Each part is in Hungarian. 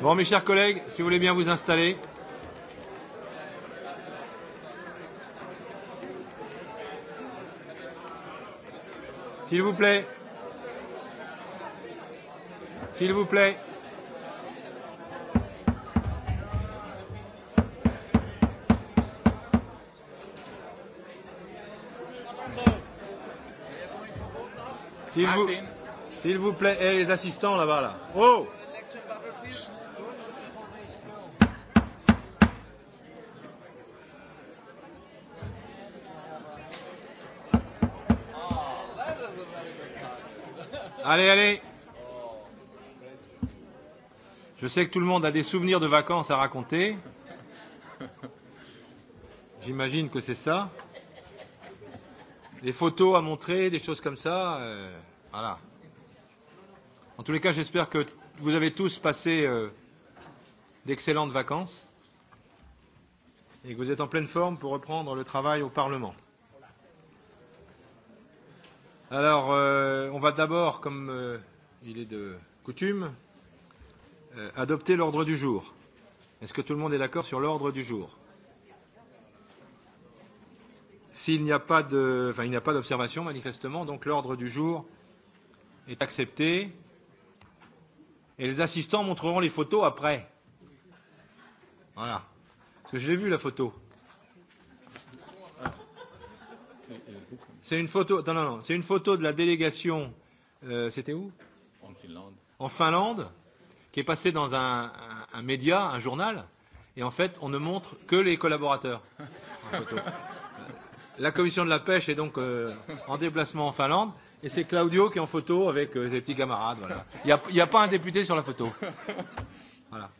Bon, mes chers collègues, si vous voulez bien vous installer. S'il vous plaît. S'il vous plaît. S'il vous, vous plaît, et eh, les assistants là-bas là. Oh Allez, allez Je sais que tout le monde a des souvenirs de vacances à raconter. J'imagine que c'est ça. Des photos à montrer, des choses comme ça. Euh, voilà. En tous les cas, j'espère que vous avez tous passé euh, d'excellentes vacances et que vous êtes en pleine forme pour reprendre le travail au Parlement. Alors, euh, on va d'abord, comme euh, il est de coutume, euh, adopter l'ordre du jour. Est-ce que tout le monde est d'accord sur l'ordre du jour S'il n'y a pas de, enfin, il n'y a pas d'observation manifestement, donc l'ordre du jour est accepté. Et les assistants montreront les photos après. Voilà. Parce que je l'ai vu la photo. C'est une photo. Non, non, non. C'est une photo de la délégation. Euh, C'était où En Finlande. En Finlande, qui est passée dans un, un, un média, un journal. Et en fait, on ne montre que les collaborateurs. En photo. la commission de la pêche est donc euh, en déplacement en Finlande. Et c'est Claudio qui est en photo avec euh, ses petits camarades. Voilà. Il n'y a, a pas un député sur la photo. Voilà.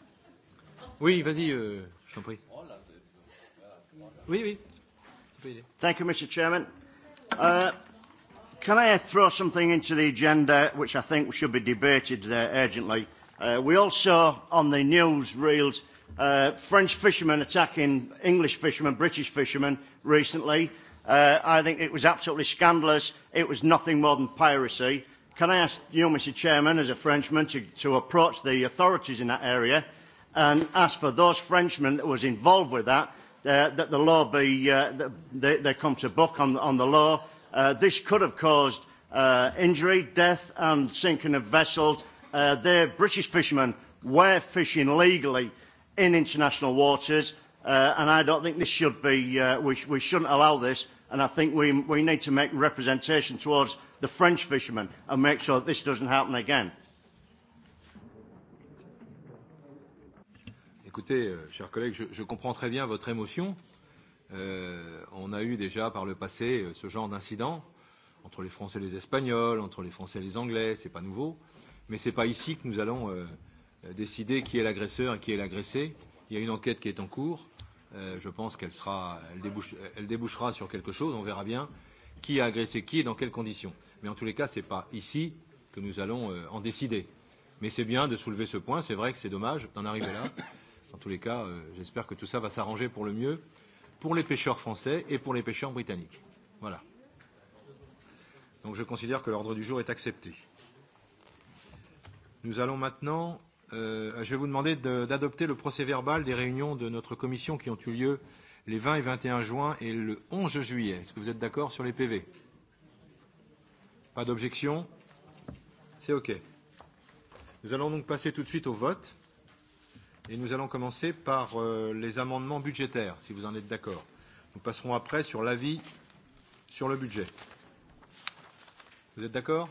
Oui, vas-y, euh, je t'en prie. Oh, oui, oui. Thank you, Mr. Chairman. Uh, can I throw something into the agenda which I think should be debated uh, urgently? Uh, we also, on the news reels, uh, French fishermen attacking English fishermen, British fishermen recently. Uh, I think it was absolutely scandalous. It was nothing more than piracy. Can I ask you, Mr Chairman, as a Frenchman, to, to approach the authorities in that area and ask for those Frenchmen that was involved with that uh, that the law be, uh, they, they come to book on, on the law. Uh, this could have caused uh, injury, death and sinking of vessels. Uh, the British fishermen were fishing legally in international waters uh, and I don't think this should be, uh, we, sh we shouldn't allow this and I think we, we need to make representation towards the French fishermen and make sure that this doesn't happen again. Écoutez, euh, chers collègues, je, je comprends très bien votre émotion. Euh, on a eu déjà par le passé euh, ce genre d'incident entre les Français et les Espagnols, entre les Français et les Anglais, c'est pas nouveau. Mais c'est pas ici que nous allons euh, décider qui est l'agresseur et qui est l'agressé. Il y a une enquête qui est en cours. Euh, je pense qu'elle sera, elle, débouche, elle débouchera sur quelque chose. On verra bien qui a agressé qui et dans quelles conditions. Mais en tous les cas, ce n'est pas ici que nous allons euh, en décider. Mais c'est bien de soulever ce point. C'est vrai que c'est dommage d'en arriver là. En tous les cas, euh, j'espère que tout ça va s'arranger pour le mieux pour les pêcheurs français et pour les pêcheurs britanniques. Voilà. Donc je considère que l'ordre du jour est accepté. Nous allons maintenant, euh, je vais vous demander d'adopter de, le procès verbal des réunions de notre commission qui ont eu lieu les 20 et 21 juin et le 11 juillet. Est-ce que vous êtes d'accord sur les PV Pas d'objection C'est OK. Nous allons donc passer tout de suite au vote et nous allons commencer par euh, les amendements budgétaires, si vous en êtes d'accord. Nous passerons après sur l'avis sur le budget. Vous êtes d'accord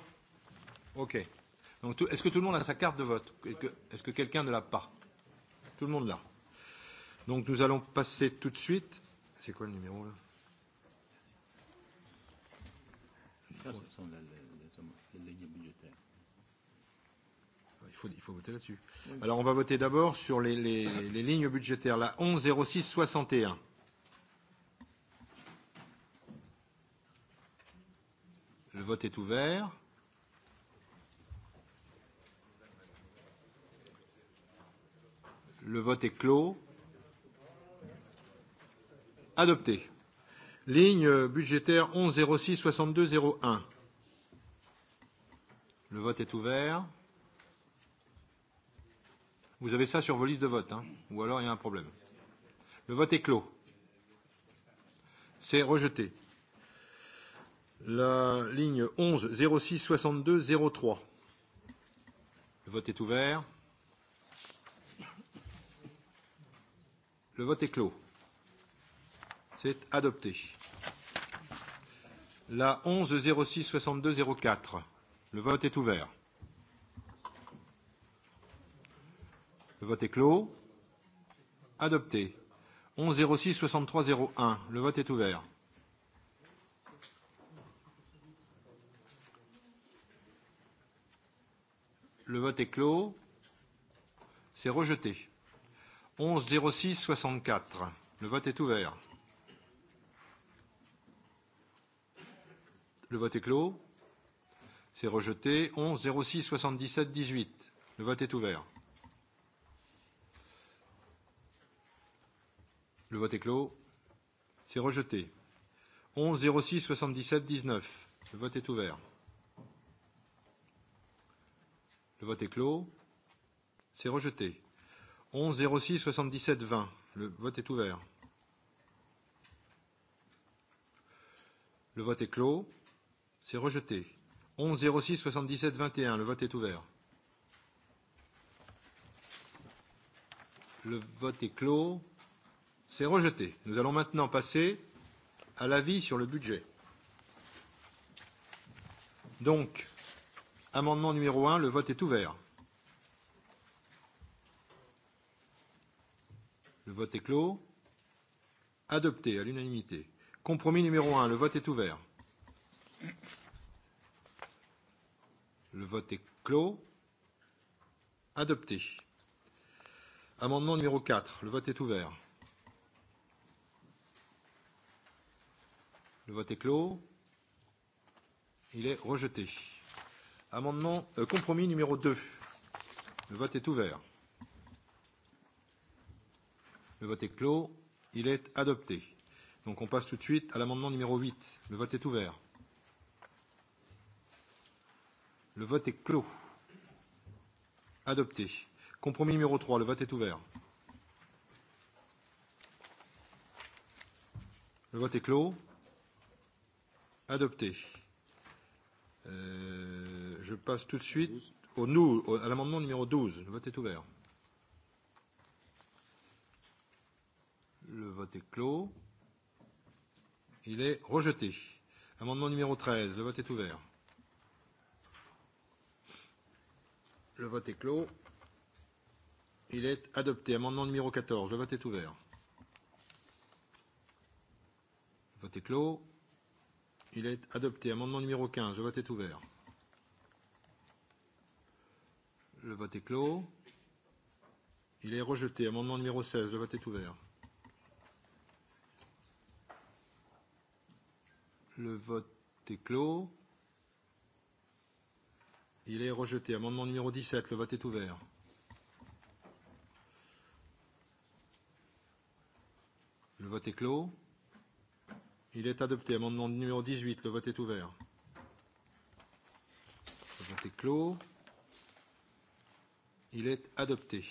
Ok. Donc, est-ce que tout le monde a sa carte de vote Est-ce que quelqu'un ne l'a pas Tout le monde l'a. Donc nous allons passer tout de suite. C'est quoi le numéro là Ça, ce sont les... faut, il faut voter là-dessus. Alors on va voter d'abord sur les, les, les lignes budgétaires, la 11 06 61. Le vote est ouvert. Le vote est clos. Adopté. Ligne budgétaire 11 06 62 01. Le vote est ouvert. Vous avez ça sur vos listes de vote, hein, ou alors il y a un problème. Le vote est clos. C'est rejeté. La ligne 11 06 62 03. Le vote est ouvert. Le vote est clos. C'est adopté. La 11 06 62 04. Le vote est ouvert. Le vote est clos. Adopté. 11 06 63 01. Le vote est ouvert. Le vote est clos. C'est rejeté. 11 06 64. Le vote est ouvert. Le vote est clos. C'est rejeté. 11 06 77 18. Le vote est ouvert. Le vote est clos. C'est rejeté. 11 06 77 19. Le vote est ouvert. Le vote est clos. C'est rejeté. 11 06 77 20. Le vote est ouvert. Le vote est clos. C'est rejeté. 11 06 77 21. Le vote est ouvert. Le vote est clos. C'est rejeté. Nous allons maintenant passer à l'avis sur le budget. Donc, amendement numéro 1, le vote est ouvert. Le vote est clos. Adopté à l'unanimité. Compromis numéro 1, le vote est ouvert. Le vote est clos. Adopté. Amendement numéro 4, le vote est ouvert. Le vote est clos. Il est rejeté. Amendement euh, compromis numéro 2. Le vote est ouvert. Le vote est clos. Il est adopté. Donc on passe tout de suite à l'amendement numéro 8. Le vote est ouvert. Le vote est clos. Adopté. Compromis numéro 3. Le vote est ouvert. Le vote est clos. Adopté. Euh, je passe tout de suite au nous, au, à l'amendement numéro 12. Le vote est ouvert. Le vote est clos. Il est rejeté. Amendement numéro 13. Le vote est ouvert. Le vote est clos. Il est adopté. Amendement numéro 14. Le vote est ouvert. Le vote est clos. Il est adopté. Amendement numéro 15. Le vote est ouvert. Le vote est clos. Il est rejeté. Amendement numéro 16. Le vote est ouvert. Le vote est clos. Il est rejeté. Amendement numéro 17. Le vote est ouvert. Le vote est clos. Il est adopté. Amendement numéro 18. Le vote est ouvert. Le vote est clos. Il est adopté.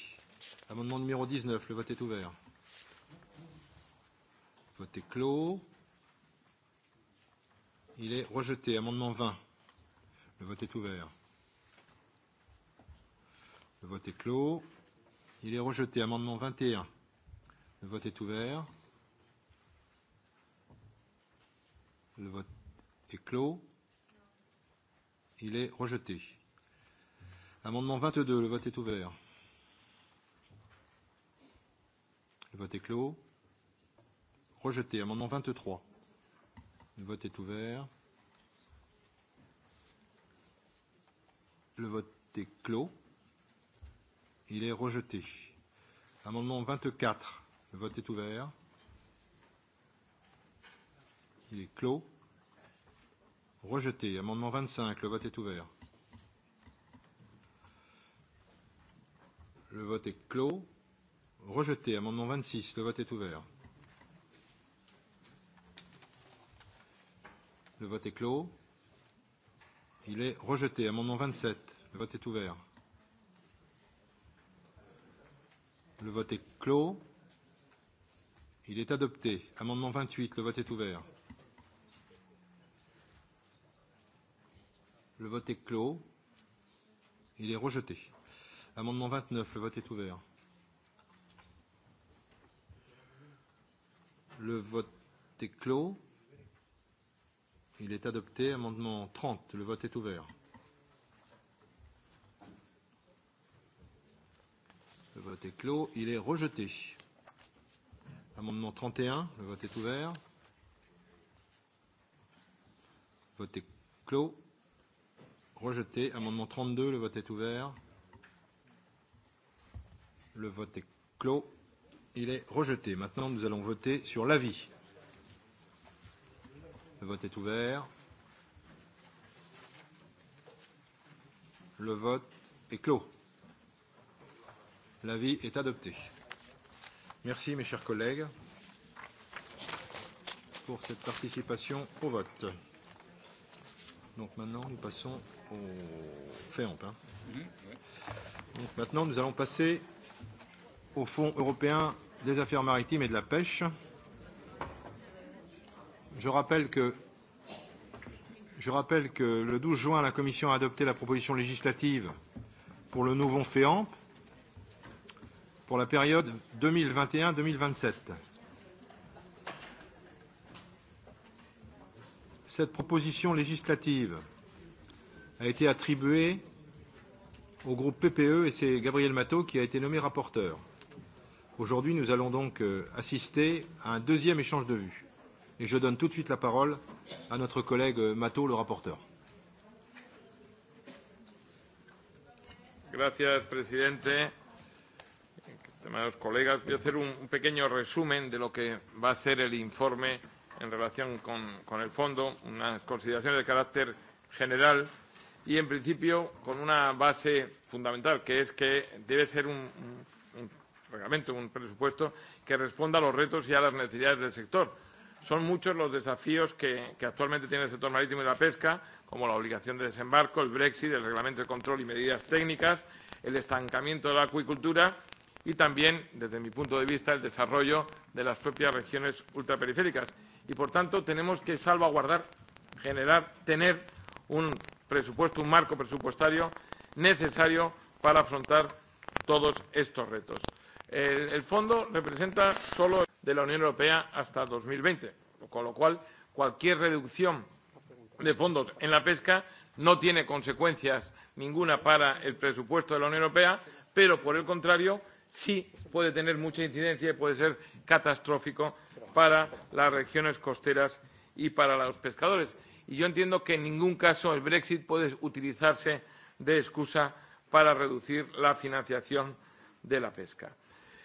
Amendement numéro 19. Le vote est ouvert. Le vote est clos. Il est rejeté. Amendement 20. Le vote est ouvert. Le vote est clos. Il est rejeté. Amendement 21. Le vote est ouvert. Le vote est clos. Il est rejeté. Amendement 22, le vote est ouvert. Le vote est clos. Rejeté. Amendement 23. Le vote est ouvert. Le vote est clos. Il est rejeté. Amendement 24. Le vote est ouvert. Il est clos. Rejeté. Amendement 25. Le vote est ouvert. Le vote est clos. Rejeté. Amendement 26. Le vote est ouvert. Le vote est clos. Il est rejeté. Amendement 27. Le vote est ouvert. Le vote est clos. Il est adopté. Amendement 28. Le vote est ouvert. Le vote est clos. Il est rejeté. Amendement 29, le vote est ouvert. Le vote est clos. Il est adopté. Amendement 30, le vote est ouvert. Le vote est clos. Il est rejeté. Amendement 31, le vote est ouvert. Vote est clos. Rejeté. Amendement 32, le vote est ouvert. Le vote est clos. Il est rejeté. Maintenant, nous allons voter sur l'avis. Le vote est ouvert. Le vote est clos. L'avis est adopté. Merci mes chers collègues pour cette participation au vote. Donc maintenant, nous passons qu'on fait en plein. Donc maintenant, nous allons passer au Fonds européen des affaires maritimes et de la pêche. Je rappelle que je rappelle que le 12 juin, la Commission a adopté la proposition législative pour le nouveau FEAMP pour la période 2021-2027. Cette proposition législative a été attribué au groupe PPE et c'est Gabriel Matteau qui a été nommé rapporteur. Aujourd'hui, nous allons donc euh, assister à un deuxième échange de vues. Et je donne tout de suite la parole à notre collègue euh, Matteau, le rapporteur. Gracias, presidente. Estimados colegas, voy a hacer un, un pequeño resumen de lo que va a ser el informe en relación con, con el fondo, unas consideraciones de carácter general y, en principio, con una base fundamental, que es que debe ser un, un reglamento, un presupuesto que responda a los retos y a las necesidades del sector. Son muchos los desafíos que, que actualmente tiene el sector marítimo y la pesca, como la obligación de desembarco, el Brexit, el reglamento de control y medidas técnicas, el estancamiento de la acuicultura y también, desde mi punto de vista, el desarrollo de las propias regiones ultraperiféricas. Y, por tanto, tenemos que salvaguardar, generar, tener un presupuesto, un marco presupuestario necesario para afrontar todos estos retos. El, el fondo representa solo de la Unión Europea hasta 2020, con lo cual cualquier reducción de fondos en la pesca no tiene consecuencias ninguna para el presupuesto de la Unión Europea, pero por el contrario sí puede tener mucha incidencia y puede ser catastrófico para las regiones costeras y para los pescadores. Y yo entiendo que en ningún caso el Brexit puede utilizarse de excusa para reducir la financiación de la pesca.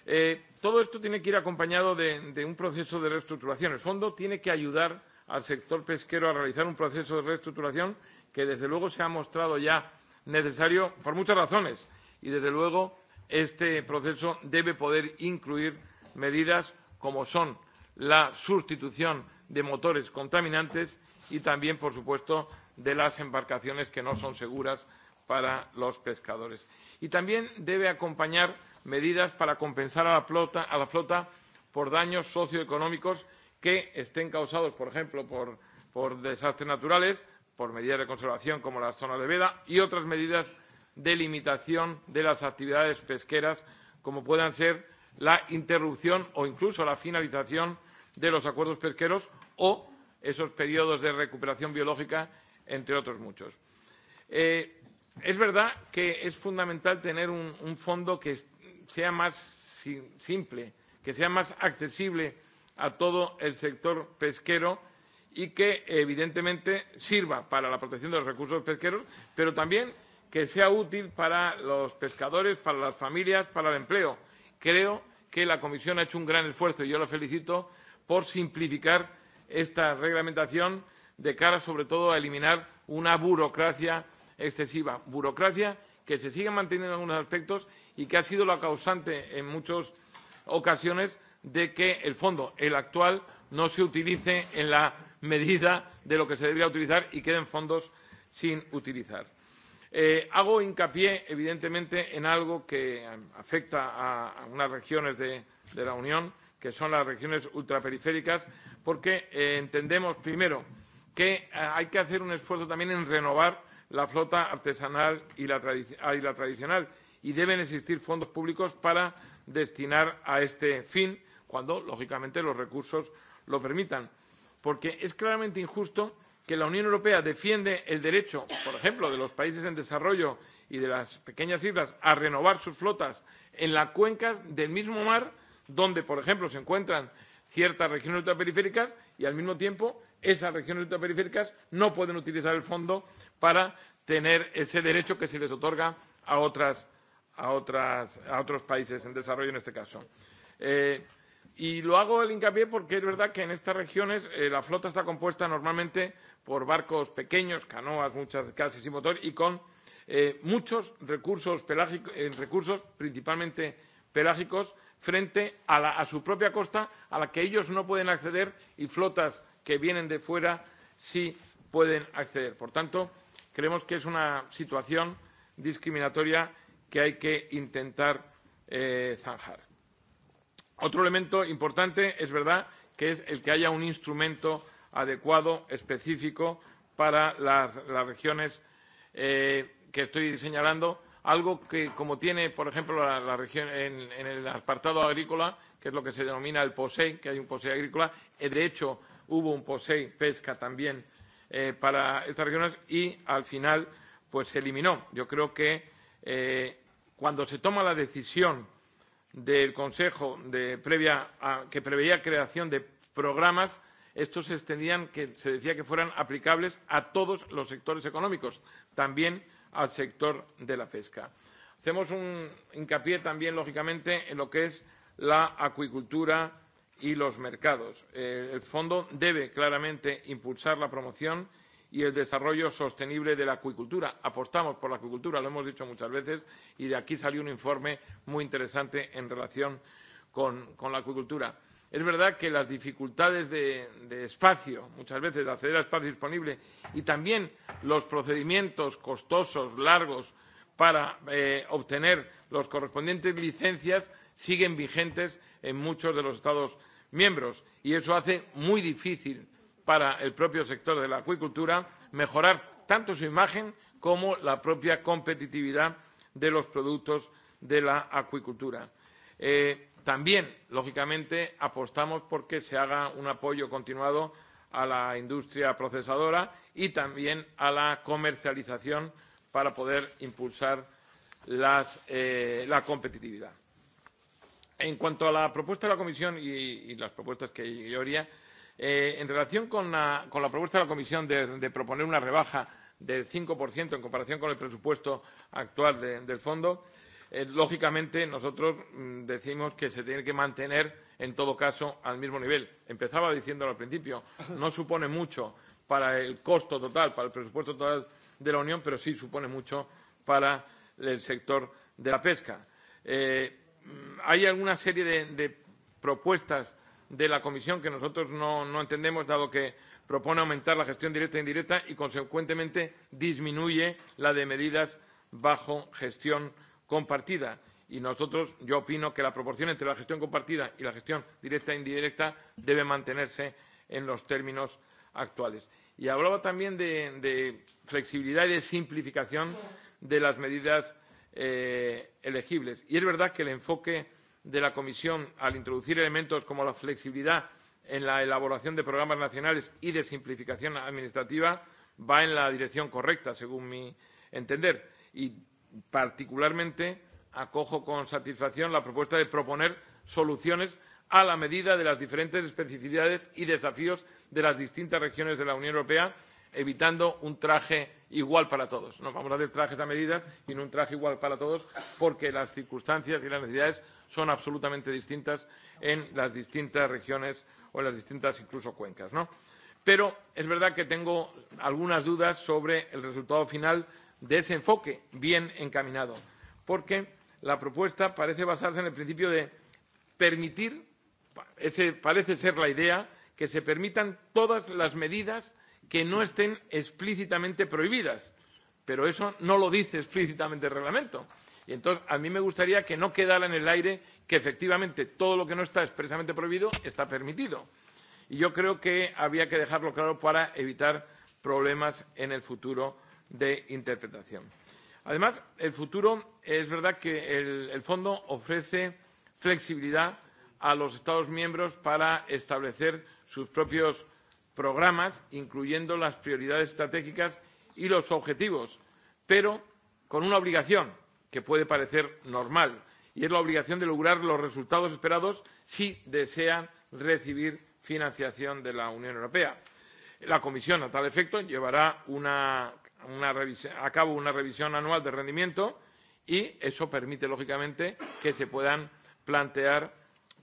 Eh, todo esto tiene que ir acompañado de, de un proceso de reestructuración. El fondo tiene que ayudar al sector pesquero a realizar un proceso de reestructuración que, desde luego, se ha mostrado ya necesario por muchas razones. Y, desde luego, este proceso debe poder incluir medidas como son la sustitución de motores contaminantes y también, por supuesto, de las embarcaciones que no son seguras para los pescadores. Y también debe acompañar medidas para compensar a la flota, a la flota por daños socioeconómicos que estén causados, por ejemplo, por, por desastres naturales, por medidas de conservación como las zonas de veda y otras medidas de limitación de las actividades pesqueras, como puedan ser la interrupción o incluso la finalización de los acuerdos pesqueros o esos periodos de recuperación biológica, entre otros muchos. Eh, es verdad que es fundamental tener un, un fondo que sea más si, simple, que sea más accesible a todo el sector pesquero y que, evidentemente, sirva para la protección de los recursos pesqueros, pero también que sea útil para los pescadores, para las familias, para el empleo. Creo que la Comisión ha hecho un gran esfuerzo y yo la felicito por simplificar esta reglamentación de cara sobre todo a eliminar una burocracia excesiva. Burocracia que se sigue manteniendo en algunos aspectos y que ha sido la causante en muchas ocasiones de que el fondo, el actual, no se utilice en la medida de lo que se debería utilizar y queden fondos sin utilizar. Eh, hago hincapié, evidentemente, en algo que afecta a, a unas regiones de, de la Unión que son las regiones ultraperiféricas, porque eh, entendemos, primero, que eh, hay que hacer un esfuerzo también en renovar la flota artesanal y la, ah, y la tradicional, y deben existir fondos públicos para destinar a este fin, cuando, lógicamente, los recursos lo permitan. Porque es claramente injusto que la Unión Europea defiende el derecho, por ejemplo, de los países en desarrollo y de las pequeñas islas a renovar sus flotas en las cuencas del mismo mar donde, por ejemplo, se encuentran ciertas regiones ultraperiféricas y, al mismo tiempo, esas regiones ultraperiféricas no pueden utilizar el fondo para tener ese derecho que se les otorga a, otras, a, otras, a otros países en desarrollo, en este caso. Eh, y lo hago el hincapié porque es verdad que en estas regiones eh, la flota está compuesta normalmente por barcos pequeños, canoas, muchas casi sin motor, y con eh, muchos recursos, pelágicos, eh, recursos principalmente pelágicos frente a, la, a su propia costa a la que ellos no pueden acceder y flotas que vienen de fuera sí pueden acceder. Por tanto, creemos que es una situación discriminatoria que hay que intentar eh, zanjar. Otro elemento importante es verdad que es el que haya un instrumento adecuado, específico, para las, las regiones eh, que estoy señalando algo que, como tiene, por ejemplo, la, la región en, en el apartado agrícola, que es lo que se denomina el POSEI, que hay un POSEI agrícola, eh, de hecho hubo un POSEI pesca también eh, para estas regiones y al final pues se eliminó. Yo creo que eh, cuando se toma la decisión del Consejo de previa a, que preveía creación de programas, estos se extendían, que se decía que fueran aplicables a todos los sectores económicos, también al sector de la pesca. Hacemos un hincapié también, lógicamente, en lo que es la acuicultura y los mercados. Eh, el fondo debe claramente impulsar la promoción y el desarrollo sostenible de la acuicultura. Apostamos por la acuicultura, lo hemos dicho muchas veces, y de aquí salió un informe muy interesante en relación con, con la acuicultura. Es verdad que las dificultades de, de espacio, muchas veces de acceder a espacio disponible, y también los procedimientos costosos, largos, para eh, obtener las correspondientes licencias siguen vigentes en muchos de los Estados miembros y eso hace muy difícil para el propio sector de la acuicultura mejorar tanto su imagen como la propia competitividad de los productos de la acuicultura. Eh, También, lógicamente, apostamos por que se haga un apoyo continuado a la industria procesadora y también a la comercialización para poder impulsar las, eh, la competitividad. En cuanto a la propuesta de la Comisión y, y las propuestas que yo haría, eh, en relación con la, con la propuesta de la Comisión de, de proponer una rebaja del 5% en comparación con el presupuesto actual de, del fondo, eh, eh, lógicamente nosotros mmm, decimos que se tiene que mantener en todo caso al mismo nivel. Empezaba diciéndolo al principio, no supone mucho para el costo total, para el presupuesto total de la Unión, pero sí supone mucho para el sector de la pesca. Eh, mm, hay alguna serie de, de propuestas de la Comisión que nosotros no, no entendemos, dado que propone aumentar la gestión directa e indirecta y, consecuentemente, disminuye la de medidas bajo gestión directa compartida. Y nosotros, yo opino que la proporción entre la gestión compartida y la gestión directa e indirecta debe mantenerse en los términos actuales. Y hablaba también de, de flexibilidad y de simplificación de las medidas eh, elegibles. Y es verdad que el enfoque de la Comisión al introducir elementos como la flexibilidad en la elaboración de programas nacionales y de simplificación administrativa va en la dirección correcta, según mi entender. Y Particularmente, acojo con satisfacción la propuesta de proponer soluciones a la medida de las diferentes especificidades y desafíos de las distintas regiones de la Unión Europea, evitando un traje igual para todos. No vamos a hacer trajes a medida, no un traje igual para todos, porque las circunstancias y las necesidades son absolutamente distintas en las distintas regiones o en las distintas incluso cuencas. ¿no? Pero es verdad que tengo algunas dudas sobre el resultado final de ese enfoque bien encaminado, porque la propuesta parece basarse en el principio de permitir, ese parece ser la idea, que se permitan todas las medidas que no estén explícitamente prohibidas. Pero eso no lo dice explícitamente el reglamento. Y entonces a mí me gustaría que no quedara en el aire que efectivamente todo lo que no está expresamente prohibido está permitido. Y yo creo que había que dejarlo claro para evitar problemas en el futuro de interpretación. Además, el futuro es verdad que el, el fondo ofrece flexibilidad a los Estados miembros para establecer sus propios programas, incluyendo las prioridades estratégicas y los objetivos, pero con una obligación que puede parecer normal, y es la obligación de lograr los resultados esperados si desean recibir financiación de la Unión Europea. La Comisión, a tal efecto, llevará una una revisión, a cabo una revisión anual de rendimiento y eso permite, lógicamente, que se puedan plantear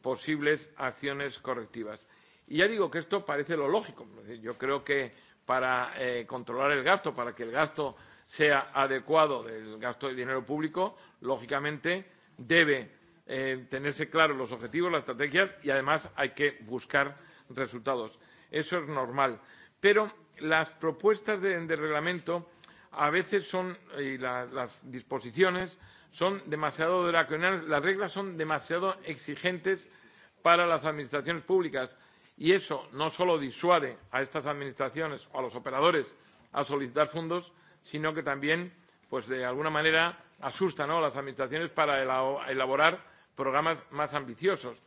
posibles acciones correctivas. Y ya digo que esto parece lo lógico. Yo creo que para eh, controlar el gasto, para que el gasto sea adecuado del gasto de dinero público, lógicamente debe eh, tenerse claros los objetivos, las estrategias y además hay que buscar resultados. Eso es normal. Pero las propuestas de, de reglamento a veces son, y la, las disposiciones son demasiado draconianas, las reglas son demasiado exigentes para las administraciones públicas y eso no solo disuade a estas administraciones o a los operadores a solicitar fondos, sino que también, pues de alguna manera, asusta ¿no? a las administraciones para elaborar programas más ambiciosos.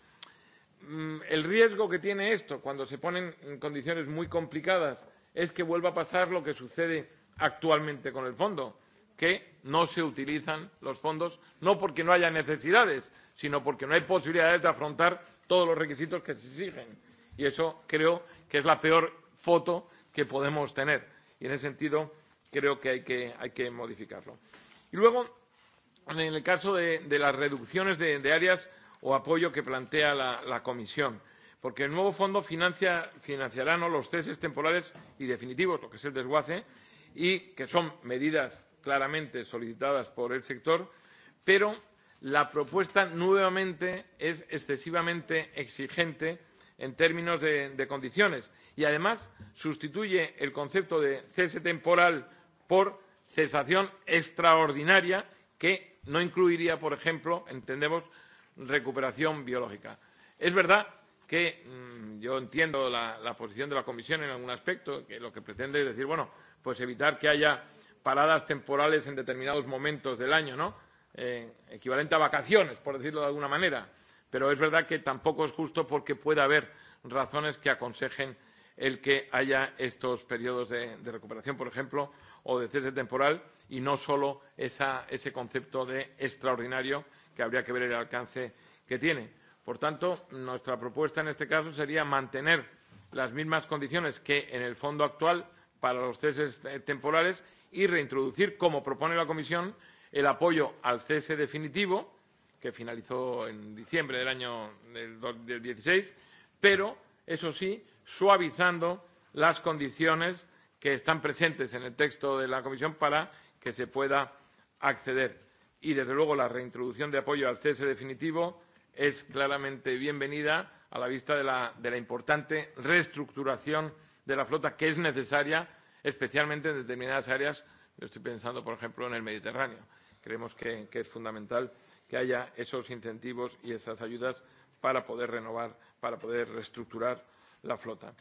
Mm, el riesgo que tiene esto cuando se ponen en condiciones muy complicadas es que vuelva a pasar lo que sucede actualmente con el fondo, que no se utilizan los fondos no porque no haya necesidades, sino porque no hay posibilidades de afrontar todos los requisitos que se exigen. Y eso creo que es la peor foto que podemos tener. Y en ese sentido creo que hay que, hay que modificarlo. Y luego, en el caso de, de las reducciones de, de áreas o apoyo que plantea la, la Comisión porque el nuevo fondo financia, financiará ¿no? los ceses temporales y definitivos, lo que es el desguace, y que son medidas claramente solicitadas por el sector, pero la propuesta nuevamente es excesivamente exigente en términos de, de condiciones y además sustituye el concepto de cese temporal por cesación extraordinaria que no incluiría, por ejemplo, entendemos, recuperación biológica. Es verdad que mmm, yo entiendo la, la posición de la Comisión en algún aspecto, que lo que pretende es decir, bueno, pues evitar que haya paradas temporales en determinados momentos del año, ¿no? Eh, equivalente a vacaciones, por decirlo de alguna manera. Pero es verdad que tampoco es justo porque puede haber razones que aconsejen el que haya estos periodos de, de recuperación, por ejemplo, o de cese temporal, y no solo esa, ese concepto de extraordinario, que habría que ver el alcance que tiene. Por tanto, nuestra propuesta en este caso sería mantener las mismas condiciones que en el fondo actual para los ceses temporales y reintroducir, como propone la Comisión, el apoyo al cese definitivo, que finalizó en diciembre del año del, del pero, eso sí, suavizando las condiciones que están presentes en el texto de la Comisión para que se pueda acceder. Y, desde luego, la reintroducción de apoyo al cese definitivo es claramente bienvenida a la vista de la, de la importante reestructuración de la flota que es necesaria, especialmente en determinadas áreas. Yo estoy pensando, por ejemplo, en el Mediterráneo. Creemos que, que es fundamental que haya esos incentivos y esas ayudas para poder renovar, para poder reestructurar la flota.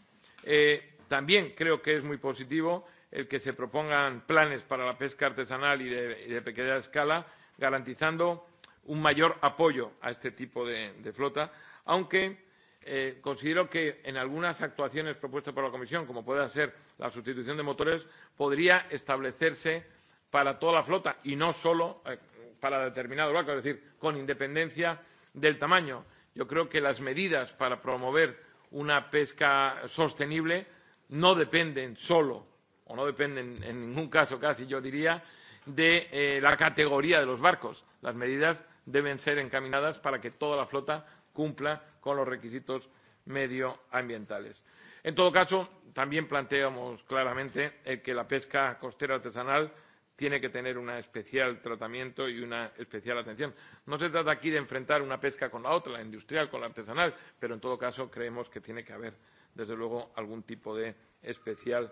Eh, también creo que es muy positivo el que se propongan planes para la pesca artesanal y de, y de pequeña escala, garantizando un mayor apoyo a este tipo de, de flota, aunque eh, considero que en algunas actuaciones propuestas por la Comisión, como pueda ser la sustitución de motores, podría establecerse para toda la flota y no solo eh, para determinado barco, es decir, con independencia del tamaño. Yo creo que las medidas para promover una pesca sostenible no dependen solo, o no dependen en ningún caso casi, yo diría, de eh, la categoría de los barcos. Las medidas deben ser encaminadas para que toda la flota cumpla con los requisitos medioambientales. En todo caso, también planteamos claramente el eh, que la pesca costera artesanal tiene que tener un especial tratamiento y una especial atención. No se trata aquí de enfrentar una pesca con la otra, la industrial con la artesanal, pero en todo caso creemos que tiene que haber, desde luego, algún tipo de especial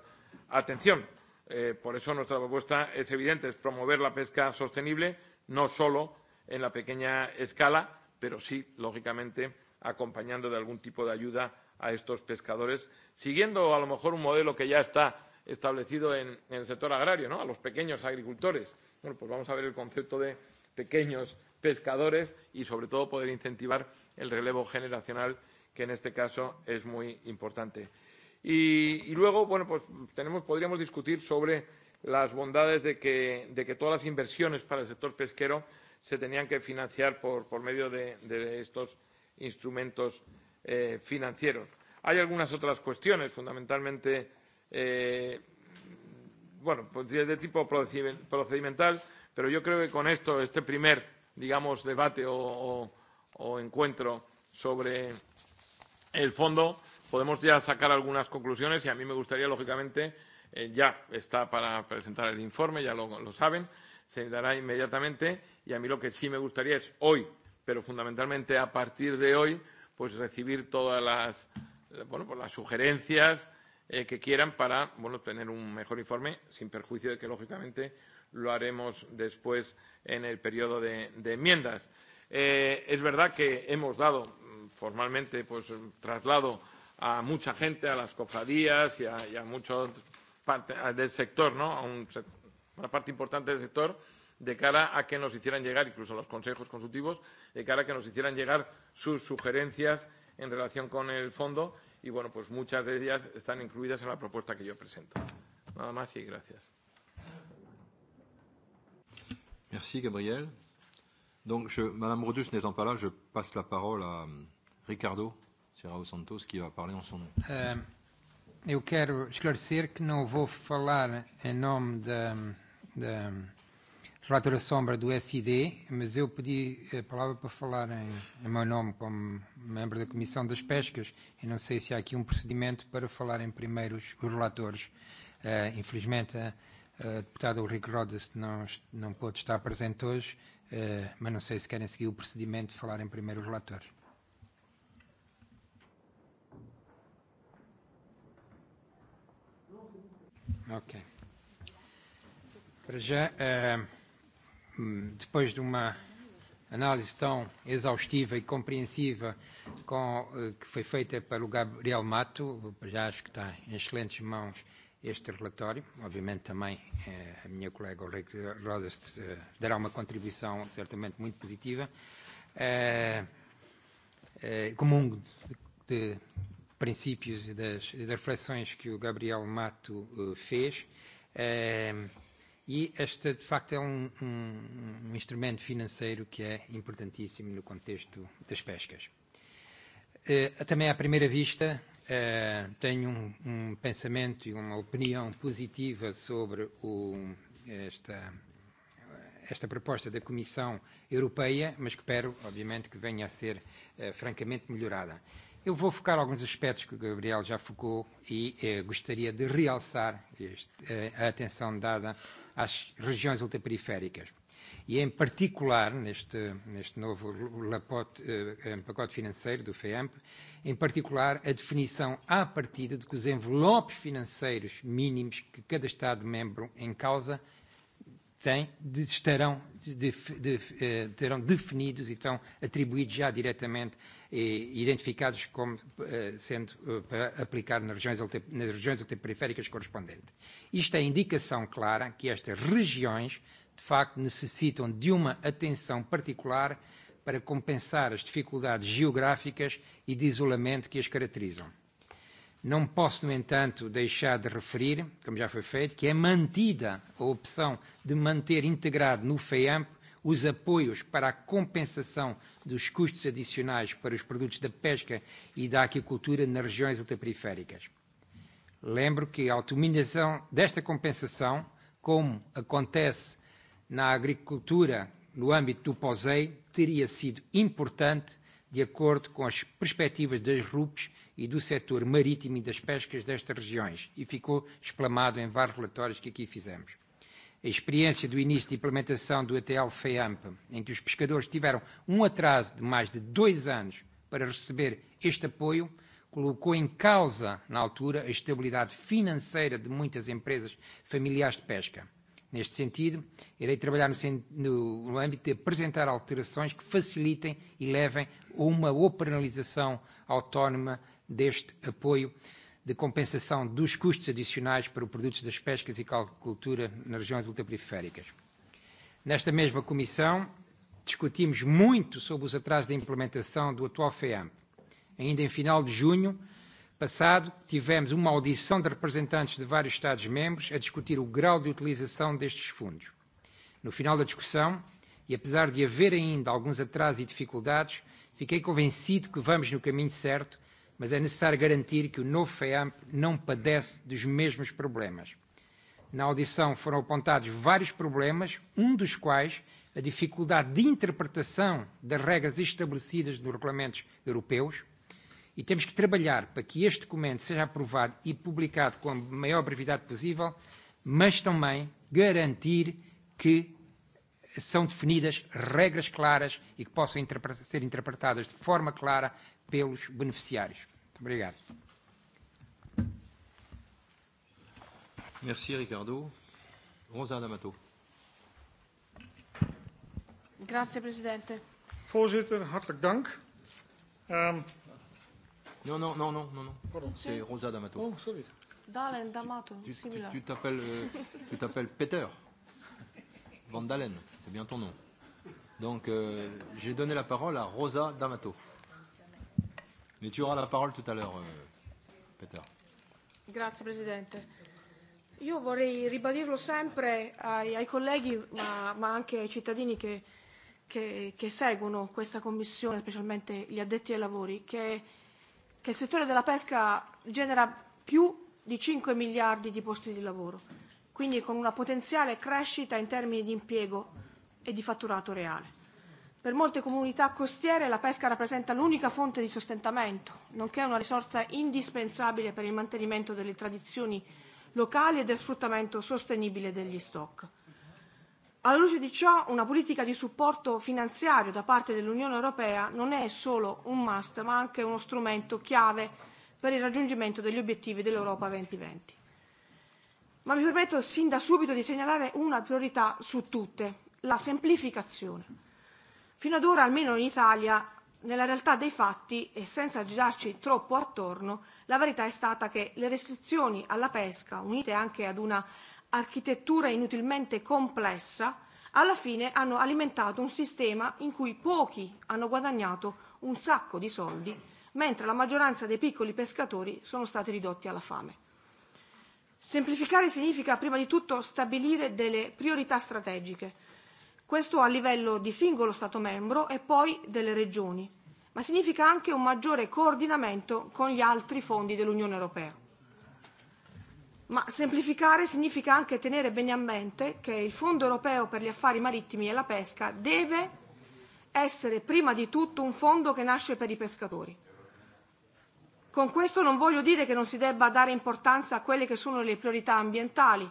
atención. Eh, por eso nuestra propuesta es evidente, es promover la pesca sostenible, no solo en la pequeña escala, pero sí, lógicamente, acompañando de algún tipo de ayuda a estos pescadores, siguiendo a lo mejor un modelo que ya está establecido en, en el sector agrario, ¿no? a los pequeños agricultores. Bueno, pues vamos a ver el concepto de pequeños pescadores y, sobre todo, poder incentivar el relevo generacional, que en este caso es muy importante. Y, y luego, bueno, pues tenemos, podríamos discutir sobre las bondades de que, de que todas las inversiones para el sector pesquero se tenían que financiar por, por medio de, de estos instrumentos eh, financieros. Hay algunas otras cuestiones, fundamentalmente, eh, bueno, pues de tipo procedimental, pero yo creo que con esto, este primer, digamos, debate o, o, o encuentro sobre el fondo, podemos ya sacar algunas conclusiones y a mí me gustaría, lógicamente, eh, ya está para presentar el informe, ya lo, lo saben, se dará inmediatamente Y a mí lo que sí me gustaría es hoy, pero fundamentalmente a partir de hoy, pues recibir todas las, bueno, pues las sugerencias eh, que quieran para bueno, tener un mejor informe, sin perjuicio de que, lógicamente, lo haremos después en el periodo de, de enmiendas. Eh, es verdad que hemos dado mm, formalmente pues, traslado a mucha gente, a las cofradías y a, y a muchos parte, del sector, ¿no? a un, una parte importante del sector de cara a que nos hicieran llegar, incluso a los consejos consultivos, de cara a que nos hicieran llegar sus sugerencias en relación con el fondo y, bueno, pues muchas de ellas están incluidas en la propuesta que yo presento. Nada más y gracias. Merci, Gabriel. Donc, je, Madame Rodus n'étant pas là, je passe la parole à Ricardo Serrao Santos, qui va parler en son nom. Euh, eu quero esclarecer que não vou falar em nome de, de, relatora sombra do SID, mas eu pedi a palavra para falar em, em meu nome como membro da Comissão das Pescas. Eu não sei se há aqui um procedimento para falar em primeiros os relatores. Uh, infelizmente, a, a deputada Ulrike Rodas não, não pôde estar presente hoje, uh, mas não sei se querem seguir o procedimento de falarem primeiro os relatores. Ok. Para já, uh, depois de uma análise tão exaustiva e compreensiva com, eh, que foi feita pelo Gabriel Mato, eh, já acho que está em excelentes mãos este relatório. Obviamente também eh, a minha colega Ulrike Rodas eh, dará uma contribuição certamente muito positiva. Eh, eh, comum de, de princípios e das, e das reflexões que o Gabriel Mato eh, fez. Eh, E este, de facto, é um, um, um instrumento financeiro que é importantíssimo no contexto das pescas. Uh, também, à primeira vista, uh, tenho um, um pensamento e uma opinião positiva sobre o, esta, esta proposta da Comissão Europeia, mas que espero, obviamente, que venha a ser uh, francamente melhorada. Eu vou focar alguns aspectos que o Gabriel já focou e eh, gostaria de realçar este, eh, a atenção dada às regiões ultraperiféricas. E, em particular, neste, neste novo lapote, um, pacote financeiro do FEAMP, em particular, a definição à partida de que os envelopes financeiros mínimos que cada Estado-membro em causa têm, de, estarão, de, de, de, eh, terão definidos e estão atribuídos já diretamente e identificados como uh, sendo uh, para aplicar nas regiões, nas regiões ultraperiféricas correspondentes. Isto é indicação clara que estas regiões, de facto, necessitam de uma atenção particular para compensar as dificuldades geográficas e de isolamento que as caracterizam. Não posso, no entanto, deixar de referir, como já foi feito, que é mantida a opção de manter integrado no FEAMP os apoios para a compensação dos custos adicionais para os produtos da pesca e da aquicultura nas regiões ultraperiféricas. Lembro que a autonomização desta compensação, como acontece na agricultura no âmbito do POSEI, teria sido importante de acordo com as perspectivas das RUPs e do setor marítimo e das pescas destas regiões e ficou explamado em vários relatórios que aqui fizemos. A experiência do início de implementação do ETL FEAMP, em que os pescadores tiveram um atraso de mais de dois anos para receber este apoio, colocou em causa, na altura, a estabilidade financeira de muitas empresas familiares de pesca. Neste sentido, irei trabalhar no, no, no âmbito de apresentar alterações que facilitem e levem a uma operacionalização autónoma deste apoio de compensação dos custos adicionais para os produtos das pescas e calcultura nas regiões ultraperiféricas. Nesta mesma comissão, discutimos muito sobre os atrasos da implementação do atual FEAM. Ainda em final de junho passado, tivemos uma audição de representantes de vários Estados-membros a discutir o grau de utilização destes fundos. No final da discussão, e apesar de haver ainda alguns atrasos e dificuldades, fiquei convencido que vamos no caminho certo mas é necessário garantir que o novo FEAMP não padece dos mesmos problemas. Na audição foram apontados vários problemas, um dos quais a dificuldade de interpretação das regras estabelecidas nos regulamentos europeus, e temos que trabalhar para que este documento seja aprovado e publicado com a maior brevidade possível, mas também garantir que são definidas regras claras e que possam interpre ser interpretadas de forma clara pelos beneficiários. Muito obrigado. Merci, Ricardo. Rosana D'Amato. Grazie, presidente. Voorzitter, hartelijk dank. Um... No, no, no, no, no, non. C'est Rosa D'Amato. Oh, sorry. Dalen D'Amato, tu, similar. Tu t'appelles euh, Peter Van Dalen, c'est bien ton nom. Donc, euh, j'ai donné la parole à Rosa D'Amato. Mais tu auras la parole tout à l'heure, euh, Peter. Grazie Presidente. Io vorrei ribadirlo sempre ai, ai colleghi, ma, ma anche ai cittadini che, che, che seguono questa commissione, specialmente gli addetti ai lavori, che, che il settore della pesca genera più di 5 miliardi di posti di lavoro, quindi con una potenziale crescita in termini di impiego e di fatturato reale. Per molte comunità costiere la pesca rappresenta l'unica fonte di sostentamento, nonché una risorsa indispensabile per il mantenimento delle tradizioni locali e del sfruttamento sostenibile degli stock. Alla luce di ciò, una politica di supporto finanziario da parte dell'Unione Europea non è solo un must, ma anche uno strumento chiave per il raggiungimento degli obiettivi dell'Europa 2020. Ma mi permetto sin da subito di segnalare una priorità su tutte, la semplificazione Fino ad ora, almeno in Italia, nella realtà dei fatti e senza girarci troppo attorno, la verità è stata che le restrizioni alla pesca, unite anche ad una architettura inutilmente complessa, alla fine hanno alimentato un sistema in cui pochi hanno guadagnato un sacco di soldi, mentre la maggioranza dei piccoli pescatori sono stati ridotti alla fame. Semplificare significa prima di tutto stabilire delle priorità strategiche, questo a livello di singolo Stato membro e poi delle regioni, ma significa anche un maggiore coordinamento con gli altri fondi dell'Unione Europea. Ma semplificare significa anche tenere bene a mente che il Fondo europeo per gli affari marittimi e la pesca deve essere prima di tutto un fondo che nasce per i pescatori. Con questo non voglio dire che non si debba dare importanza a quelle che sono le priorità ambientali,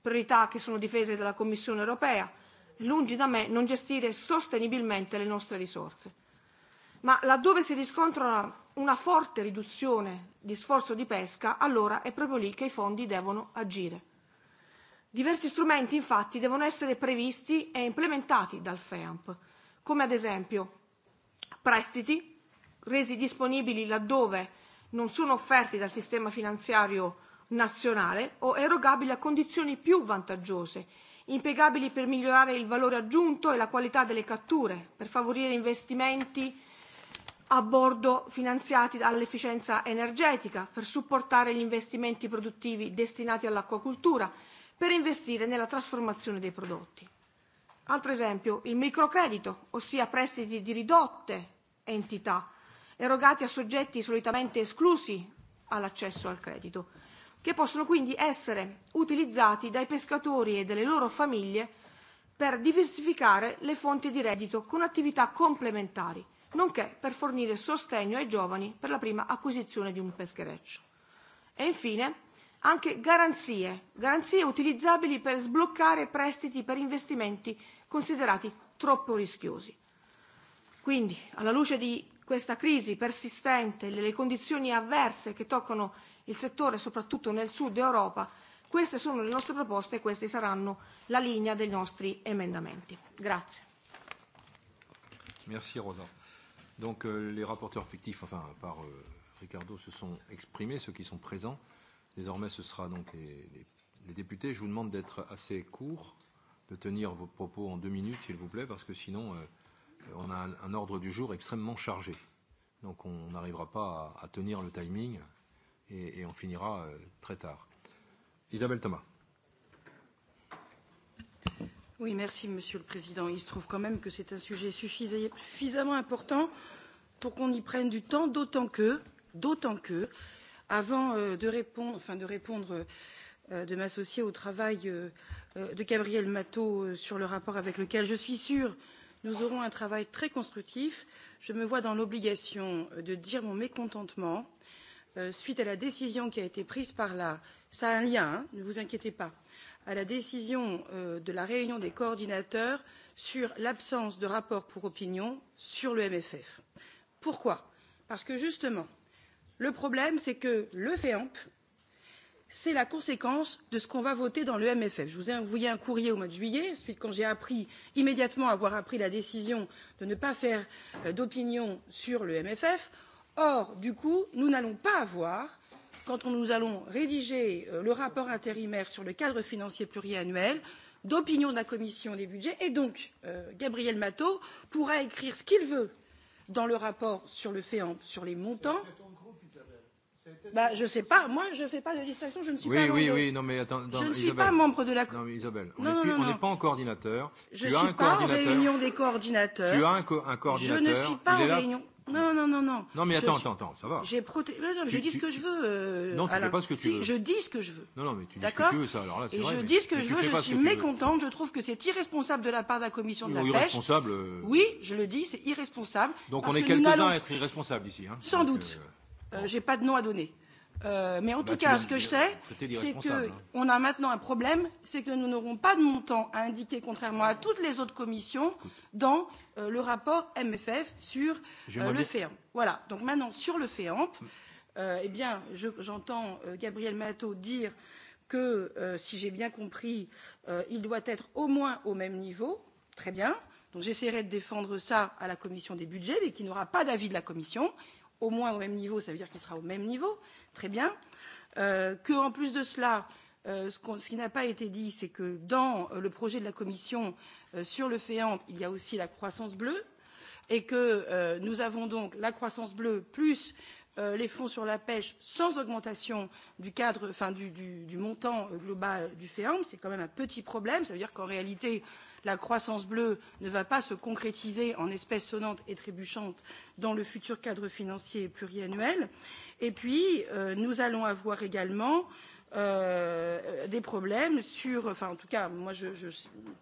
priorità che sono difese dalla Commissione europea, lungi da me non gestire sostenibilmente le nostre risorse. Ma laddove si riscontra una forte riduzione di sforzo di pesca, allora è proprio lì che i fondi devono agire. Diversi strumenti infatti devono essere previsti e implementati dal FEAMP, come ad esempio prestiti resi disponibili laddove non sono offerti dal sistema finanziario nazionale o erogabili a condizioni più vantaggiose impiegabili per migliorare il valore aggiunto e la qualità delle catture, per favorire investimenti a bordo finanziati dall'efficienza energetica, per supportare gli investimenti produttivi destinati all'acquacultura, per investire nella trasformazione dei prodotti. Altro esempio, il microcredito, ossia prestiti di ridotte entità, erogati a soggetti solitamente esclusi all'accesso al credito che possono quindi essere utilizzati dai pescatori e dalle loro famiglie per diversificare le fonti di reddito con attività complementari, nonché per fornire sostegno ai giovani per la prima acquisizione di un peschereccio. E infine anche garanzie, garanzie utilizzabili per sbloccare prestiti per investimenti considerati troppo rischiosi. Quindi, alla luce di questa crisi persistente e delle condizioni avverse che toccano il settore soprattutto nel sud Europa. Queste sono le nostre proposte e queste saranno la linea dei nostri emendamenti. Grazie. Merci Rosa. Donc euh, les rapporteurs fictifs, enfin par euh, Ricardo, se sont exprimés, ceux qui sont présents. Désormais, ce sera donc les, les, les députés. Je vous demande d'être assez court, de tenir vos propos en deux minutes, s'il vous plaît, parce que sinon, euh, on a un, un ordre du jour extrêmement chargé. Donc on n'arrivera pas à, à tenir le timing et, et on finira euh, très tard. Isabelle Thomas. Oui, merci Monsieur le Président. Il se trouve quand même que c'est un sujet suffisamment important pour qu'on y prenne du temps, d'autant que, d'autant que, avant euh, de répondre, enfin de répondre, euh, de m'associer au travail euh, euh de Gabriel Matteau euh, sur le rapport avec lequel je suis sûre nous aurons un travail très constructif, je me vois dans l'obligation euh, de dire mon mécontentement Euh, suite à la décision qui a été prise par la ça a un lien, hein, ne vous inquiétez pas à la décision euh, de la réunion des coordinateurs sur l'absence de rapport pour opinion sur le MFF. Pourquoi Parce que justement, le problème, c'est que le FEAMP, c'est la conséquence de ce qu'on va voter dans le MFF. Je vous ai envoyé un courrier au mois de juillet, suite quand j'ai appris, immédiatement avoir appris la décision de ne pas faire euh, d'opinion sur le MFF or du coup nous n'allons pas avoir quand nous allons rédiger euh, le rapport intérimaire sur le cadre financier pluriannuel d'opinion de la commission des budgets et donc euh, gabriel mato pourra écrire ce qu'il veut dans le rapport sur le feamp sur les montants bah, je sais pas, moi je fais pas de distinction, je ne suis oui, pas membre. Oui, de... oui, non mais attends, non, je ne suis Isabelle, pas membre de la Non mais Isabelle, on n'est pas en coordinateur. Je ne suis pas en réunion des coordinateurs. Tu as un, co un coordinateur. Je ne suis pas en réunion. Non, non, non, non. Non, mais attends, suis... attends, attends, ça va. J'ai proté... non, non, tu, je dis ce que tu... je veux. Euh, non, tu Alain. fais pas ce que tu si, veux. Je dis ce que je veux. Non, non, mais tu dis ce que tu veux, ça. Alors là, c'est Et vrai, je mais... dis ce que mais je veux. Je suis mécontente. veux. Je trouve que c'est irresponsable de la part de la commission de la pêche. Irresponsable. Euh, oui, je le dis, c'est irresponsable. Donc on est quelques-uns à être irresponsables ici. Hein. Sans doute. Euh, euh J'ai pas de nom à donner. Euh, mais en bah, tout cas, ce que je sais, c'est qu'on a maintenant un problème, c'est que nous n'aurons pas de montant à indiquer, contrairement à toutes les autres commissions, dans euh, le rapport MFF sur euh, le FEAMP. Voilà. Donc maintenant, sur le FEAMP, euh, eh bien, j'entends je, euh, Gabriel Mato dire que, euh, si j'ai bien compris, euh, il doit être au moins au même niveau. Très bien. Donc j'essaierai de défendre ça à la commission des budgets, mais qui n'aura pas d'avis de la commission au moins au même niveau, ça veut dire qu'il sera au même niveau, très bien. Euh, que en plus de cela, euh, ce, qu ce qui n'a pas été dit, c'est que dans euh, le projet de la Commission euh, sur le FEAMP, il y a aussi la croissance bleue, et que euh, nous avons donc la croissance bleue plus euh, les fonds sur la pêche sans augmentation du cadre, enfin du, du, du montant euh, global du FEAMP, c'est quand même un petit problème, ça veut dire qu'en réalité, euh, la croissance bleue ne va pas se concrétiser en espèces sonnantes et trébuchantes dans le futur cadre financier pluriannuel. Et puis, euh, nous allons avoir également euh, des problèmes sur, enfin en tout cas, moi je, je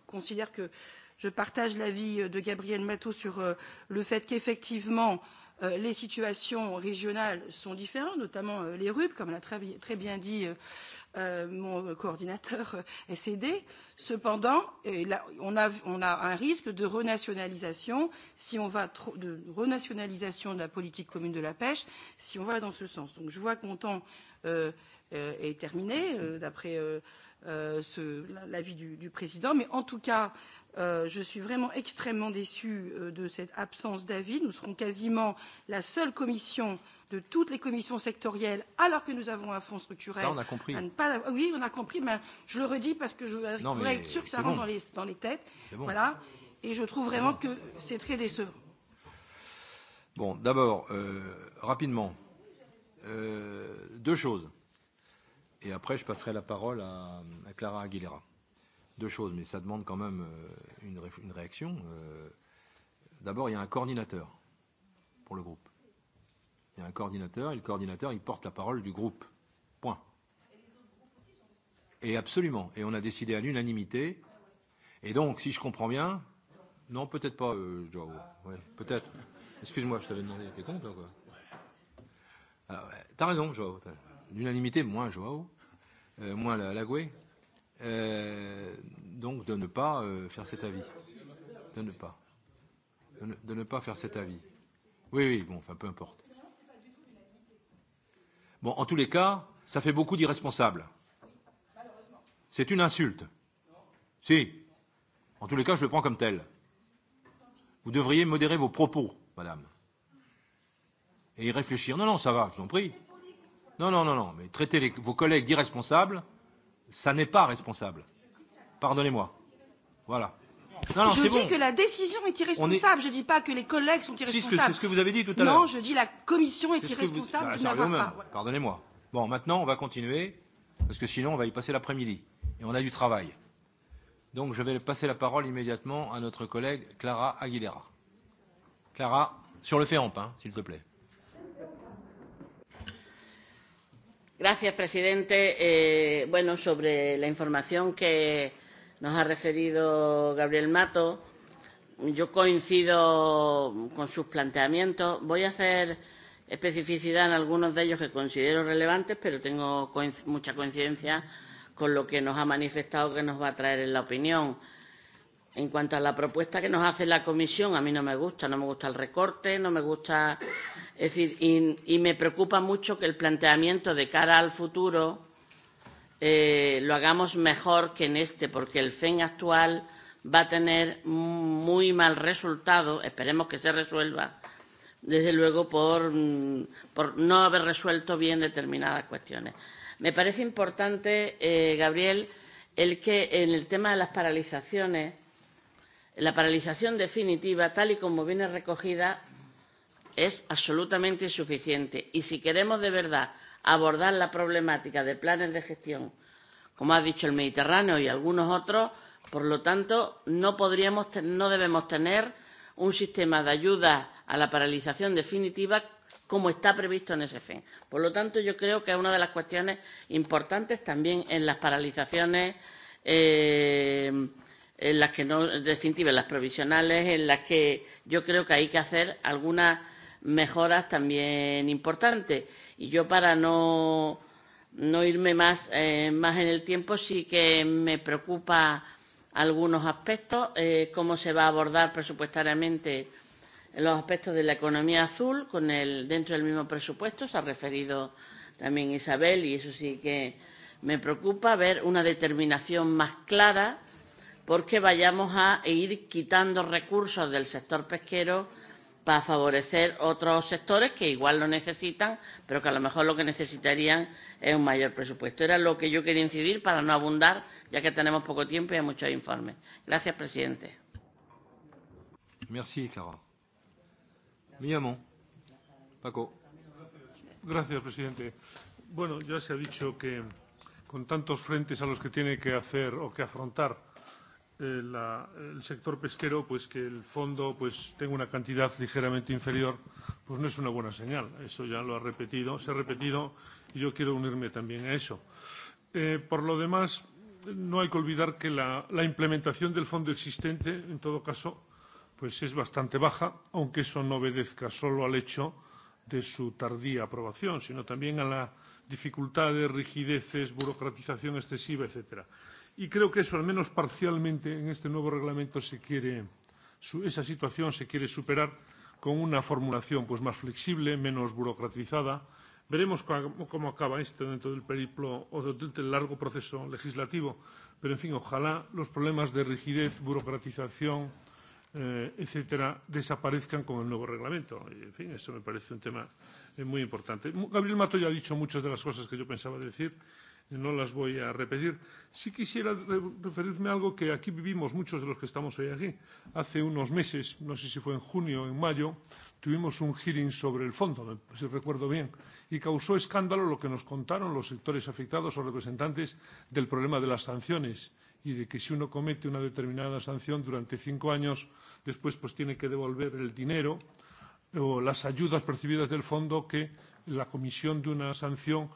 considère que je partage l'avis de Gabriel Matteau sur euh, le fait qu'effectivement, euh, les situations régionales sont différentes, notamment euh, les RUP, comme l'a très, très bien dit euh, Euh, mon coordinateur SED. Cependant, et euh, là, on, a, on a un risque de renationalisation si on va trop, de renationalisation de la politique commune de la pêche si on va dans ce sens. Donc je vois que mon temps euh, euh, est terminé euh, d'après euh, euh, l'avis du, du président, mais en tout cas, euh, Euh, je suis vraiment extrêmement déçue euh, de cette absence d'avis. Nous serons quasiment la seule commission de toutes les commissions sectorielles, alors que nous avons un fonds structurel. Ça, on a compris. À ne pas, oui, on a compris, mais je le redis parce que je non, voudrais être sûr que ça bon. rentre dans les, dans les têtes. Bon. Voilà. Et je trouve vraiment bon. que c'est très décevant. Bon, d'abord, euh, rapidement, euh, deux choses. Et après, je passerai la parole à, à Clara Aguilera deux choses, mais ça demande quand même euh, une, ré une réaction. Euh, D'abord, il y a un coordinateur pour le groupe. Il y a un coordinateur, et le coordinateur, il porte la parole du groupe. Point. Et absolument. Et on a décidé à l'unanimité. Et donc, si je comprends bien, non, peut-être pas, euh, Joao. Ouais, peut-être. Excuse-moi, je t'avais demandé, t'es con, toi, quoi. Alors, ah t'as raison, Joao. L'unanimité, moins Joao, euh, moins la, la Lagoué euh, donc de ne pas euh, faire cet avis. De ne pas. De ne, de ne pas faire cet avis. Oui, oui, bon, enfin, peu importe. Bon, en tous les cas, ça fait beaucoup d'irresponsables. C'est une insulte. Si. En tous les cas, je le prends comme tel. Vous devriez modérer vos propos, madame. Et y réfléchir. Non, non, ça va, je vous en prie. Non, non, non, non, mais traitez les, vos collègues d'irresponsables Ça n'est pas responsable. Pardonnez-moi. Voilà. Non, non, je dis bon. que la décision est irresponsable. Est... Je ne dis pas que les collègues sont irresponsables. C'est ce ce que vous avez dit tout à l'heure. Non, je dis la commission est, est irresponsable vous... bah, de n'avoir pas. Voilà. Pardonnez-moi. Bon, maintenant, on va continuer, parce que sinon, on va y passer l'après-midi. Et on a du travail. Donc, je vais passer la parole immédiatement à notre collègue Clara Aguilera. Clara, sur le Féamp, hein, s'il te plaît. Señor presidente. Eh, bueno, sobre la información que nos ha referido Gabriel Mato, yo coincido con sus planteamientos. Voy a hacer especificidad en algunos de ellos que considero relevantes, pero tengo coinc mucha coincidencia con lo que nos ha manifestado que nos va a traer en la opinión. En cuanto a la propuesta que nos hace la Comisión, a mí no me gusta, no me gusta el recorte, no me gusta Es decir, y, y me preocupa mucho que el planteamiento de cara al futuro eh, lo hagamos mejor que en este, porque el FEN actual va a tener muy mal resultado, esperemos que se resuelva, desde luego por, mm, por no haber resuelto bien determinadas cuestiones. Me parece importante, eh, Gabriel, el que en el tema de las paralizaciones, la paralización definitiva, tal y como viene recogida, es absolutamente insuficiente. Y si queremos de verdad abordar la problemática de planes de gestión, como ha dicho el Mediterráneo y algunos otros, por lo tanto, no, podríamos, no debemos tener un sistema de ayuda a la paralización definitiva como está previsto en ese fin. Por lo tanto, yo creo que es una de las cuestiones importantes también en las paralizaciones, eh, en las que no definitivas, las provisionales, en las que yo creo que hay que hacer algunas mejoras también importantes. Y yo para no, no irme más, eh, más en el tiempo, sí que me preocupa algunos aspectos, eh, cómo se va a abordar presupuestariamente los aspectos de la economía azul con el, dentro del mismo presupuesto. Se ha referido también Isabel y eso sí que me preocupa ver una determinación más clara porque vayamos a ir quitando recursos del sector pesquero para favorecer otros sectores que igual lo necesitan, pero que a lo mejor lo que necesitarían es un mayor presupuesto. Era lo que yo quería incidir para no abundar, ya que tenemos poco tiempo y hay muchos informes. Gracias, presidente. Merci, Clara. Mi amo. Paco. Gracias, presidente. Bueno, ya se ha dicho que con tantos frentes a los que tiene que hacer o que afrontar eh, la, el sector pesquero, pues que el fondo pues tenga una cantidad ligeramente inferior, pues no es una buena señal. Eso ya lo ha repetido, se ha repetido y yo quiero unirme también a eso. Eh, por lo demás, no hay que olvidar que la, la implementación del fondo existente, en todo caso, pues es bastante baja, aunque eso no obedezca solo al hecho de su tardía aprobación, sino también a la dificultades, rigideces, burocratización excesiva, etcétera. Y creo que eso, al menos parcialmente, en este nuevo reglamento se quiere, su, esa situación se quiere superar con una formulación pues, más flexible, menos burocratizada. Veremos cómo, cómo acaba esto dentro del periplo o dentro del largo proceso legislativo. Pero, en fin, ojalá los problemas de rigidez, burocratización, eh, etcétera, desaparezcan con el nuevo reglamento. Y, en fin, eso me parece un tema eh, muy importante. Gabriel Mato ya ha dicho muchas de las cosas que yo pensaba decir no las voy a repetir. Sí quisiera referirme a algo que aquí vivimos muchos de los que estamos hoy aquí. Hace unos meses, no sé si fue en junio o en mayo, tuvimos un hearing sobre el fondo, si recuerdo bien, y causó escándalo lo que nos contaron los sectores afectados o representantes del problema de las sanciones y de que si uno comete una determinada sanción durante cinco años, después pues tiene que devolver el dinero o las ayudas percibidas del fondo que la comisión de una sanción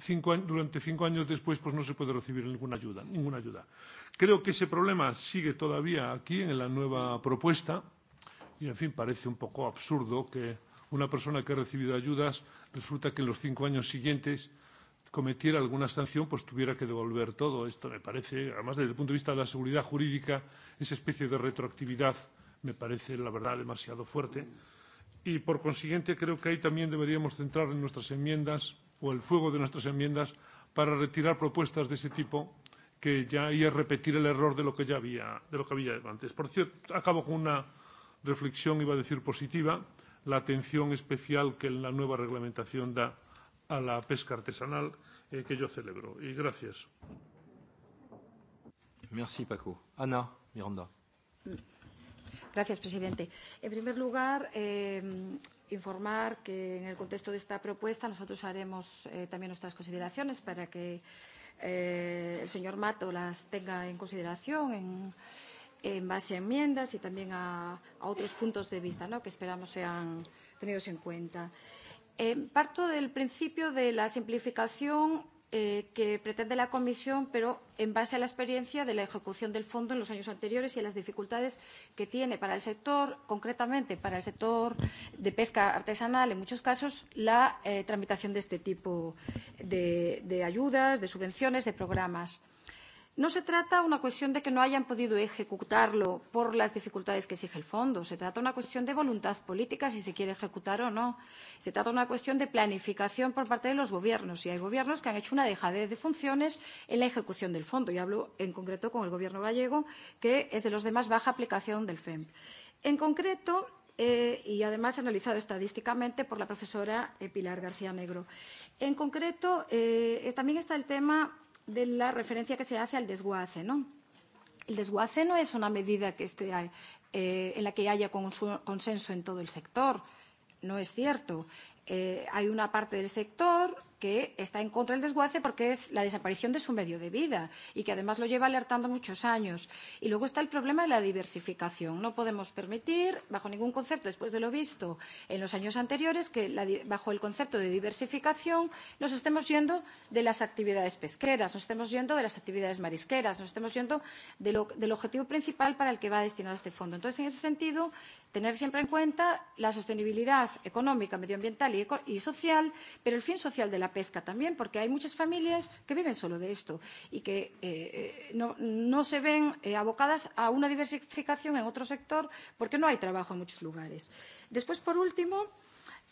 cinco, durante cinco años después pues no se puede recibir ninguna ayuda, ninguna ayuda. Creo que ese problema sigue todavía aquí en la nueva propuesta y, en fin, parece un poco absurdo que una persona que ha recibido ayudas resulta que en los cinco años siguientes cometiera alguna sanción, pues tuviera que devolver todo. Esto me parece, además desde el punto de vista de la seguridad jurídica, esa especie de retroactividad me parece, la verdad, demasiado fuerte. Y, por consiguiente, creo que ahí también deberíamos centrar en nuestras enmiendas o el fuego de nuestras enmiendas para retirar propuestas de ese tipo que ya iba a repetir el error de lo que ya había, de lo que había antes. Por cierto, acabo con una reflexión, iba a decir positiva, la atención especial que la nueva reglamentación da a la pesca artesanal, eh, que yo celebro. Y gracias. Merci, Paco. Ana Miranda. Gracias, presidente. En primer lugar, eh, informar que en el contexto de esta propuesta nosotros haremos eh, también nuestras consideraciones para que eh, el señor Mato las tenga en consideración en, en base a enmiendas y también a, a otros puntos de vista ¿no? que esperamos sean tenidos en cuenta. Eh, parto del principio de la simplificación eh, que pretende la Comisión, pero en base a la experiencia de la ejecución del fondo en los años anteriores y a las dificultades que tiene para el sector, concretamente para el sector de pesca artesanal, en muchos casos, la eh, tramitación de este tipo de, de ayudas, de subvenciones, de programas. No se trata una cuestión de que no hayan podido ejecutarlo por las dificultades que exige el fondo. Se trata una cuestión de voluntad política, si se quiere ejecutar o no. Se trata una cuestión de planificación por parte de los gobiernos. Y hay gobiernos que han hecho una dejadez de funciones en la ejecución del fondo. Y hablo en concreto con el gobierno gallego, que es de los de más baja aplicación del FEMP. En concreto, eh, y además analizado estadísticamente por la profesora eh, Pilar García Negro. En concreto, eh, también está el tema de la referencia que se hace al desguace, ¿no? El desguace no es una medida que esté, eh, en la que haya consenso en todo el sector. No es cierto. Eh, hay una parte del sector que está en contra del desguace porque es la desaparición de su medio de vida y que además lo lleva alertando muchos años. Y luego está el problema de la diversificación. No podemos permitir, bajo ningún concepto, después de lo visto en los años anteriores, que la, bajo el concepto de diversificación nos estemos yendo de las actividades pesqueras, nos estemos yendo de las actividades marisqueras, nos estemos yendo de lo, del objetivo principal para el que va destinado este fondo. Entonces, en ese sentido, tener siempre en cuenta la sostenibilidad económica, medioambiental y, y social, pero el fin social de la pesca también, porque hay muchas familias que viven solo de esto y que eh, eh, no, no se ven eh, abocadas a una diversificación en otro sector porque no hay trabajo en muchos lugares. Después, por último, eh,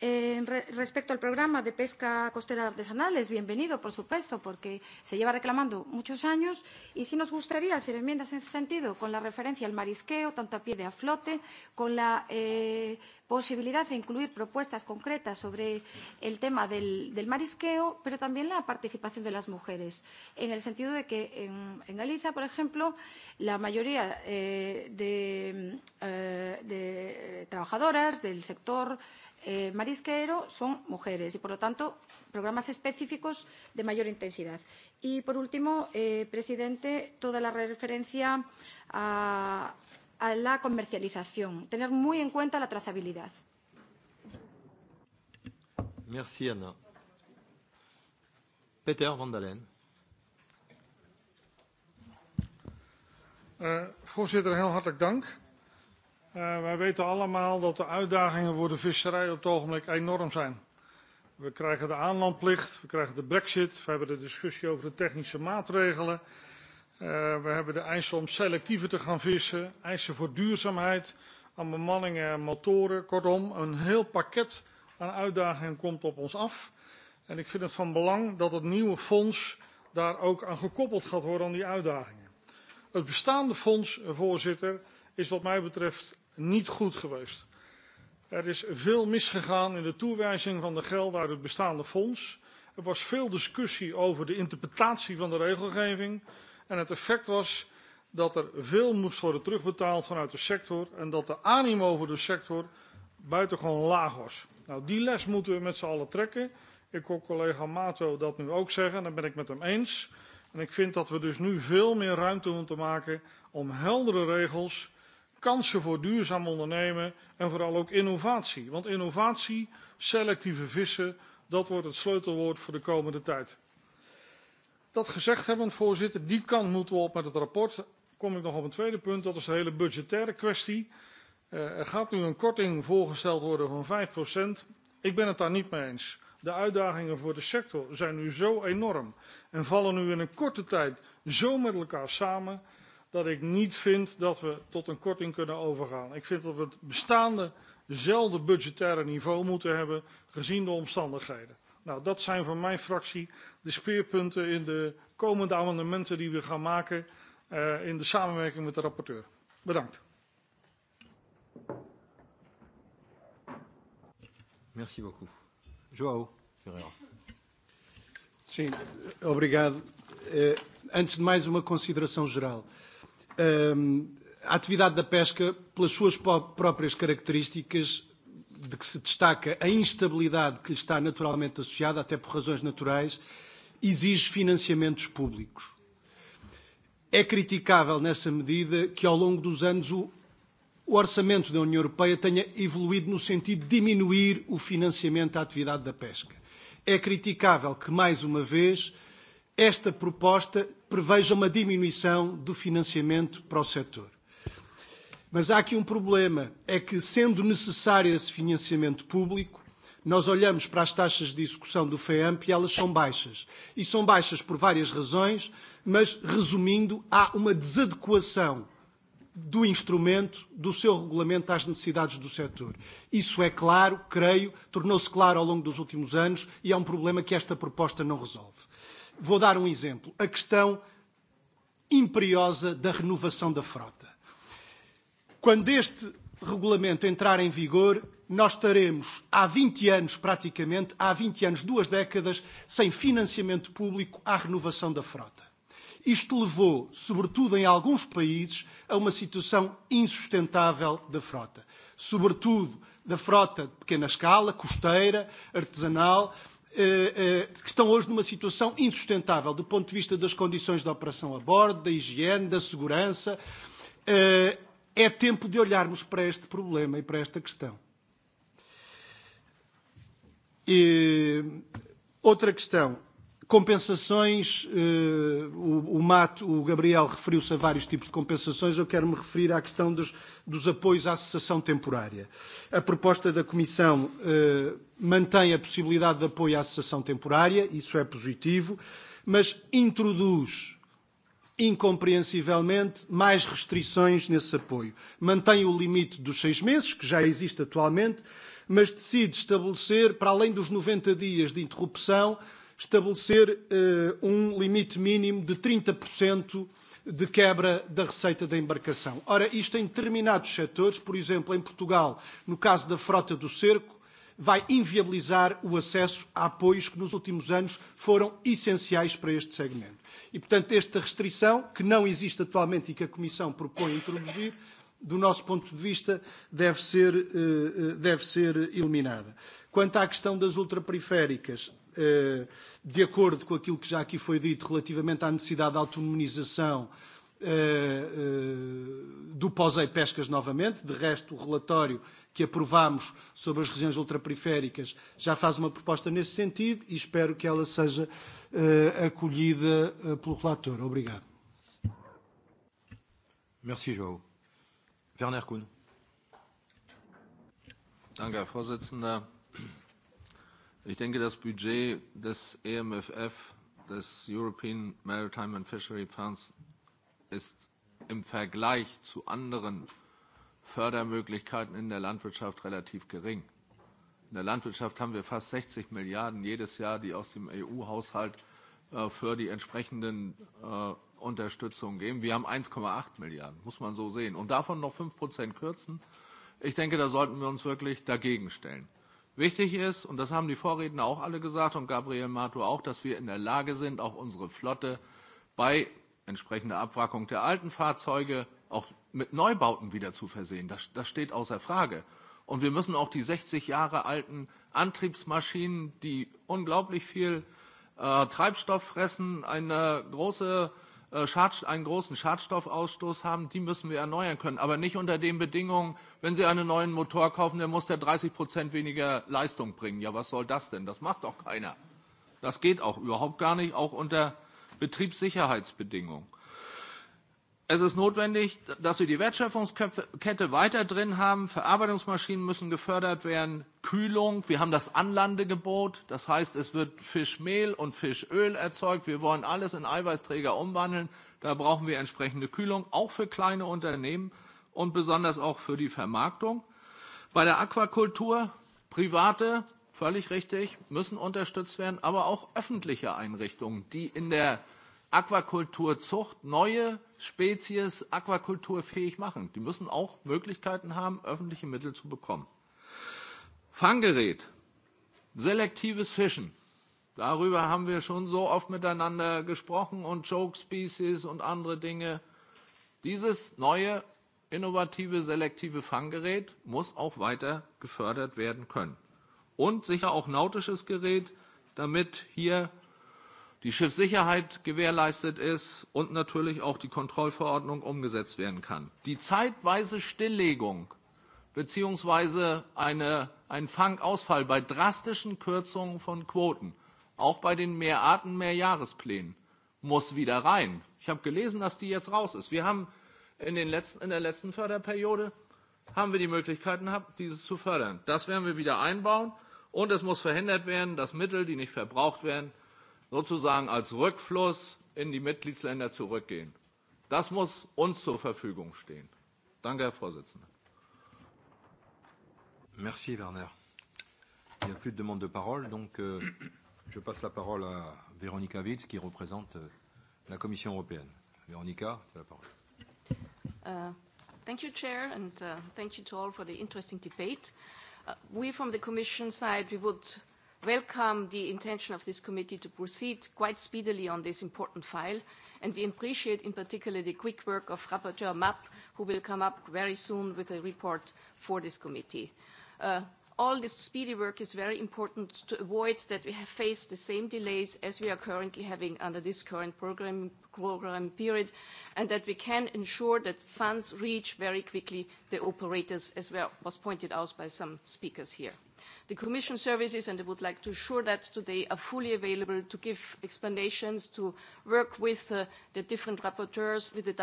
Eh, re, respecto al programa de pesca costera artesanal, es bienvenido, por supuesto, porque se lleva reclamando muchos años y sí nos gustaría hacer enmiendas en ese sentido, con la referencia al marisqueo, tanto a pie de a flote, con la eh, posibilidad de incluir propuestas concretas sobre el tema del, del marisqueo, pero también la participación de las mujeres, en el sentido de que en, en Galicia, por ejemplo, la mayoría eh, de, eh, de trabajadoras del sector eh, eh, marisquero e son mujeres y, por lo tanto, programas específicos de mayor intensidad. Y, por último, eh, presidente, toda la referencia a, a la comercialización. Tener muy en cuenta la trazabilidad. Merci, Anna. Peter van der Leyen. Uh, eh, voorzitter, heel hartelijk dank. Uh, wij weten allemaal dat de uitdagingen voor de visserij op het ogenblik enorm zijn. We krijgen de aanlandplicht, we krijgen de brexit, we hebben de discussie over de technische maatregelen. Uh, we hebben de eisen om selectiever te gaan vissen, eisen voor duurzaamheid, aan bemanningen en motoren. Kortom, een heel pakket aan uitdagingen komt op ons af. En ik vind het van belang dat het nieuwe fonds daar ook aan gekoppeld gaat worden aan die uitdagingen. Het bestaande fonds, eh, voorzitter, is wat mij betreft niet goed geweest. Er is veel misgegaan in de toewijzing van de gelden uit het bestaande fonds. Er was veel discussie over de interpretatie van de regelgeving. En het effect was dat er veel moest worden terugbetaald vanuit de sector en dat de animo voor de sector buitengewoon laag was. Nou, die les moeten we met z'n allen trekken. Ik hoor collega Mato dat nu ook zeggen, daar ben ik met hem eens. En ik vind dat we dus nu veel meer ruimte moeten maken om heldere regels kansen voor duurzaam ondernemen en vooral ook innovatie. Want innovatie, selectieve vissen, dat wordt het sleutelwoord voor de komende tijd. Dat gezegd hebbend, voorzitter, die kant moeten we op met het rapport. Kom ik nog op een tweede punt, dat is de hele budgettaire kwestie. Eh, er gaat nu een korting voorgesteld worden van 5 procent. Ik ben het daar niet mee eens. De uitdagingen voor de sector zijn nu zo enorm en vallen nu in een korte tijd zo met elkaar samen dat ik niet vind dat we tot een korting kunnen overgaan. Ik vind dat we het bestaande dezelfde budgettaire niveau moeten hebben gezien de omstandigheden. Nou, dat zijn voor mijn fractie de speerpunten in de komende amendementen die we gaan maken uh, in de samenwerking met de rapporteur. Bedankt. Merci beaucoup. João Ferreira. Sim, obrigado. Uh, antes de mais, uma consideração geral. Ehm, a atividade da pesca, pelas suas próprias características, de que se destaca a instabilidade que lhe está naturalmente associada, até por razões naturais, exige financiamentos públicos. É criticável, nessa medida, que ao longo dos anos o, o orçamento da União Europeia tenha evoluído no sentido de diminuir o financiamento à atividade da pesca. É criticável que, mais uma vez, esta proposta preveja uma diminuição do financiamento para o setor. Mas há aqui um problema, é que sendo necessário esse financiamento público, nós olhamos para as taxas de execução do FEAMP e elas são baixas. E são baixas por várias razões, mas resumindo, há uma desadequação do instrumento, do seu regulamento às necessidades do setor. Isso é claro, creio, tornou-se claro ao longo dos últimos anos e é um problema que esta proposta não resolve. Vou dar um exemplo. A questão imperiosa da renovação da frota. Quando este regulamento entrar em vigor, nós estaremos há 20 anos, praticamente, há 20 anos, duas décadas, sem financiamento público à renovação da frota. Isto levou, sobretudo em alguns países, a uma situação insustentável da frota. Sobretudo da frota de pequena escala, costeira, artesanal, Eh, eh, que estão hoje numa situação insustentável do ponto de vista das condições de operação a bordo, da higiene, da segurança. Eh, é tempo de olharmos para este problema e para esta questão. E outra questão Compensações, eh, o, o Mato, o Gabriel referiu-se a vários tipos de compensações, eu quero me referir à questão dos, dos apoios à cessação temporária. A proposta da Comissão eh, mantém a possibilidade de apoio à cessação temporária, isso é positivo, mas introduz incompreensivelmente, mais restrições nesse apoio. Mantém o limite dos seis meses, que já existe atualmente, mas decide estabelecer, para além dos 90 dias de interrupção, estabelecer uh, um limite mínimo de 30% de quebra da receita da embarcação. Ora, isto em determinados setores, por exemplo, em Portugal, no caso da frota do cerco, vai inviabilizar o acesso a apoios que nos últimos anos foram essenciais para este segmento. E, portanto, esta restrição, que não existe atualmente e que a Comissão propõe introduzir, do nosso ponto de vista, deve ser, eh, eh, deve ser eliminada. Quanto à questão das ultraperiféricas, Eh, de acordo com aquilo que já aqui foi dito relativamente à necessidade de autonomização eh, eh, do POSEI Pescas novamente. De resto, o relatório que aprovámos sobre as regiões ultraperiféricas já faz uma proposta nesse sentido e espero que ela seja acolhida pelo relator. Obrigado. Merci, João. Werner Kuhn. Danke, Herr Vorsitzender. Ich denke, das Budget des EMFF, des European Maritime and Fishery Funds, ist im Vergleich zu anderen Fördermöglichkeiten in der Landwirtschaft relativ gering. In der Landwirtschaft haben wir fast 60 Milliarden jedes Jahr, die aus dem EU-Haushalt äh, für die entsprechenden äh, Unterstützung geben. Wir haben 1,8 Milliarden, muss man so sehen. Und davon noch 5 Prozent kürzen. Ich denke, da sollten wir uns wirklich dagegen stellen. Wichtig ist, und das haben die Vorredner auch alle gesagt und Gabriel Mato auch, dass wir in der Lage sind, auch unsere Flotte bei entsprechender Abwrackung der alten Fahrzeuge auch mit Neubauten wieder zu versehen. Das, das steht außer Frage. Und wir müssen auch die 60 Jahre alten Antriebsmaschinen, die unglaublich viel äh, Treibstoff fressen, eine große äh, Äh, Schad, einen großen Schadstoffausstoß haben, die müssen wir erneuern können. Aber nicht unter den Bedingungen, wenn Sie einen neuen Motor kaufen, dann muss der 30 Prozent weniger Leistung bringen. Ja, was soll das denn? Das macht doch keiner. Das geht auch überhaupt gar nicht, auch unter Betriebssicherheitsbedingungen. Es ist notwendig, dass wir die Wertschöpfungskette weiter drin haben. Verarbeitungsmaschinen müssen gefördert werden, Kühlung. Wir haben das Anlandegebot. Das heißt, es wird Fischmehl und Fischöl erzeugt. Wir wollen alles in Eiweißträger umwandeln. Da brauchen wir entsprechende Kühlung, auch für kleine Unternehmen und besonders auch für die Vermarktung. Bei der Aquakultur, private, völlig richtig, müssen unterstützt werden, aber auch öffentliche Einrichtungen, die in der Aquakulturzucht neue Spezies aquakulturfähig machen. Die müssen auch Möglichkeiten haben, öffentliche Mittel zu bekommen. Fanggerät, selektives Fischen. Darüber haben wir schon so oft miteinander gesprochen und Choke Species und andere Dinge. Dieses neue innovative selektive Fanggerät muss auch weiter gefördert werden können. Und sicher auch nautisches Gerät, damit hier die Schiffssicherheit gewährleistet ist und natürlich auch die Kontrollverordnung umgesetzt werden kann. Die zeitweise Stilllegung bzw. ein Fangausfall bei drastischen Kürzungen von Quoten, auch bei den Mehrarten Mehrjahresplänen, muss wieder rein. Ich habe gelesen, dass die jetzt raus ist. Wir haben in, den letzten, in der letzten Förderperiode haben wir die Möglichkeiten gehabt, dieses zu fördern. Das werden wir wieder einbauen und es muss verhindert werden, dass Mittel, die nicht verbraucht werden, sozusagen als Rückfluss in die Mitgliedsländer zurückgehen. Das muss uns zur Verfügung stehen. Danke, Herr Vorsitzender. Merci, Werner. Il n'y a plus de demande de parole, donc euh, je passe la parole à Véronica Witz, qui représente euh, la Commission européenne. Véronica, tu as la parole. Uh, thank you, Chair, and uh, thank you to all for the interesting debate. Uh, we from the Commission side, we would welcome the intention of this committee to proceed quite speedily on this important file, and we appreciate in particular the quick work of Rapporteur Mapp, who will come up very soon with a report for this committee. Uh, all this speedy work is very important to avoid that we have faced the same delays as we are currently having under this current programming program period, and that we can ensure that funds reach very quickly the operators, as well was pointed out by some speakers here. The Commission services, and I would like to assure that today, are fully available to give explanations, to work with uh, the different rapporteurs, with the,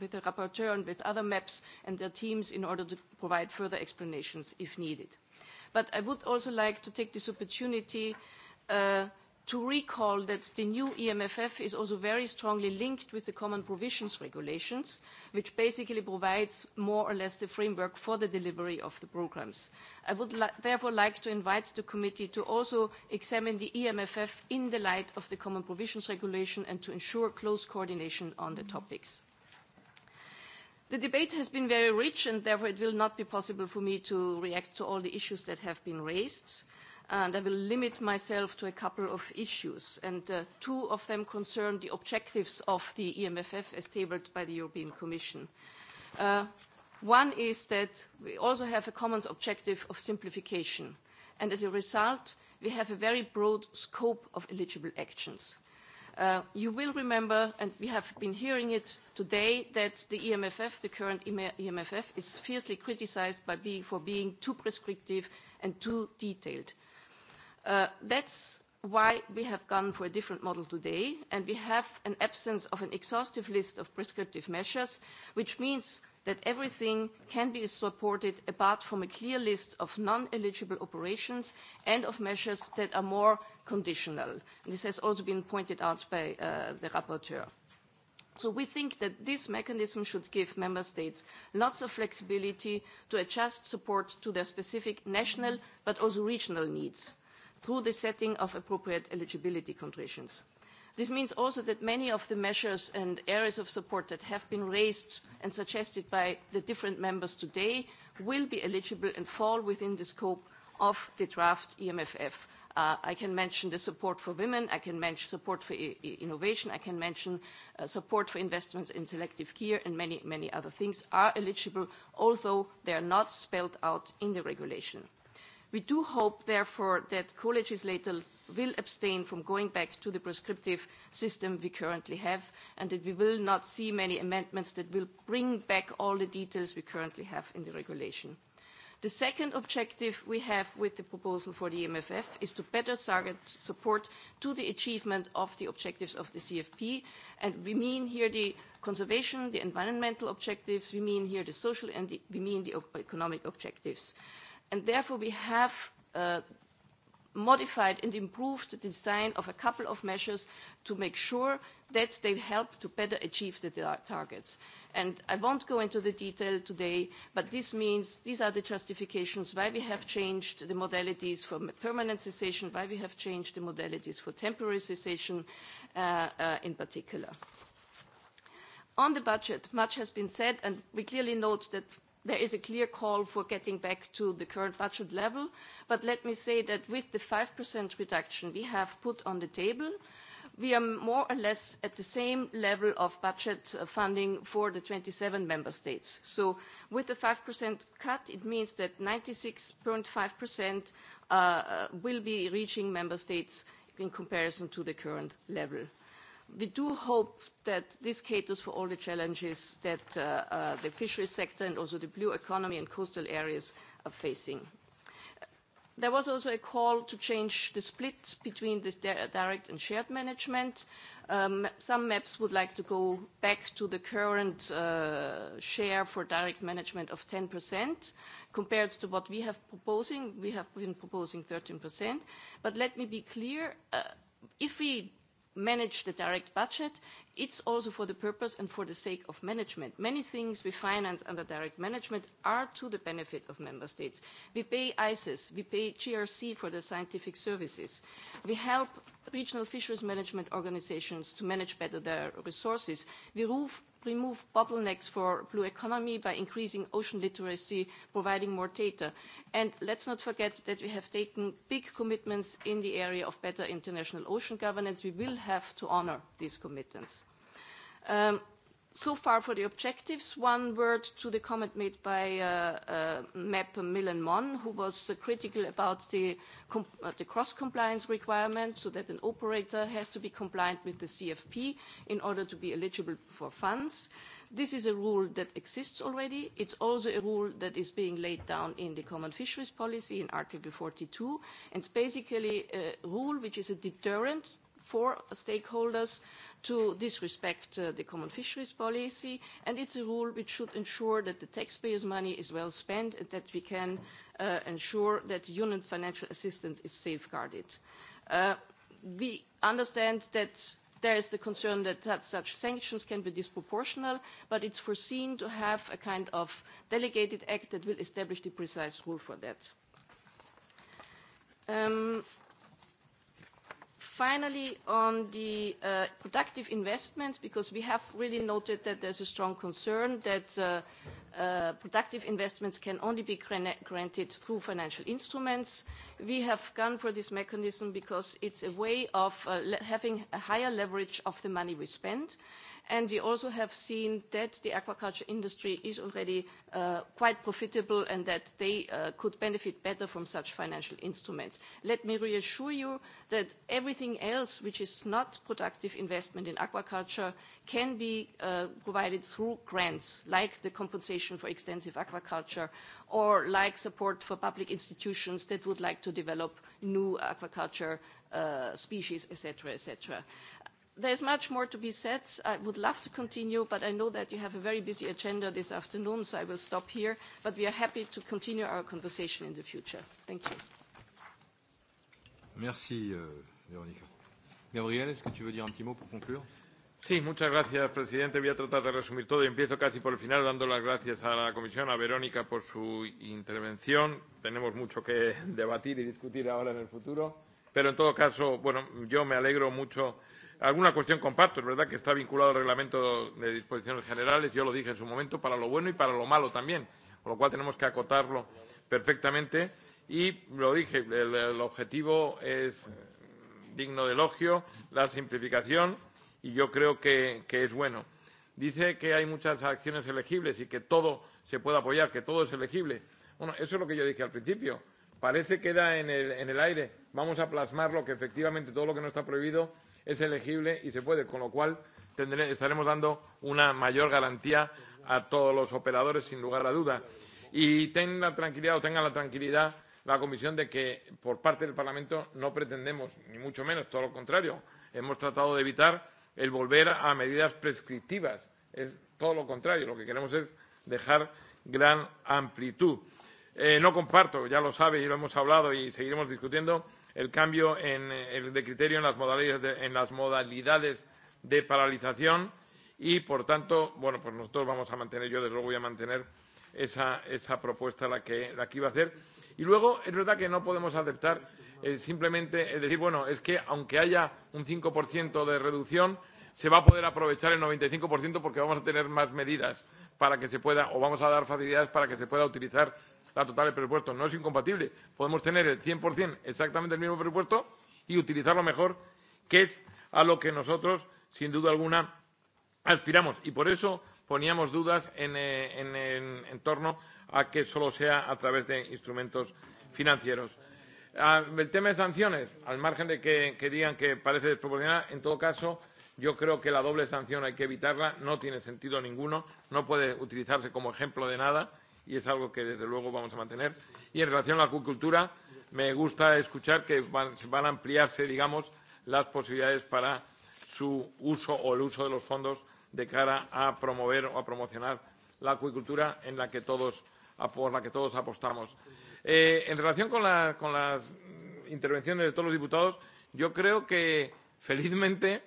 with the rapporteur and with other MEPs and their teams in order to provide further explanations if needed. But I would also like to take this opportunity uh, to recall that the new EMFF is also very strongly linked with the Common Provisions Regulations, which basically provides more or less the framework for the delivery of the programs. I would li therefore like to invite the committee to also examine the EMFF in the light of the Common Provisions Regulation and to ensure close coordination on the topics. The debate has been very rich and therefore it will not be possible for me to react to all the issues that have been raised. Uh, and I will limit myself to a couple of issues, and uh, two of them concern the objectives of the EMFF as tabled by the European Commission. Uh, one is that we also have a common objective of simplification, and as a result, we have a very broad scope of eligible actions. Uh, you will remember, and we have been hearing it today, that the EMFF, the current EMFF, e, e is fiercely criticized by being, for being too prescriptive and too detailed. Uh, that's why we have gone for a different model today, and we have an absence of an exhaustive list of prescriptive measures, which means that everything can be supported apart from a clear list of non-eligible operations and of measures that are more conditional. this has also been pointed out by uh, the rapporteur. So we think that this mechanism should give member states lots of flexibility to adjust support to their specific national but also regional needs through the setting of appropriate eligibility conditions. This means also that many of the measures and areas of support that have been raised and suggested by the different members today will be eligible and fall within the scope of the draft EMFF. Uh, I can mention the support for women, I can mention support for innovation, I can mention uh, support for investments in selective gear and many, many other things are eligible, although they are not spelled out in the regulation. We do hope, therefore, that co-legislators will abstain from going back to the prescriptive system we currently have, and that we will not see many amendments that will bring back all the details we currently have in the regulation. The second objective we have with the proposal for the e MFF is to better target support to the achievement of the objectives of the CFP, and we mean here the conservation, the environmental objectives, we mean here the social, and the, we mean the economic objectives. And therefore, we have uh, modified and improved the design of a couple of measures to make sure that they help to better achieve the targets. And I won't go into the detail today, but this means these are the justifications why we have changed the modalities for permanent cessation, why we have changed the modalities for temporary cessation uh, uh, in particular. On the budget, much has been said, and we clearly note that there is a clear call for getting back to the current budget level. But let me say that with the 5% reduction we have put on the table, we are more or less at the same level of budget uh, funding for the 27 member states. So with the 5% cut, it means that 96.5% uh, uh, will be reaching member states in comparison to the current level. We do hope that this caters for all the challenges that uh, uh, the fisheries sector and also the blue economy and coastal areas are facing. There was also a call to change the split between the direct and shared management. Um, some maps would like to go back to the current uh, share for direct management of 10% compared to what we have proposing. We have been proposing 13%. But let me be clear, uh, if we manage the direct budget, it's also for the purpose and for the sake of management. Many things we finance under direct management are to the benefit of member states. We pay ISIS, we pay GRC for the scientific services. We help regional fisheries management organizations to manage better their resources. We remove, remove bottlenecks for blue economy by increasing ocean literacy, providing more data. And let's not forget that we have taken big commitments in the area of better international ocean governance. We will have to honor these commitments. Um, so far for the objectives, one word to the comment made by uh, uh, MEP Millen Mon, who was uh, critical about the, comp- uh, the cross-compliance requirement, so that an operator has to be compliant with the CFP in order to be eligible for funds. This is a rule that exists already. It's also a rule that is being laid down in the Common Fisheries Policy in Article 42, and it's basically a rule which is a deterrent for stakeholders to disrespect uh, the common fisheries policy, and it's a rule which should ensure that the taxpayers' money is well spent and that we can uh, ensure that union financial assistance is safeguarded. Uh, we understand that there is the concern that, that such sanctions can be disproportional, but it's foreseen to have a kind of delegated act that will establish the precise rule for that. Um, Finally, on the uh, productive investments, because we have really noted that there's a strong concern that uh, uh, productive investments can only be granted through financial instruments. We have gone for this mechanism because it's a way of having a higher leverage of the money we spend. And we also have seen that the aquaculture industry is already uh, quite profitable and that they uh, could benefit better from such financial instruments. Let me reassure you that everything else which is not productive investment in aquaculture can be uh, provided through grants, like the compensation for extensive aquaculture or like support for public institutions that would like to develop new aquaculture species, etc., etc there's much more to be said. I would love to continue, but I know that you have a very busy agenda this afternoon, so I will stop here. But we are happy to continue our conversation in the future. Thank you. Merci, euh, Veronica. Gabriel, est-ce que tu veux dire un petit mot pour conclure Sí, muchas gracias, presidente. Voy a tratar de resumir todo. Empiezo casi por el final, dando las gracias a la comisión, a Verónica, por su intervención. Tenemos mucho que debatir y discutir ahora en el futuro. Pero, en todo caso, bueno, yo me alegro mucho Alguna cuestión comparto, es verdad que está vinculado al reglamento de disposiciones generales, yo lo dije en su momento, para lo bueno y para lo malo también, con lo cual tenemos que acotarlo perfectamente. Y lo dije, el, el objetivo es digno de elogio, la simplificación, y yo creo que, que es bueno. Dice que hay muchas acciones elegibles y que todo se puede apoyar, que todo es elegible. Bueno, eso es lo que yo dije al principio. Parece que da en el, en el aire. Vamos a plasmar lo que efectivamente todo lo que no está prohibido es elegible y se puede, con lo cual tendré, estaremos dando una mayor garantía a todos los operadores, sin lugar a duda. Y ten la tranquilidad o tengan la tranquilidad la Comisión de que por parte del Parlamento no pretendemos, ni mucho menos, todo lo contrario. Hemos tratado de evitar el volver a medidas prescriptivas. Es todo lo contrario. Lo que queremos es dejar gran amplitud. Eh, no comparto, ya lo sabe y lo hemos hablado y seguiremos discutiendo el cambio en, el de criterio en las, modalidades de, en las modalidades de paralización y, por tanto, bueno, pues nosotros vamos a mantener, yo desde luego voy a mantener esa, esa propuesta la que, la que iba a hacer. Y luego es verdad que no podemos aceptar eh, simplemente es decir, bueno, es que aunque haya un 5% de reducción, se va a poder aprovechar el 95% porque vamos a tener más medidas para que se pueda, o vamos a dar facilidades para que se pueda utilizar la total del presupuesto. No es incompatible. Podemos tener el 100% exactamente el mismo presupuesto y utilizarlo mejor, que es a lo que nosotros, sin duda alguna, aspiramos. Y por eso poníamos dudas en, eh, en, en, en torno a que solo sea a través de instrumentos financieros. Ah, el tema de sanciones, al margen de que, que digan que parece desproporcionada, en todo caso, yo creo que la doble sanción hay que evitarla, no tiene sentido ninguno, no puede utilizarse como ejemplo de nada y es algo que desde luego vamos a mantener. Y en relación a la acuicultura, me gusta escuchar que van, van a ampliarse, digamos, las posibilidades para su uso o el uso de los fondos de cara a promover o a promocionar la acuicultura en la que todos, por la que todos apostamos. Eh, en relación con, la, con las intervenciones de todos los diputados, yo creo que, felizmente,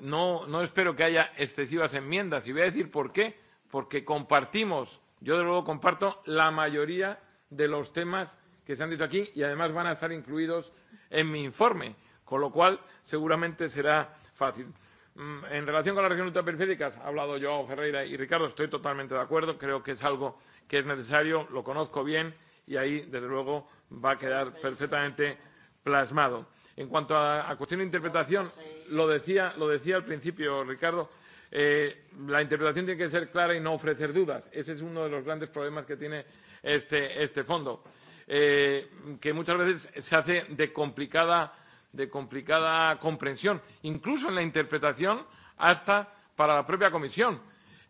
no, no espero que haya excesivas enmiendas. Y voy a decir por qué. Porque compartimos Yo, de luego, comparto la mayoría de los temas que se han dicho aquí y además van a estar incluidos en mi informe, con lo cual seguramente será fácil. Mm, en relación con las regiones ultraperiféricas, ha hablado Joao Ferreira y Ricardo, estoy totalmente de acuerdo, creo que es algo que es necesario, lo conozco bien y ahí, desde luego, va a quedar perfectamente plasmado. En cuanto a, a cuestión de interpretación, lo decía, lo decía al principio Ricardo, Eh, la interpretación tiene que ser clara y no ofrecer dudas. Ese es uno de los grandes problemas que tiene este, este fondo, eh, que muchas veces se hace de complicada, de complicada comprensión, incluso en la interpretación hasta para la propia Comisión.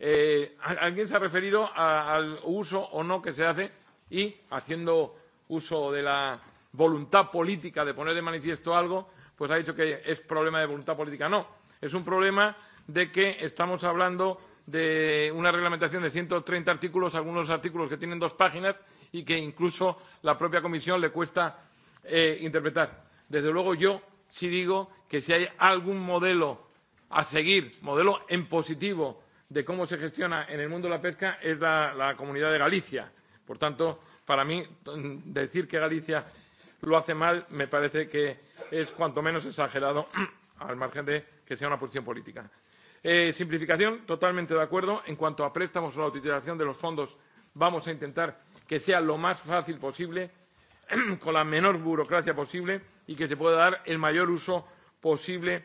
Eh, alguien se ha referido a, al uso o no que se hace y haciendo uso de la voluntad política de poner de manifiesto algo, pues ha dicho que es problema de voluntad política. No, es un problema de que estamos hablando de una reglamentación de 130 artículos, algunos artículos que tienen dos páginas y que incluso la propia comisión le cuesta eh, interpretar. Desde luego yo sí digo que si hay algún modelo a seguir, modelo en positivo de cómo se gestiona en el mundo de la pesca es la, la comunidad de Galicia. Por tanto, para mí decir que Galicia lo hace mal me parece que es cuanto menos exagerado al margen de que sea una posición política. Eh, simplificación, totalmente de acuerdo. En cuanto a préstamos o la utilización de los fondos, vamos a intentar que sea lo más fácil posible, con la menor burocracia posible y que se pueda dar el mayor uso posible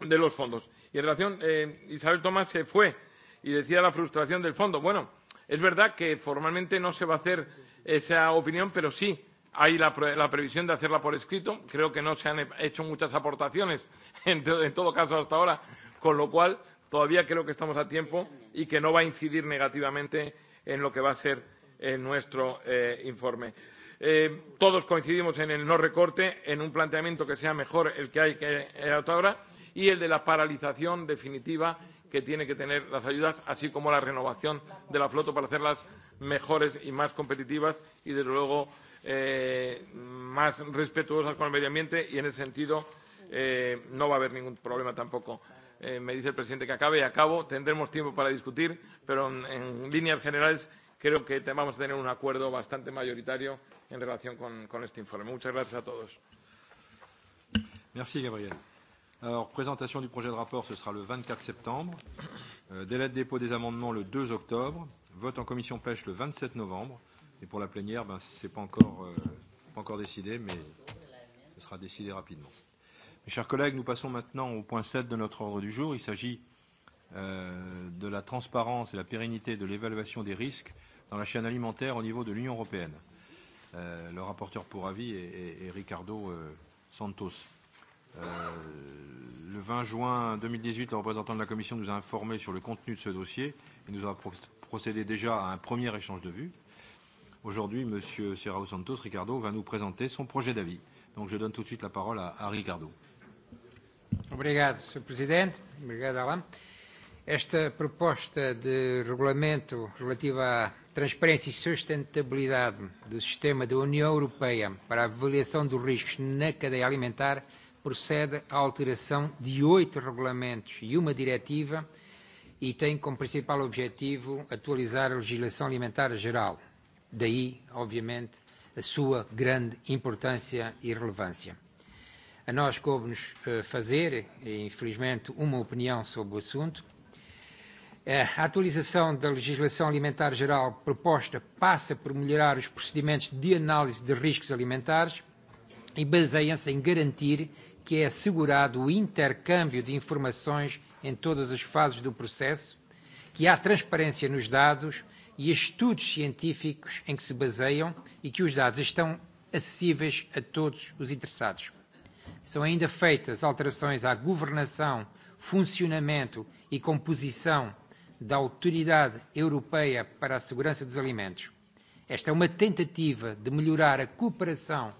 de los fondos. Y en relación, eh, Isabel Tomás se fue y decía la frustración del fondo. Bueno, es verdad que formalmente no se va a hacer esa opinión, pero sí hay la, pre la previsión de hacerla por escrito. Creo que no se han hecho muchas aportaciones, en, to en todo caso, hasta ahora, Con lo cual, todavía creo que estamos a tiempo y que no va a incidir negativamente en lo que va a ser en eh, nuestro eh, informe. Eh, todos coincidimos en el no recorte, en un planteamiento que sea mejor el que hay que eh, hasta ahora y el de la paralización definitiva que tiene que tener las ayudas, así como la renovación de la flota para hacerlas mejores y más competitivas y, desde luego, eh, más respetuosas con el medio ambiente. Y, en ese sentido, eh, no va a haber ningún problema tampoco eh, me dice el presidente que acabe y acabo. Tendremos tiempo para discutir, pero en, en líneas generales creo que te, vamos a tener un acuerdo bastante mayoritario en relación con, con este informe. Muchas gracias a todos. Gracias, Gabriel. Alors, présentation du projet de rapport, ce sera le 24 septembre. Euh, délai de dépôt des amendements le 2 octobre. Vote en commission pêche le 27 novembre. Et pour la plénière, ben, ce n'est pas, euh, pas encore décidé, mais ce sera décidé rapidement. Mes chers collègues, nous passons maintenant au point 7 de notre ordre du jour. Il s'agit euh, de la transparence et la pérennité de l'évaluation des risques dans la chaîne alimentaire au niveau de l'Union européenne. Euh, le rapporteur pour avis est, est, est Ricardo euh, Santos. Euh, le 20 juin 2018, le représentant de la Commission nous a informé sur le contenu de ce dossier et nous a procédé déjà à un premier échange de vues. Aujourd'hui, M. Serrao Santos Ricardo va nous présenter son projet d'avis. Donc je donne tout de suite la parole à, à Ricardo. Obrigado, Sr. Presidente. Obrigado, Alain. Esta proposta de regulamento relativa à transparência e sustentabilidade do sistema da União Europeia para a avaliação dos riscos na cadeia alimentar procede à alteração de oito regulamentos e uma diretiva e tem como principal objetivo atualizar a legislação alimentar geral. Daí, obviamente, a sua grande importância e relevância a nós coube-nos eh, fazer, eh, infelizmente, uma opinião sobre o assunto. A atualização da legislação alimentar geral proposta passa por melhorar os procedimentos de análise de riscos alimentares e baseia-se em garantir que é assegurado o intercâmbio de informações em todas as fases do processo, que há transparência nos dados e estudos científicos em que se baseiam e que os dados estão acessíveis a todos os interessados são ainda feitas alterações à governação, funcionamento e composição da Autoridade Europeia para a Segurança dos Alimentos. Esta é uma tentativa de melhorar a cooperação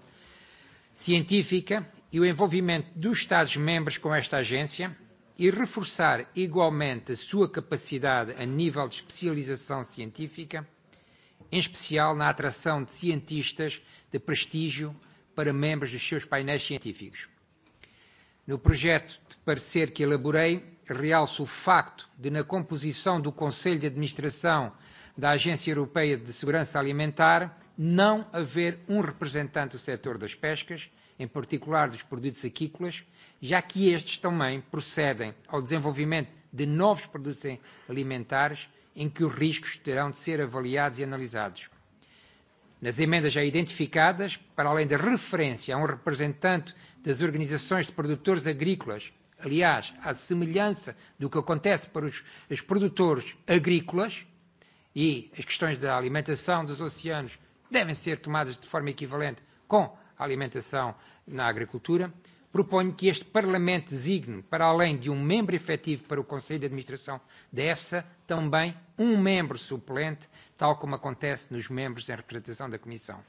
científica e o envolvimento dos Estados-membros com esta agência e reforçar igualmente a sua capacidade a nível de especialização científica, em especial na atração de cientistas de prestígio para membros dos seus painéis científicos. No projeto de parecer que elaborei, realço o facto de, na composição do Conselho de Administração da Agência Europeia de Segurança Alimentar, não haver um representante do setor das pescas, em particular dos produtos aquícolas, já que estes também procedem ao desenvolvimento de novos produtos alimentares em que os riscos terão de ser avaliados e analisados nas emendas já identificadas, para além da referência a um representante das organizações de produtores agrícolas, aliás, à semelhança do que acontece para os, os produtores agrícolas, e as questões da alimentação dos oceanos devem ser tomadas de forma equivalente com a alimentação na agricultura proponho que este Parlamento designe, para além de um membro efetivo para o Conselho de Administração da EFSA, também um membro suplente, tal como acontece nos membros em representação da Comissão.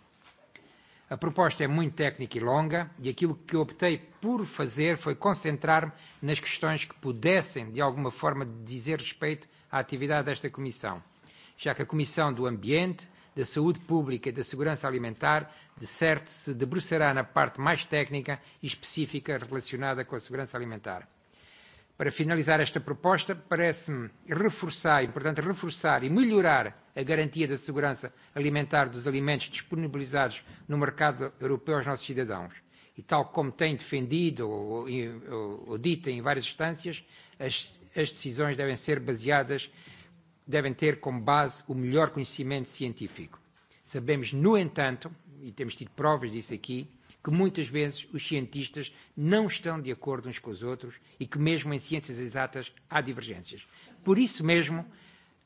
A proposta é muito técnica e longa, e aquilo que optei por fazer foi concentrar-me nas questões que pudessem, de alguma forma, dizer respeito à atividade desta Comissão, já que a Comissão do Ambiente, da saúde pública e da segurança alimentar, de certo se debruçará na parte mais técnica e específica relacionada com a segurança alimentar. Para finalizar esta proposta, parece-me reforçar, importante reforçar e melhorar a garantia da segurança alimentar dos alimentos disponibilizados no mercado europeu aos nossos cidadãos. E tal como tem defendido ou, ou, ou dito em várias instâncias, as, as decisões devem ser baseadas devem ter como base o melhor conhecimento científico. Sabemos, no entanto, e temos tido provas disso aqui, que muitas vezes os cientistas não estão de acordo uns com os outros e que mesmo em ciências exatas há divergências. Por isso mesmo,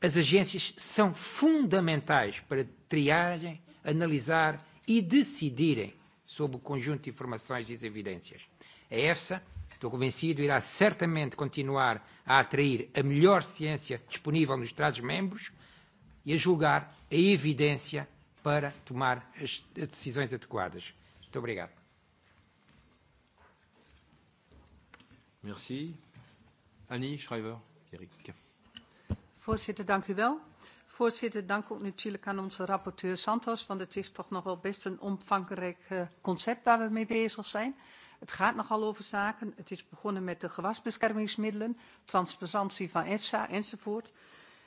as agências são fundamentais para triagem, analisar e decidirem sobre o conjunto de informações e evidências. A EFSA Estou convencido, irá certamente continuar a atrair a melhor ciência disponível nos Estados-membros e a julgar a evidência para tomar as decisões adequadas. Muito obrigado. Merci. Annie Schreiber, Erik. Voorzitter, dank u wel. Voorzitter, dank ook natuurlijk aan onze rapporteur Santos, want het is toch nog wel best een omvangrijk concept waar we mee bezig zijn. Het gaat nogal over zaken. Het is begonnen met de gewasbeschermingsmiddelen, transparantie van EFSA enzovoort.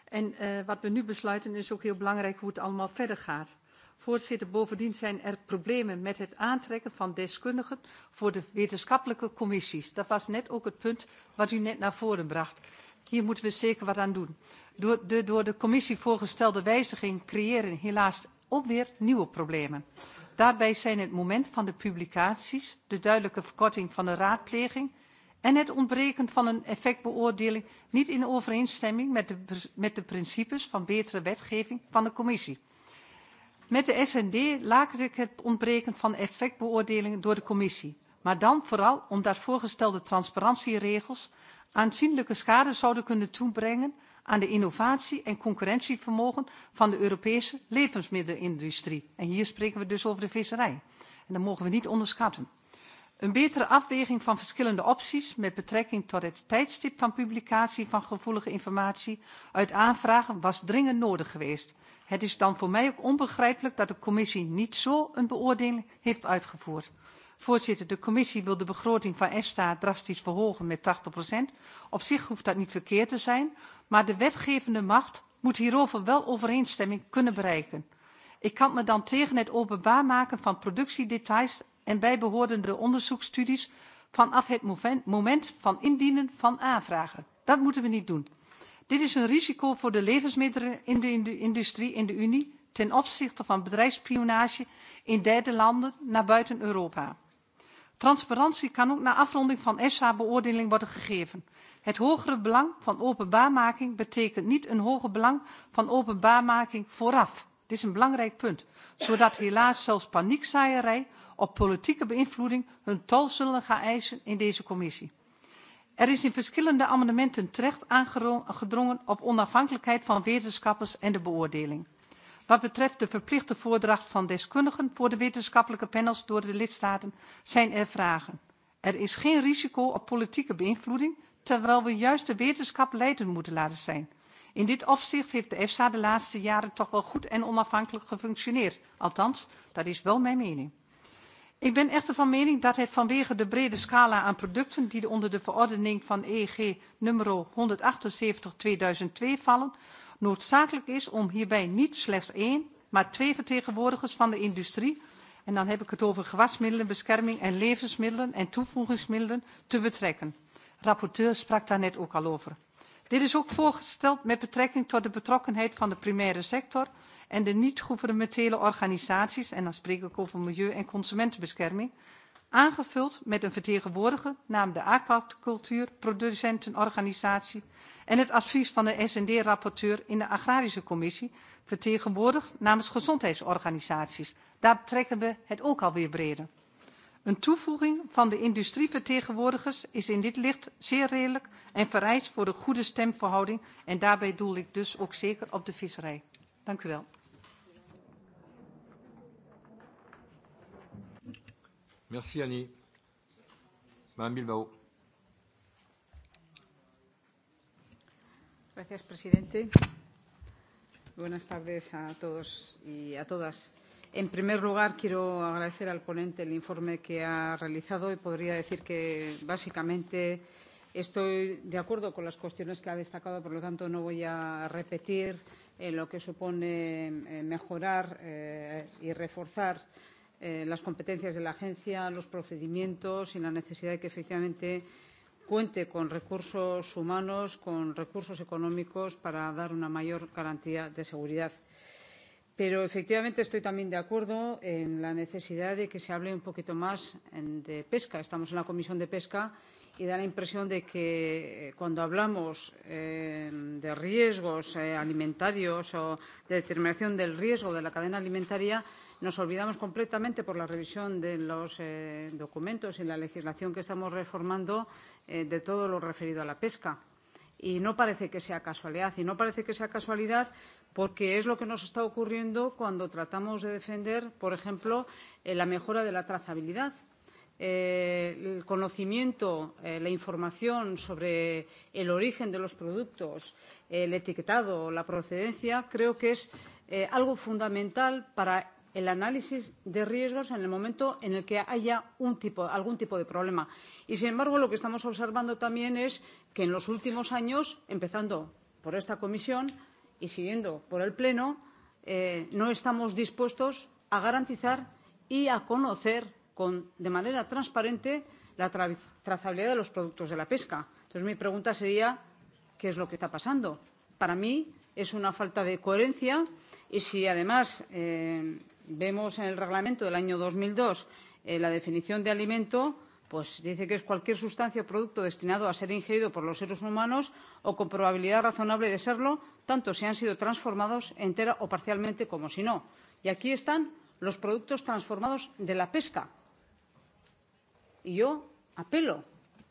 En uh, wat we nu besluiten is ook heel belangrijk hoe het allemaal verder gaat. Voorzitter, bovendien zijn er problemen met het aantrekken van deskundigen voor de wetenschappelijke commissies. Dat was net ook het punt wat u net naar voren bracht. Hier moeten we zeker wat aan doen. Door de door de commissie voorgestelde wijziging creëren helaas ook weer nieuwe problemen. Daarbij zijn het moment van de publicaties, de duidelijke verkorting van de raadpleging en het ontbreken van een effectbeoordeling niet in overeenstemming met de, met de principes van betere wetgeving van de commissie. Met de SND laker ik het ontbreken van effectbeoordelingen door de commissie. Maar dan vooral omdat voorgestelde transparantieregels aanzienlijke schade zouden kunnen toebrengen aan de innovatie en concurrentievermogen van de Europese levensmiddelenindustrie. En hier spreken we dus over de visserij. En dat mogen we niet onderschatten. Een betere afweging van verschillende opties met betrekking tot het tijdstip van publicatie van gevoelige informatie uit aanvragen was dringend nodig geweest. Het is dan voor mij ook onbegrijpelijk dat de commissie niet zo een beoordeling heeft uitgevoerd. Voorzitter, de commissie wil de begroting van EFSA drastisch verhogen met 80%. Op zich hoeft dat niet verkeerd te zijn, Maar de wetgevende macht moet hierover wel overeenstemming kunnen bereiken. Ik kan me dan tegen het openbaar maken van productiedetails en bijbehorende onderzoeksstudies vanaf het moment van indienen van aanvragen. Dat moeten we niet doen. Dit is een risico voor de levensmiddelen in de industrie in de Unie ten opzichte van bedrijfsspionage in derde landen naar buiten Europa. Transparantie kan ook na afronding van esa beoordeling worden gegeven. Het hogere belang van openbaarmaking betekent niet een hoger belang van openbaarmaking vooraf. Dit is een belangrijk punt, zodat helaas zelfs paniekzaaierij op politieke beïnvloeding hun tol zullen gaan eisen in deze commissie. Er is in verschillende amendementen terecht aangedrongen op onafhankelijkheid van wetenschappers en de beoordeling. Wat betreft de verplichte voordracht van deskundigen voor de wetenschappelijke panels door de lidstaten zijn er vragen. Er is geen risico op politieke beïnvloeding, terwijl we juist de wetenschap leidend moeten laten zijn. In dit opzicht heeft de EFSA de laatste jaren toch wel goed en onafhankelijk gefunctioneerd. Althans, dat is wel mijn mening. Ik ben echter van mening dat het vanwege de brede scala aan producten die er onder de verordening van EEG nummer 178-2002 vallen, noodzakelijk is om hierbij niet slechts één, maar twee vertegenwoordigers van de industrie, en dan heb ik het over gewasmiddelen, bescherming en levensmiddelen en toevoegingsmiddelen, te betrekken rapporteur sprak daar net ook al over. Dit is ook voorgesteld met betrekking tot de betrokkenheid van de primaire sector en de niet gouvernementele organisaties, en dan spreek ik over milieu- en consumentenbescherming, aangevuld met een vertegenwoordiger namens de aquacultuurproducentenorganisatie en het advies van de S&D-rapporteur in de agrarische commissie, vertegenwoordigd namens gezondheidsorganisaties. Daar trekken we het ook alweer breder. Een toevoeging van de industrievertegenwoordigers is in dit licht zeer redelijk en vereist voor een goede stemverhouding. En daarbij doel ik dus ook zeker op de visserij. Dank u wel. Merci Annie. Madame Bilbao. Gracias, presidente. Buenas tardes a todos y a todas. En primer lugar, quiero agradecer al ponente el informe que ha realizado y podría decir que básicamente estoy de acuerdo con las cuestiones que ha destacado, por lo tanto no voy a repetir eh, lo que supone eh, mejorar eh, y reforzar eh, las competencias de la agencia, los procedimientos y la necesidad de que efectivamente cuente con recursos humanos, con recursos económicos para dar una mayor garantía de seguridad. Pero efectivamente estoy también de acuerdo en la necesidad de que se hable un poquito más de pesca. Estamos en la Comisión de Pesca y da la impresión de que eh, cuando hablamos eh, de riesgos eh, alimentarios o de determinación del riesgo de la cadena alimentaria, nos olvidamos completamente por la revisión de los documentos y la legislación que estamos reformando de todo lo referido a la pesca. Y no parece que sea casualidad. Y no parece que sea casualidad porque es lo que nos está ocurriendo cuando tratamos de defender, por ejemplo, eh, la mejora de la trazabilidad. Eh, el conocimiento, eh, la información sobre el origen de los productos, eh, el etiquetado, la procedencia, creo que es eh, algo fundamental para el análisis de riesgos en el momento en el que haya un tipo, algún tipo de problema. Y, sin embargo, lo que estamos observando también es que en los últimos años, empezando por esta comisión y siguiendo por el Pleno, eh, no estamos dispuestos a garantizar y a conocer con, de manera transparente la tra trazabilidad de los productos de la pesca. Entonces, mi pregunta sería, ¿qué es lo que está pasando? Para mí es una falta de coherencia y si además eh, vemos en el reglamento del año 2002 eh, la definición de alimento, pues dice que es cualquier sustancia o producto destinado a ser ingerido por los seres humanos o con probabilidad razonable de serlo, tanto si han sido transformados entera o parcialmente como si no. Y aquí están los productos transformados de la pesca. Y yo apelo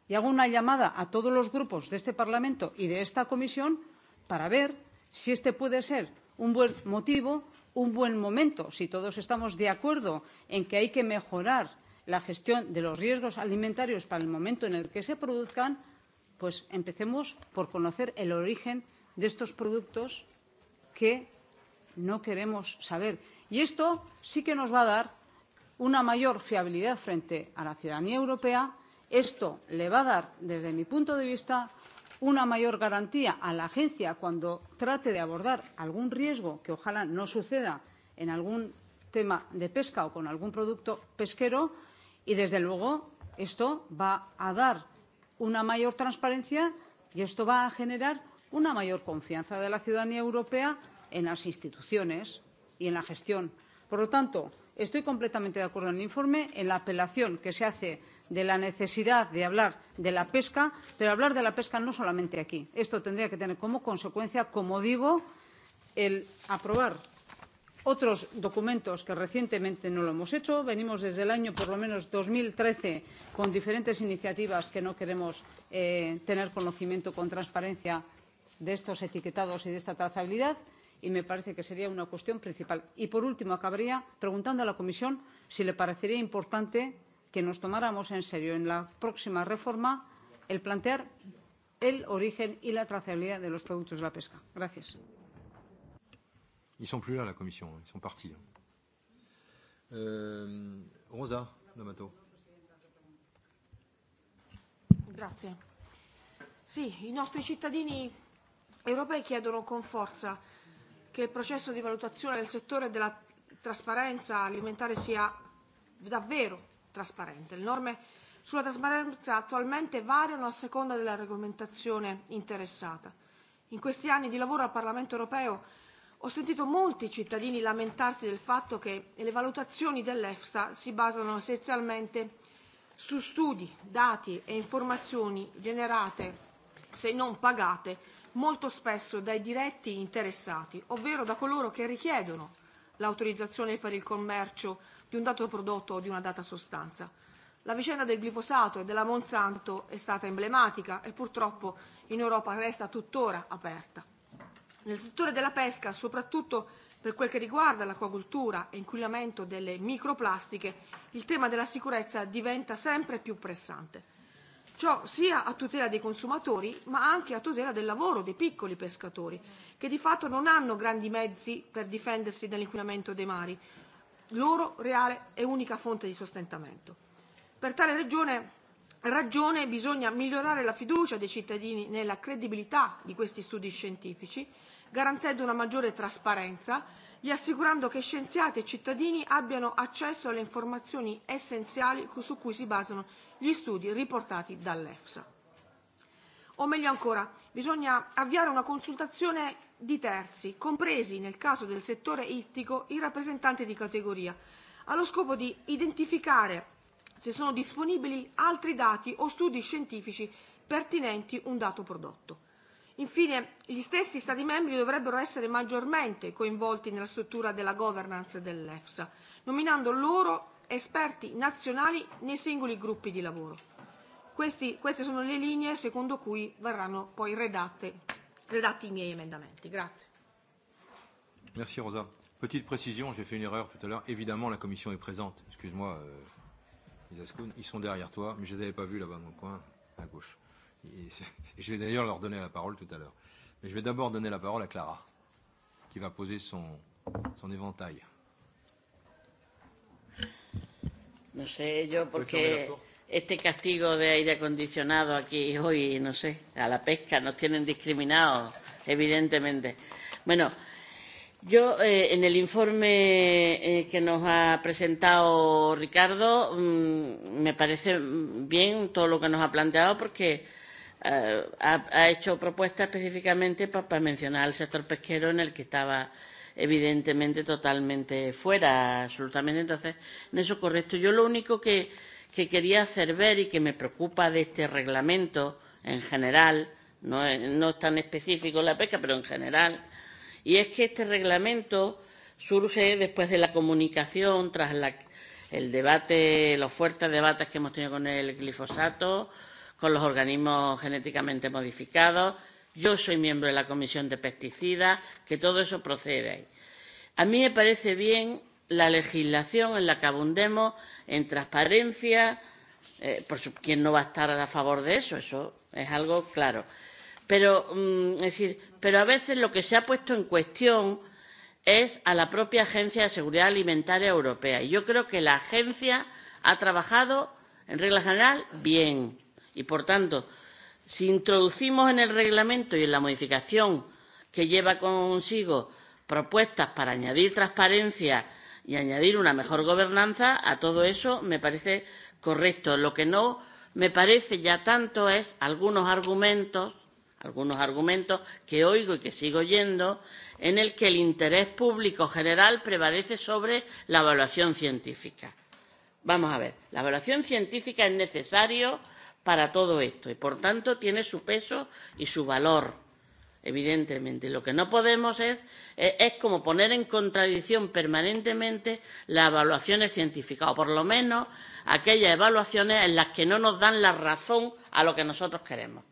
y hago una llamada a todos los grupos de este Parlamento y de esta comisión para ver si este puede ser un buen motivo un buen momento, si todos estamos de acuerdo en que hay que mejorar la gestión de los riesgos alimentarios para el momento en el que se produzcan, pues empecemos por conocer el origen de estos productos que no queremos saber. Y esto sí que nos va a dar una mayor fiabilidad frente a la ciudadanía europea. Esto le va a dar, desde mi punto de vista, una mayor garantía a la agencia cuando trate de abordar algún riesgo que ojalá no suceda en algún tema de pesca o con algún producto pesquero y desde luego esto va a dar una mayor transparencia y esto va a generar una mayor confianza de la ciudadanía europea en las instituciones y en la gestión. Por lo tanto, estoy completamente de acuerdo en el informe, en la apelación que se hace de la necesidad de hablar de la pesca, pero hablar de la pesca no solamente aquí. Esto tendría que tener como consecuencia, como digo, el aprobar otros documentos que recientemente no lo hemos hecho. Venimos desde el año por lo menos 2013 con diferentes iniciativas que no queremos eh, tener conocimiento con transparencia de estos etiquetados y de esta trazabilidad y me parece que sería una cuestión principal. Y por último acabaría preguntando a la Comisión si le parecería importante que nos tomáramos en serio en la próxima reforma el plantear el origen y la trazabilidad de los productos de la pesca. Gracias. Ils sont plus là, la commission. Ils sont partis. Euh, Rosa D'Amato. Grazie. Sì, i nostri cittadini europei chiedono con forza che il processo di valutazione del settore della trasparenza alimentare sia davvero trasparente. Le norme sulla trasparenza attualmente variano a seconda della regolamentazione interessata. In questi anni di lavoro al Parlamento europeo ho sentito molti cittadini lamentarsi del fatto che le valutazioni dell'EFSA si basano essenzialmente su studi, dati e informazioni generate, se non pagate, molto spesso dai diretti interessati, ovvero da coloro che richiedono l'autorizzazione per il commercio di un dato prodotto o di una data sostanza. La vicenda del glifosato e della Monsanto è stata emblematica e purtroppo in Europa resta tuttora aperta. Nel settore della pesca, soprattutto per quel che riguarda l'acquacoltura e inquinamento delle microplastiche, il tema della sicurezza diventa sempre più pressante. Ciò sia a tutela dei consumatori, ma anche a tutela del lavoro dei piccoli pescatori, che di fatto non hanno grandi mezzi per difendersi dall'inquinamento dei mari, loro reale e unica fonte di sostentamento. Per tale ragione, ragione bisogna migliorare la fiducia dei cittadini nella credibilità di questi studi scientifici, garantendo una maggiore trasparenza e assicurando che scienziati e cittadini abbiano accesso alle informazioni essenziali su cui si basano gli studi riportati dall'EFSA. O meglio ancora, bisogna avviare una consultazione di terzi, compresi nel caso del settore ittico i rappresentanti di categoria, allo scopo di identificare se sono disponibili altri dati o studi scientifici pertinenti un dato prodotto. Infine, gli stessi Stati membri dovrebbero essere maggiormente coinvolti nella struttura della governance dell'EFSA, nominando loro esperti nazionali nei singoli gruppi di lavoro. Questi, queste sono le linee secondo cui verranno poi redatte redatti i miei emendamenti. Grazie. Merci Rosa. Petite précision, j'ai fait une erreur tout à l'heure. Évidemment, la commission est présente. Excuse-moi, euh, ils sont derrière toi, mais je ne les avais pas vus là-bas dans le coin, à gauche. Et, je vais d'ailleurs leur donner la parole tout à l'heure. Mais je vais d'abord donner la parole à Clara, qui va poser son, son éventail. No sé yo por qué este castigo de aire acondicionado aquí hoy, no sé, a la pesca, nos tienen discriminados, evidentemente. Bueno, yo eh, en el informe eh, que nos ha presentado Ricardo mmm, me parece bien todo lo que nos ha planteado porque eh, ha, ha hecho propuestas específicamente para pa mencionar al sector pesquero en el que estaba evidentemente totalmente fuera, absolutamente. Entonces, en eso correcto. Yo lo único que que quería hacer ver y que me preocupa de este reglamento en general, no, es, no es tan específico la pesca, pero en general, y es que este reglamento surge después de la comunicación, tras la, el debate, los fuertes debates que hemos tenido con el glifosato, con los organismos genéticamente modificados. Yo soy miembro de la Comisión de Pesticidas, que todo eso procede ahí. A mí me parece bien la legislación en la que abundemos en transparencia. Eh, por su, ¿Quién no va a estar a favor de eso? Eso es algo claro. Pero, mm, es decir, pero a veces lo que se ha puesto en cuestión es a la propia Agencia de Seguridad Alimentaria Europea. Y yo creo que la agencia ha trabajado, en regla general, bien. Y, por tanto, si introducimos en el reglamento y en la modificación que lleva consigo propuestas para añadir transparencia y añadir una mejor gobernanza a todo eso me parece correcto. Lo que no me parece ya tanto es algunos argumentos, algunos argumentos que oigo y que sigo oyendo, en el que el interés público general prevalece sobre la evaluación científica. Vamos a ver, la evaluación científica es necesaria para todo esto y, por tanto, tiene su peso y su valor evidentemente. Lo que no podemos es, es, eh, es como poner en contradicción permanentemente las evaluaciones científicas, o por lo menos aquellas evaluaciones en las que no nos dan la razón a lo que nosotros queremos.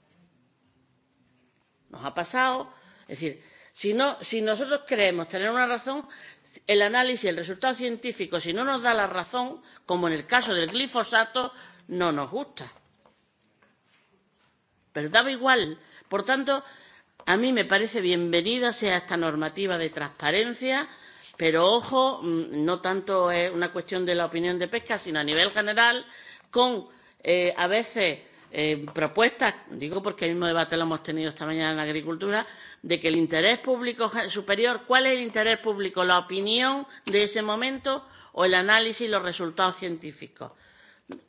Nos ha pasado, es decir, si, no, si nosotros creemos tener una razón, el análisis, el resultado científico, si no nos da la razón, como en el caso del glifosato, no nos gusta. Pero daba igual. Por tanto, a mí me parece bienvenida sea esta normativa de transparencia, pero ojo, mm, no tanto es una cuestión de la opinión de pesca, sino a nivel general, con eh, a veces eh, propuestas, digo porque el mismo debate lo hemos tenido esta mañana en agricultura, de que el interés público superior, ¿cuál es el interés público? ¿La opinión de ese momento o el análisis y los resultados científicos?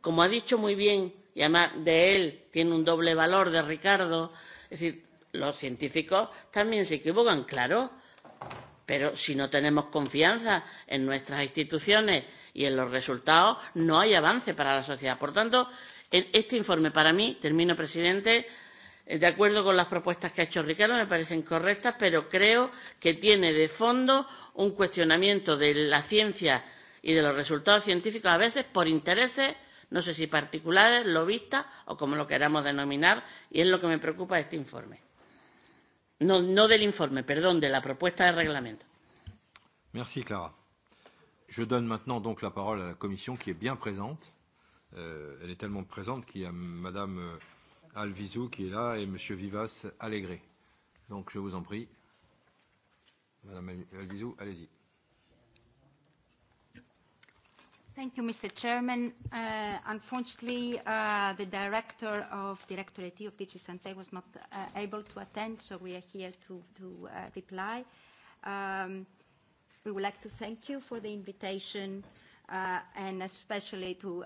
Como ha dicho muy bien, y además de él tiene un doble valor de Ricardo, es decir, los científicos también se equivocan, claro. Pero si no tenemos confianza en nuestras instituciones y en los resultados, no hay avance para la sociedad. Por tanto, en este informe, para mí, termino, presidente, de acuerdo con las propuestas que ha hecho Ricardo, me parecen correctas, pero creo que tiene de fondo un cuestionamiento de la ciencia y de los resultados científicos, a veces por intereses no sé si particulares, lobistas o como lo queramos denominar, y es lo que me preocupa de este informe. No, no del informe, perdón, de la propuesta de reglamento. Merci, Clara. Je donne maintenant donc la parole à la Commission qui est bien présente. Euh, elle est tellement présente qu'il y a Madame euh, Alvizou qui est là et Monsieur Vivas Allégré. Donc je vous en prie. Madame Alvizou, allez-y. Thank you, Mr. Chairman. Uh, unfortunately, uh, the director of Directorate of DigiSante was not uh, able to attend, so we are here to, reply. Um, we would like to thank you for the invitation and especially to,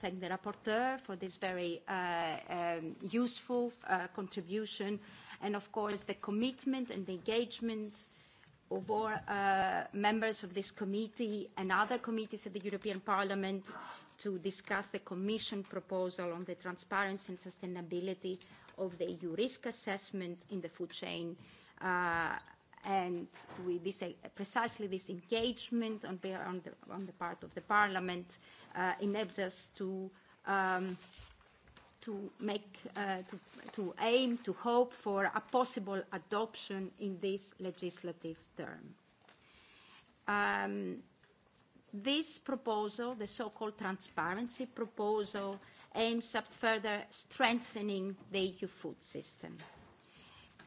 thank the rapporteur for this very um, useful contribution and, of course, the commitment and the engagement over uh, members of this committee and other committees of the European Parliament to discuss the Commission proposal on the transparency and sustainability of the EU risk assessment in the food chain. Uh, and with this, uh, precisely this engagement on, on, the, on the part of the Parliament uh, enables us to um, to make, uh, to, to aim, to hope for a possible adoption in this legislative term. Um, this proposal, the so-called transparency proposal, aims at further strengthening the EU food system.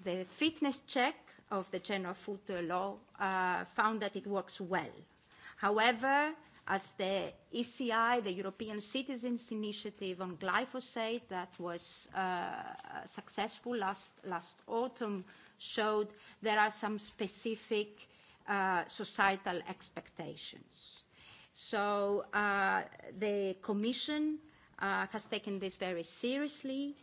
The fitness check of the general food law uh, found that it works well. However, as the ECI, the European Citizens Initiative on Glyphosate, that was uh, successful last, last autumn, showed there are some specific uh, societal expectations. So uh, the Commission uh, has taken this very seriously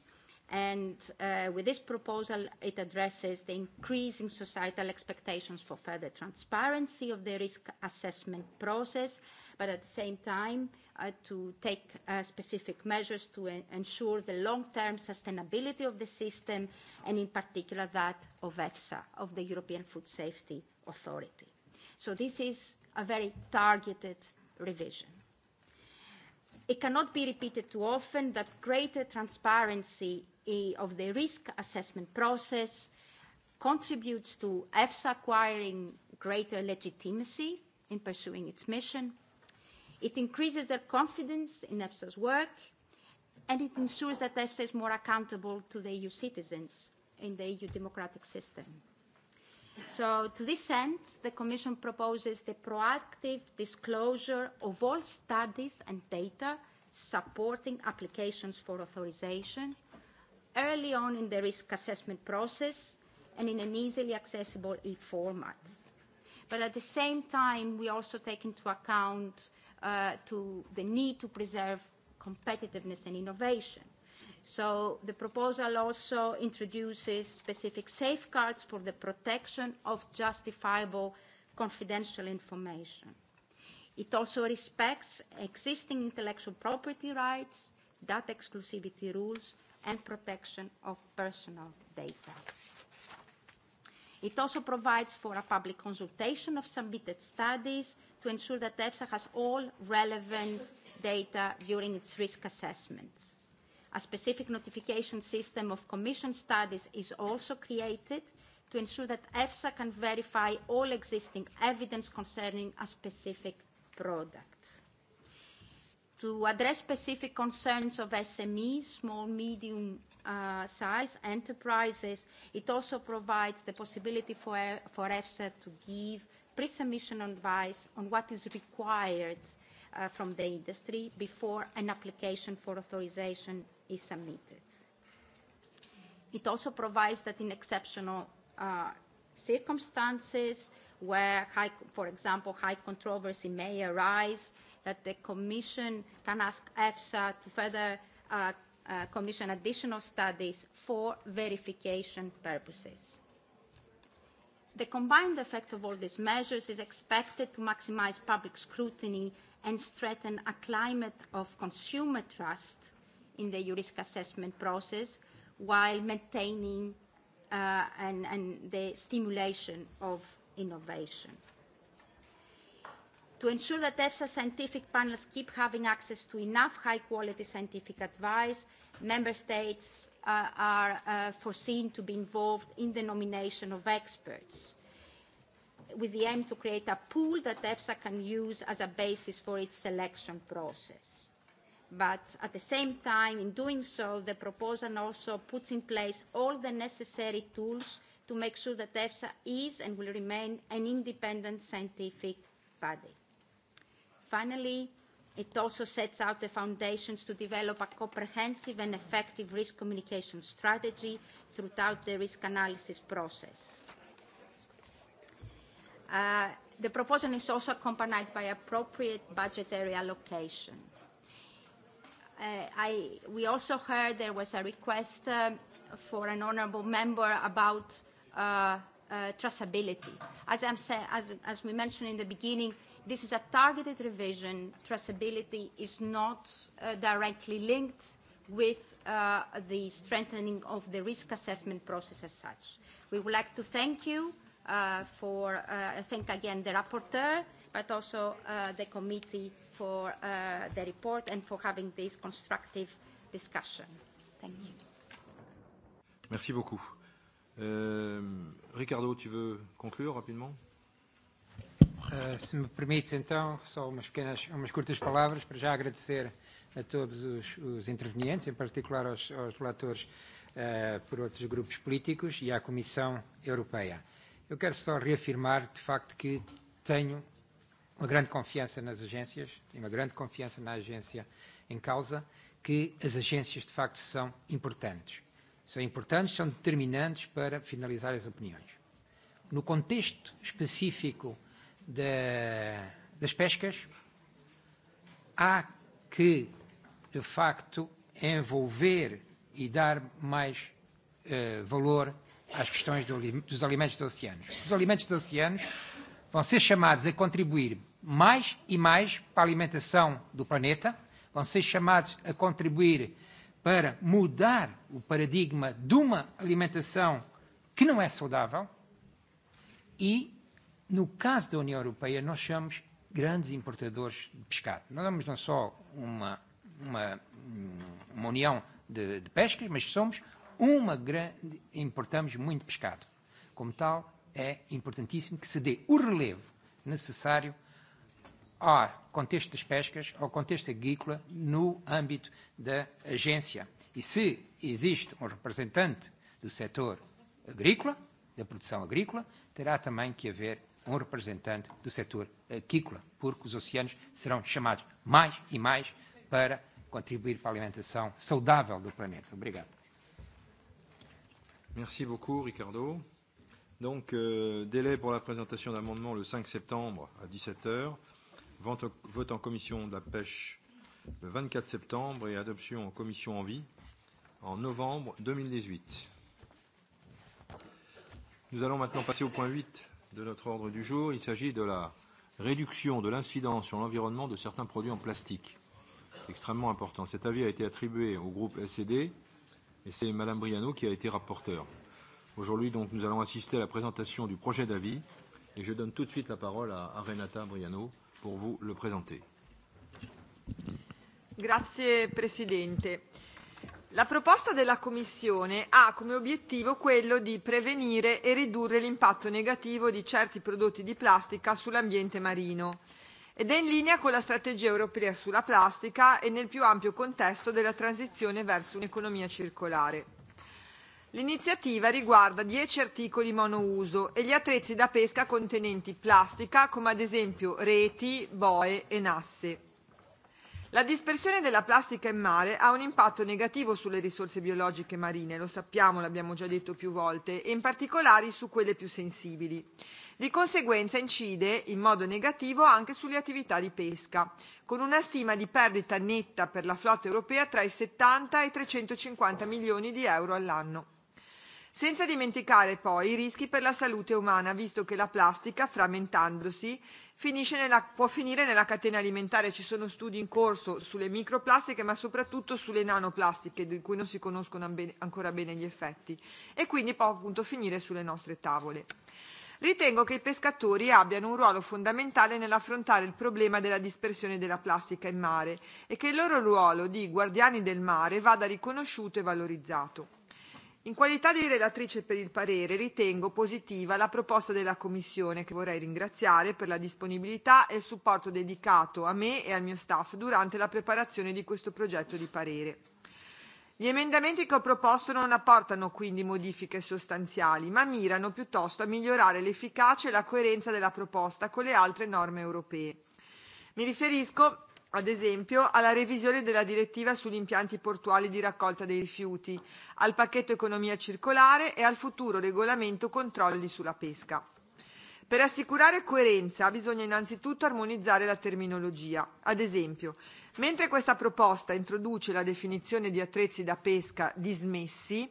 and uh, with this proposal it addresses the increasing societal expectations for further transparency of the risk assessment process but at the same time uh, to take uh, specific measures to en ensure the long-term sustainability of the system and in particular that of EFSA, of the European Food Safety Authority. So this is a very targeted revision. It cannot be repeated too often that greater transparency eh, of the risk assessment process contributes to EFSA acquiring greater legitimacy in pursuing its mission It increases their confidence in EFSA's work, and it ensures that EFSA is more accountable to the EU citizens in the EU democratic system. So to this end, the Commission proposes the proactive disclosure of all studies and data supporting applications for authorization early on in the risk assessment process and in an easily accessible e-format. But at the same time, we also take into account uh, to the need to preserve competitiveness and innovation. So the proposal also introduces specific safeguards for the protection of justifiable confidential information. It also respects existing intellectual property rights, data exclusivity rules, and protection of personal data. It also provides for a public consultation of submitted studies to ensure that EFSA has all relevant data during its risk assessments. A specific notification system of commission studies is also created to ensure that EFSA can verify all existing evidence concerning a specific product. To address specific concerns of SMEs, small, medium Uh, size enterprises. It also provides the possibility for, for EFSA to give pre-submission advice on what is required uh, from the industry before an application for authorization is submitted. It also provides that in exceptional uh, circumstances where, high, for example, high controversy may arise, that the Commission can ask EFSA to further uh, Uh, commission additional studies for verification purposes. The combined effect of all these measures is expected to maximize public scrutiny and strengthen a climate of consumer trust in the risk assessment process while maintaining uh, and the stimulation of innovation to ensure that EFSA scientific panels keep having access to enough high-quality scientific advice, member states uh, are uh, foreseen to be involved in the nomination of experts with the aim to create a pool that EFSA can use as a basis for its selection process. But at the same time, in doing so, the proposal also puts in place all the necessary tools to make sure that EFSA is and will remain an independent scientific body. Finally, it also sets out the foundations to develop a comprehensive and effective risk communication strategy throughout the risk analysis process. Uh, the proposal is also accompanied by appropriate budgetary allocation. Uh, I, we also heard there was a request uh, for an honourable member about uh, uh, traceability. As, I'm as, as we mentioned in the beginning, This is a targeted revision. Traceability is not uh, directly linked with uh, the strengthening of the risk assessment process as such. We would like to thank you uh, for, uh, thank again the rapporteur, but also uh, the committee for uh, the report and for having this constructive discussion. Thank you. Merci beaucoup. Euh, Ricardo, tu veux conclure rapidement Eh, se me permites, então, só umas pequenas, umas curtas palavras para já agradecer a todos os, os intervenientes, em particular aos, aos relatores uh, por outros grupos políticos e à Comissão Europeia. Eu quero só reafirmar, de facto, que tenho uma grande confiança nas agências, tenho uma grande confiança na agência em causa, que as agências, de facto, são importantes. São importantes, são determinantes para finalizar as opiniões. No contexto específico de, das pescas. Há que, de facto, envolver e dar mais uh, valor às questões do, dos alimentos dos oceanos. Os alimentos dos oceanos vão ser chamados a contribuir mais e mais para a alimentação do planeta, vão ser chamados a contribuir para mudar o paradigma de uma alimentação que não é saudável e No caso da União Europeia, nós somos grandes importadores de pescado. Nós somos não só uma, uma, uma união de, de pescas, mas somos uma grande, importamos muito pescado. Como tal, é importantíssimo que se dê o relevo necessário ao contexto das pescas, ao contexto agrícola, no âmbito da agência. E se existe um representante do setor agrícola, da produção agrícola, terá também que haver um representante do setor aquícola, porque os oceanos serão chamados mais e mais para contribuir para a alimentação saudável do planeta. Obrigado. Merci beaucoup, Ricardo. Donc, euh, délai pour la présentation d'amendements le 5 septembre à 17h, vote en commission de la pêche le 24 septembre et adoption en commission vie en novembre 2018. Nous allons maintenant passer au point 8 de notre ordre du jour. Il s'agit de la réduction de l'incidence sur l'environnement de certains produits en plastique. C'est extrêmement important. Cet avis a été attribué au groupe SED et c'est Madame Briano qui a été rapporteure. Aujourd'hui, donc, nous allons assister à la présentation du projet d'avis et je donne tout de suite la parole à, à Renata Briano pour vous le présenter. Grazie Presidente. La proposta della Commissione ha come obiettivo quello di prevenire e ridurre l'impatto negativo di certi prodotti di plastica sull'ambiente marino ed è in linea con la strategia europea sulla plastica e nel più ampio contesto della transizione verso un'economia circolare. L'iniziativa riguarda 10 articoli monouso e gli attrezzi da pesca contenenti plastica come ad esempio reti, boe e nasse. La dispersione della plastica in mare ha un impatto negativo sulle risorse biologiche marine, lo sappiamo, l'abbiamo già detto più volte, e in particolare su quelle più sensibili. Di conseguenza incide in modo negativo anche sulle attività di pesca, con una stima di perdita netta per la flotta europea tra i 70 e i 350 milioni di euro all'anno. Senza dimenticare poi i rischi per la salute umana, visto che la plastica, frammentandosi, finisce nella, può finire nella catena alimentare. Ci sono studi in corso sulle microplastiche, ma soprattutto sulle nanoplastiche, di cui non si conoscono ben, ancora bene gli effetti, e quindi può appunto finire sulle nostre tavole. Ritengo che i pescatori abbiano un ruolo fondamentale nell'affrontare il problema della dispersione della plastica in mare e che il loro ruolo di guardiani del mare vada riconosciuto e valorizzato. In qualità di relatrice per il parere ritengo positiva la proposta della Commissione che vorrei ringraziare per la disponibilità e il supporto dedicato a me e al mio staff durante la preparazione di questo progetto di parere. Gli emendamenti che ho proposto non apportano quindi modifiche sostanziali, ma mirano piuttosto a migliorare l'efficacia e la coerenza della proposta con le altre norme europee. Mi riferisco ad esempio alla revisione della direttiva sugli impianti portuali di raccolta dei rifiuti, al pacchetto economia circolare e al futuro regolamento controlli sulla pesca. Per assicurare coerenza bisogna innanzitutto armonizzare la terminologia. Ad esempio, mentre questa proposta introduce la definizione di attrezzi da pesca dismessi,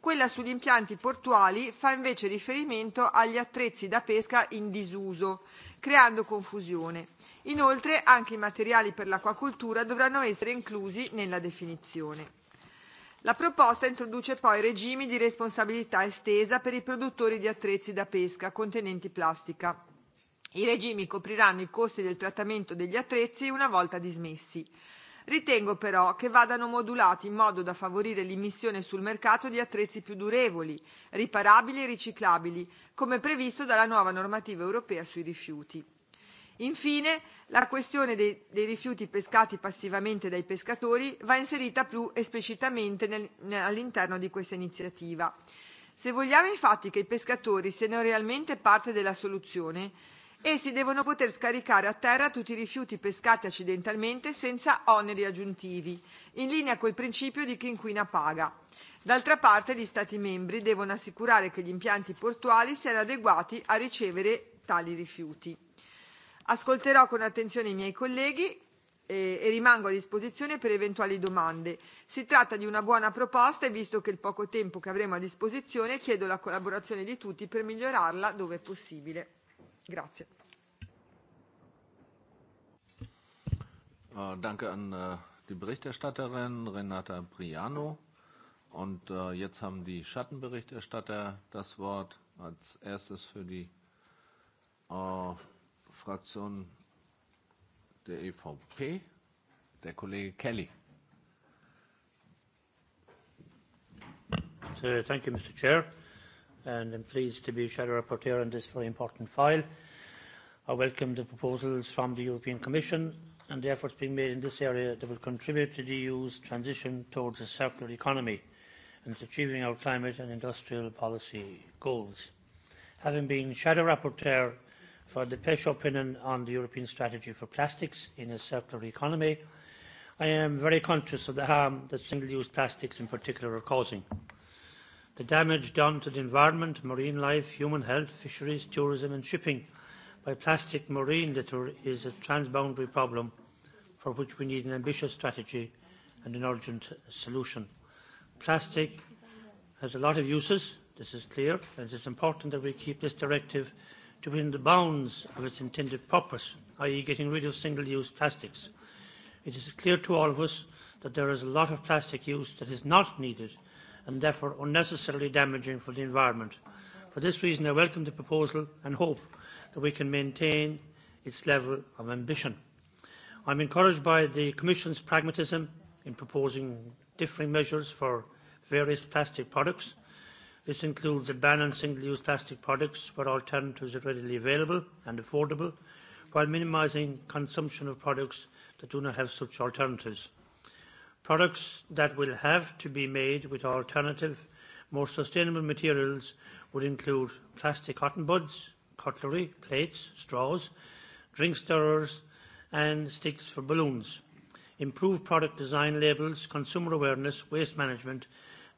quella sugli impianti portuali fa invece riferimento agli attrezzi da pesca in disuso, creando confusione. Inoltre anche i materiali per l'acquacoltura dovranno essere inclusi nella definizione. La proposta introduce poi regimi di responsabilità estesa per i produttori di attrezzi da pesca contenenti plastica. I regimi copriranno i costi del trattamento degli attrezzi una volta dismessi. Ritengo però che vadano modulati in modo da favorire l'immissione sul mercato di attrezzi più durevoli, riparabili e riciclabili, come previsto dalla nuova normativa europea sui rifiuti. Infine, la questione dei, dei rifiuti pescati passivamente dai pescatori va inserita più esplicitamente nel, all'interno di questa iniziativa. Se vogliamo infatti che i pescatori siano realmente parte della soluzione, essi devono poter scaricare a terra tutti i rifiuti pescati accidentalmente senza oneri aggiuntivi, in linea col principio di chi inquina paga. D'altra parte gli Stati membri devono assicurare che gli impianti portuali siano adeguati a ricevere tali rifiuti. Ascolterò con attenzione i miei colleghi e, e rimango a disposizione per eventuali domande. Si tratta di una buona proposta e visto che il poco tempo che avremo a disposizione chiedo la collaborazione di tutti per migliorarla dove è possibile. Grazie. Uh, danke an uh, die Berichterstatterin Renata Briano. Und uh, jetzt haben die Schattenberichterstatter das Wort als erstes für die uh, Fraktion der EVP, der Kollege Kelly. So, thank you, Mr. Chair, and I'm pleased to be shadow rapporteur on this very important file. I welcome the proposals from the European Commission and the efforts being made in this area that will contribute to the EU's transition towards a circular economy and to achieving our climate and industrial policy goals. Having been shadow rapporteur for the Pesho opinion on the European strategy for plastics in a circular economy. I am very conscious of the harm that single-use plastics in particular are causing. The damage done to the environment, marine life, human health, fisheries, tourism and shipping by plastic marine litter is a transboundary problem for which we need an ambitious strategy and an urgent solution. Plastic has a lot of uses, this is clear, and it is important that we keep this directive to within the bounds of its intended purpose, i.e. getting rid of single-use plastics. It is clear to all of us that there is a lot of plastic use that is not needed and therefore unnecessarily damaging for the environment. For this reason, I welcome the proposal and hope that we can maintain its level of ambition. I am encouraged by the Commission's pragmatism in proposing differing measures for various plastic products This includes a ban on single-use plastic products where alternatives are readily available and affordable, while minimising consumption of products that do not have such alternatives. Products that will have to be made with alternative, more sustainable materials would include plastic cotton buds, cutlery, plates, straws, drink stirrers and sticks for balloons. Improved product design labels, consumer awareness, waste management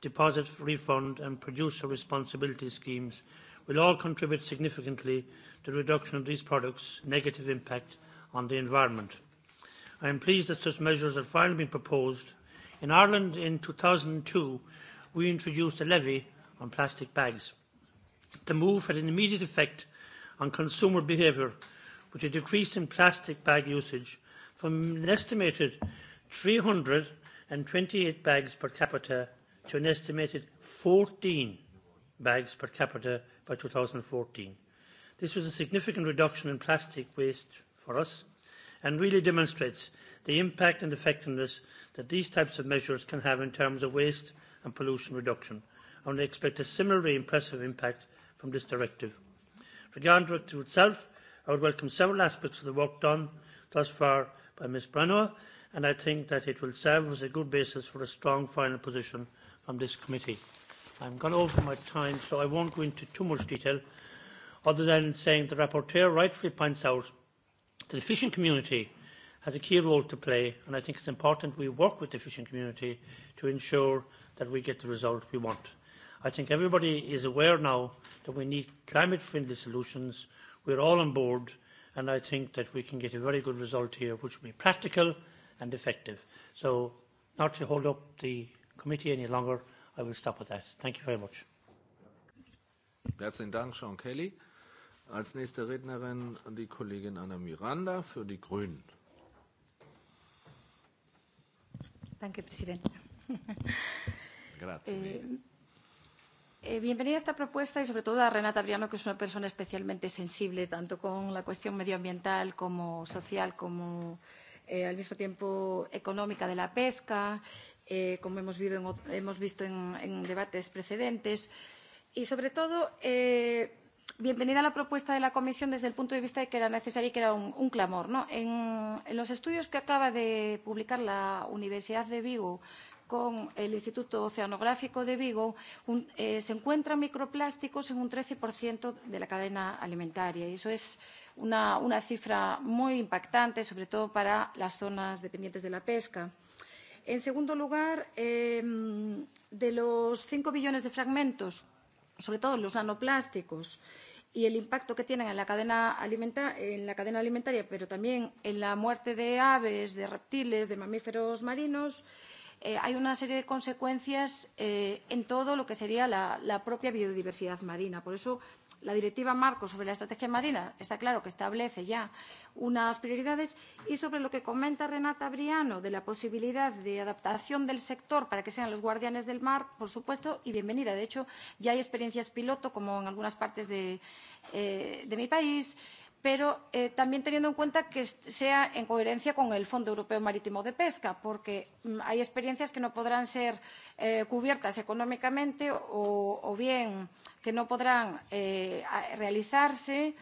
deposit refund and producer responsibility schemes will all contribute significantly to the reduction of these products' negative impact on the environment. I am pleased that such measures have finally been proposed. In Ireland in 2002, we introduced a levy on plastic bags. The move had an immediate effect on consumer behaviour with a decrease in plastic bag usage from an estimated 328 bags per capita to an estimated 14 bags per capita by 2014. This was a significant reduction in plastic waste for us and really demonstrates the impact and effectiveness that these types of measures can have in terms of waste and pollution reduction. And only expect a similarly impressive impact from this directive. Regarding the directive itself, I would welcome several aspects of the work done thus far by Ms Brenoa, and I think that it will serve as a good basis for a strong final position on this committee. I've gone over my time, so I won't go into too much detail, other than saying the rapporteur rightfully points out that the fishing community has a key role to play, and I think it's important we work with the fishing community to ensure that we get the result we want. I think everybody is aware now that we need climate-friendly solutions. We're all on board, and I think that we can get a very good result here, which will be practical and effective. So not to hold up the committee any longer. I will stop at that. Thank you very much. Herzlichen Dank, Sean Kelly. Als nächste Rednerin die Kollegin Anna Miranda für die Grünen. Danke, Präsident. Grazie. Eh, eh, bienvenida a esta propuesta y sobre todo a Renata Briano, que es una persona especialmente sensible tanto con la cuestión medioambiental como social, como eh, al mismo tiempo económica de la pesca eh, como hemos, visto en, hemos visto en, en debates precedentes. Y, sobre todo, eh, bienvenida a la propuesta de la Comisión desde el punto de vista de que era necesario y que era un, un clamor. ¿no? En, en los estudios que acaba de publicar la Universidad de Vigo con el Instituto Oceanográfico de Vigo, un, eh, se encuentran microplásticos en un 13% de la cadena alimentaria. Y eso es una, una cifra muy impactante, sobre todo para las zonas dependientes de la pesca. En segundo lugar, eh, de los 5 billones de fragmentos, sobre todo los nanoplásticos, y el impacto que tienen en la cadena, alimenta en la cadena alimentaria, pero también en la muerte de aves, de reptiles, de mamíferos marinos, eh, hay una serie de consecuencias eh, en todo lo que sería la, la propia biodiversidad marina. Por eso La directiva marco sobre la estrategia marina está claro que establece ya unas prioridades y sobre lo que comenta Renata Briano de la posibilidad de adaptación del sector para que sean los guardianes del mar, por supuesto, y bienvenida. De hecho, ya hay experiencias piloto, como en algunas partes de, eh, de mi país, eh, pero eh, también teniendo en cuenta que sea en coherencia con el Fondo Europeo Marítimo de Pesca, porque mm, hay experiencias que no podrán ser eh, cubiertas económicamente o, o bien que no podrán eh, realizarse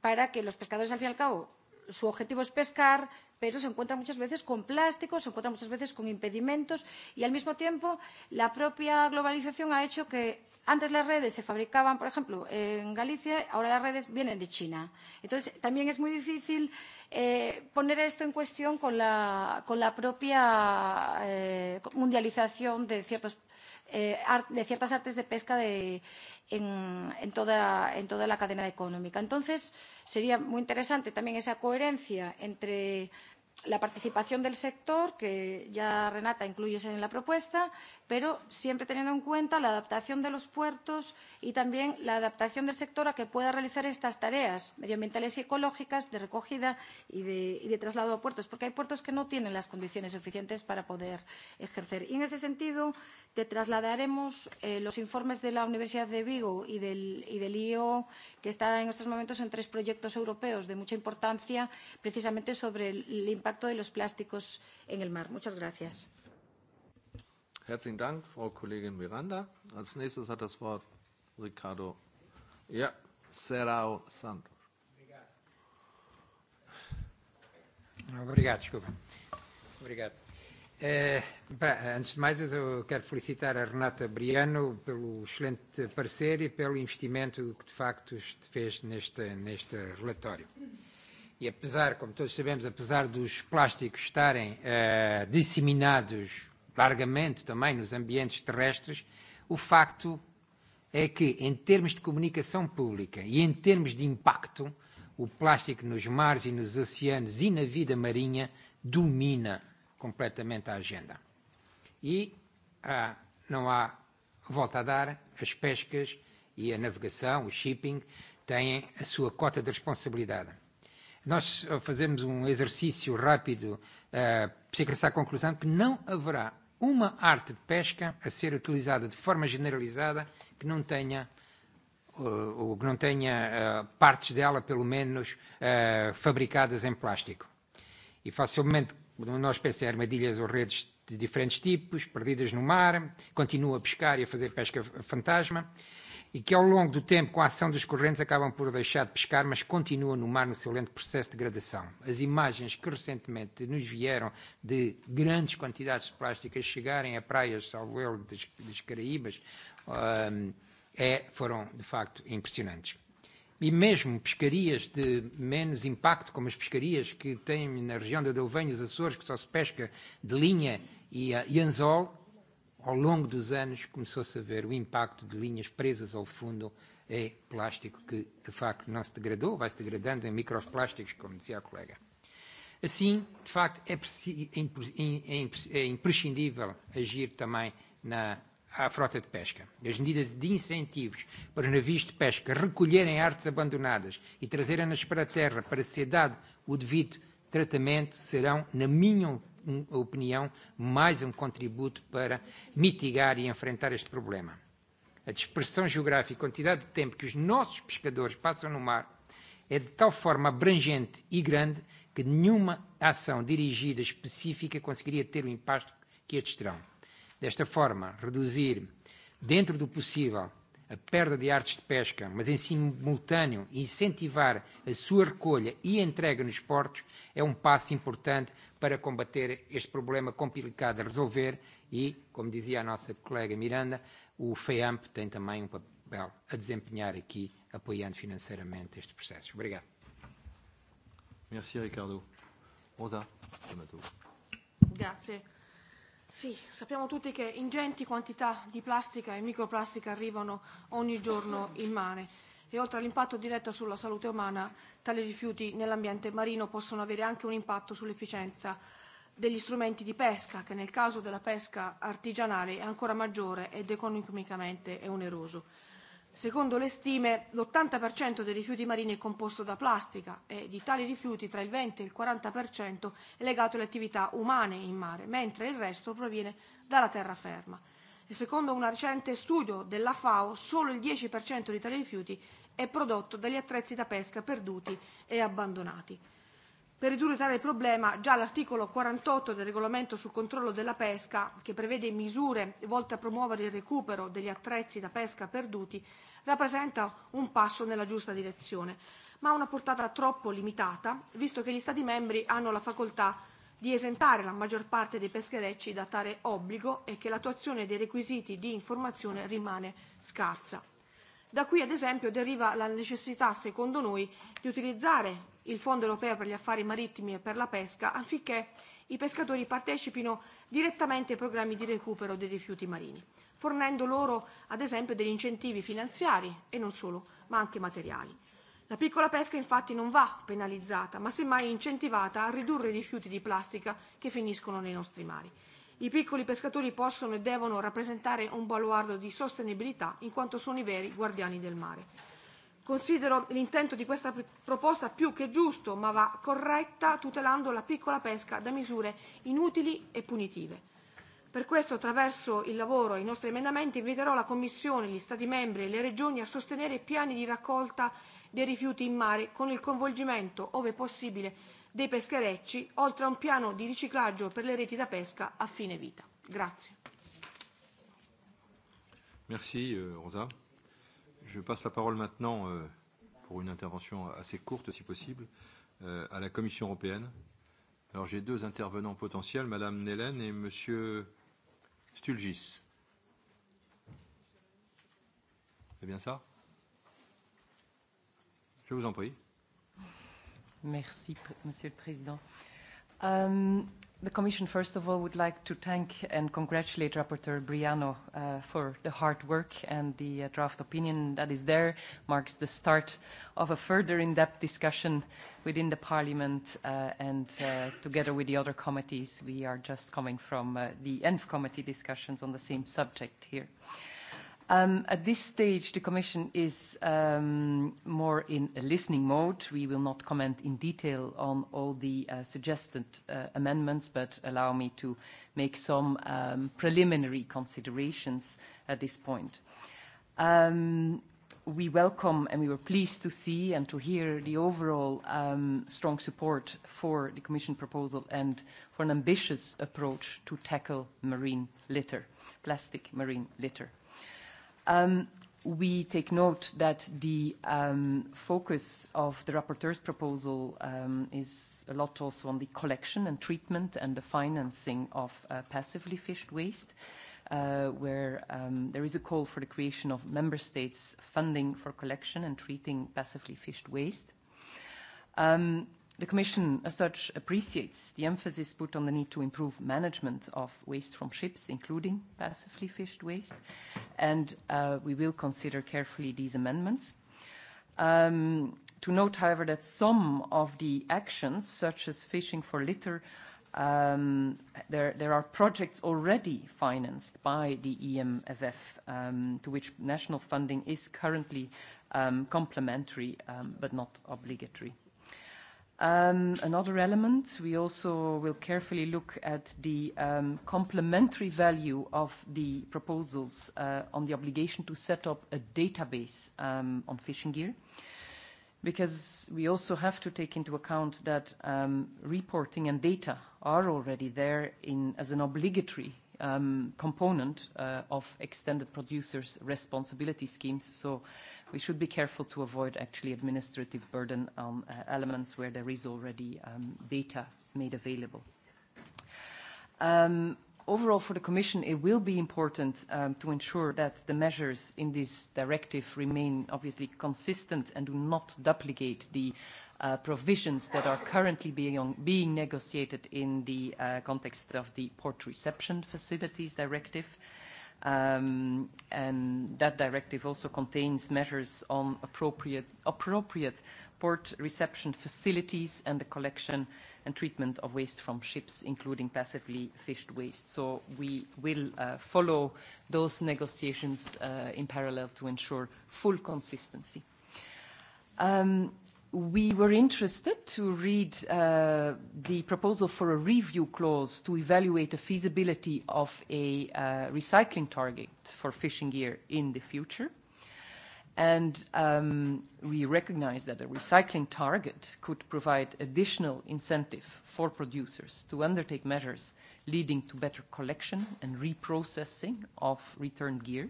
para que los pescadores, al fin y al cabo, su objetivo es pescar, pero se encuentra muchas veces con plásticos, se encuentra muchas veces con impedimentos y al mismo tiempo la propia globalización ha hecho que antes las redes se fabricaban, por ejemplo, en Galicia, ahora las redes vienen de China. Entonces también es muy difícil eh, poner esto en cuestión con la, con la propia eh, mundialización de ciertos eh, de ciertas artes de pesca de, en, en, toda, en toda la cadena económica. Entonces, sería muy interesante también esa coherencia entre la participación del sector, que ya Renata incluyes en la propuesta, pero siempre teniendo en cuenta la adaptación de los puertos y también la adaptación del sector a que pueda realizar estas tareas medioambientales y ecológicas de recogida y de, y de traslado a puertos, porque hay puertos que no tienen las condiciones suficientes para poder ejercer. Y en ese sentido, te trasladaremos eh, los informes de la Universidad de Vigo y del, y del IO, e que está en estos momentos en tres proyectos europeos de mucha importancia, precisamente sobre el, el impacto de los plásticos en el mar. Muchas gracias. Herzlichen Dank, Frau Kollegin Miranda. Als nächstes hat das Wort Ricardo. Ja, Serrao Santos. Obrigado, desculpa. Obrigado. É, eh, bem, antes de mais, eu quero felicitar a Renata Briano pelo excelente parecer e pelo investimento que, de facto, fez neste, neste relatório. E apesar, como todos sabemos, apesar dos plásticos estarem é, eh, disseminados largamente também nos ambientes terrestres, o facto é que, em termos de comunicação pública e em termos de impacto, o plástico nos mares e nos oceanos e na vida marinha domina completamente a agenda. E ah, não há volta a dar, as pescas e a navegação, o shipping, têm a sua cota de responsabilidade. Nós ah, fazemos um exercício rápido uh, chega-se à conclusão que não haverá uma arte de pesca a ser utilizada de forma generalizada que não tenha eh, ou que não tenha uh, partes dela, pelo menos, uh, fabricadas em plástico. E facilmente, nós pensamos em armadilhas ou redes de diferentes tipos, perdidas no mar, continua a pescar e a fazer pesca fantasma. Uh, e que, ao longo do tempo, com a ação dos correntes, acabam por deixar de pescar, mas continuam no mar no seu lento processo de degradação. As imagens que recentemente nos vieram de grandes quantidades de plásticas chegarem a praias, salvo eu, das, das Caraíbas, um, é, foram, de facto, impressionantes e mesmo pescarias de menos impacto, como as pescarias que têm na região de Adelvenho, os Açores, que só se pesca de linha e, ah, e anzol, ao longo dos anos, começou-se a ver o impacto de linhas presas ao fundo é plástico que, de facto, não se degradou, vai se degradando em microplásticos, como dizia a colega. Assim, de facto, é, é imprescindível agir também na à frota de pesca. E as medidas de incentivos para os navios de pesca recolherem artes abandonadas e trazerem-nas para a terra para ser dado o devido tratamento serão, na minha Um, opinião, mais um contributo para mitigar e enfrentar este problema. A dispersão geográfica e quantidade de tempo que os nossos pescadores passam no mar é de tal forma abrangente e grande que nenhuma ação dirigida específica conseguiria ter o impacto que estes terão. Desta forma, reduzir, dentro do possível, a perda de artes de pesca, mas em simultâneo incentivar a sua recolha e entrega nos portos, é um passo importante para combater este problema complicado a resolver e, como dizia a nossa colega Miranda, o FEAMP tem também um papel a desempenhar aqui, apoiando financeiramente estes processos. Obrigado. Merci, Ricardo. Rosa Grazie. Sì, sappiamo tutti che ingenti quantità di plastica e microplastica arrivano ogni giorno in mare e oltre all'impatto diretto sulla salute umana, tali rifiuti nell'ambiente marino possono avere anche un impatto sull'efficienza degli strumenti di pesca, che nel caso della pesca artigianale è ancora maggiore ed economicamente è oneroso. Secondo le stime, l'80% dei rifiuti marini è composto da plastica e di tali rifiuti tra il 20 e il 40% è legato alle attività umane in mare, mentre il resto proviene dalla terraferma. E secondo un recente studio della FAO, solo il 10% di tali rifiuti è prodotto dagli attrezzi da pesca perduti e abbandonati. Per ridurre tale problema, già l'articolo 48 del regolamento sul controllo della pesca, che prevede misure volte a promuovere il recupero degli attrezzi da pesca perduti, rappresenta un passo nella giusta direzione, ma ha una portata troppo limitata, visto che gli Stati membri hanno la facoltà di esentare la maggior parte dei pescherecci da tale obbligo e che l'attuazione dei requisiti di informazione rimane scarsa. Da qui, ad esempio, deriva la necessità, secondo noi, di utilizzare il Fondo europeo per gli affari marittimi e per la pesca, affinché i pescatori partecipino direttamente ai programmi di recupero dei rifiuti marini, fornendo loro ad esempio degli incentivi finanziari e non solo, ma anche materiali. La piccola pesca infatti non va penalizzata, ma semmai incentivata a ridurre i rifiuti di plastica che finiscono nei nostri mari. I piccoli pescatori possono e devono rappresentare un baluardo di sostenibilità in quanto sono i veri guardiani del mare. Considero l'intento di questa proposta più che giusto, ma va corretta tutelando la piccola pesca da misure inutili e punitive. Per questo, attraverso il lavoro e i nostri emendamenti, inviterò la Commissione, gli Stati membri e le Regioni a sostenere piani di raccolta dei rifiuti in mare con il coinvolgimento, ove possibile, dei pescherecci, oltre a un piano di riciclaggio per le reti da pesca a fine vita. Grazie. Merci, euh, Rosa. Je passe la parole maintenant, euh, pour une intervention assez courte si possible, euh, à la Commission européenne. Alors j'ai deux intervenants potentiels, Madame Nélène et Monsieur Stulgis. C'est bien ça Je vous en prie. Merci, Monsieur le Président. Euh, The Commission, first of all, would like to thank and congratulate Rapporteur Briano uh, for the hard work and the uh, draft opinion that is there marks the start of a further in-depth discussion within the Parliament uh, and uh, together with the other committees. We are just coming from uh, the ENF committee discussions on the same subject here. Uh, Um, at this stage, the Commission is um, more in a listening mode. We will not comment in detail on all the uh, suggested uh, amendments, but allow me to make some um, preliminary considerations at this point. We welcome, and we were pleased to see and to hear the overall strong support for the Commission proposal and for an ambitious approach to tackle marine litter, plastic marine litter. Um, we take note that the um, focus of the rapporteur's proposal um, is a lot also on the collection and treatment and the financing of uh, passively fished waste, uh, where um, there is a call for the creation of member states funding for collection and treating passively fished waste. Um, The Commission, as such, appreciates the emphasis put on the need to improve management of waste from ships, including passively fished waste, and uh, we will consider carefully these amendments. Um, to note, however, that some of the actions, such as fishing for litter, um, there, there are projects already financed by the EMFF, um, to which national funding is currently um, complementary um, but not obligatory. Um, another element, we also will carefully look at the um, complementary value of the proposals uh, on the obligation to set up a database um, on fishing gear, because we also have to take into account that reporting and data are already there as an obligatory component uh, of extended producers' responsibility schemes. So we should be careful to avoid actually administrative burden on um, uh, elements where there is already um, data made available. Um, overall, for the Commission, it will be important um, to ensure that the measures in this directive remain obviously consistent and do not duplicate the uh, provisions that are currently being, being negotiated in the uh, context of the port reception facilities directive. Uh, Um, and that directive also contains measures on appropriate, appropriate port reception facilities and the collection and treatment of waste from ships, including passively fished waste. So we will uh, follow those negotiations uh, in parallel to ensure full consistency. Um, we were interested to read uh, the proposal for a review clause to evaluate the feasibility of a uh, recycling target for fishing gear in the future. And um, we recognize that a recycling target could provide additional incentive for producers to undertake measures leading to better collection and reprocessing of returned gear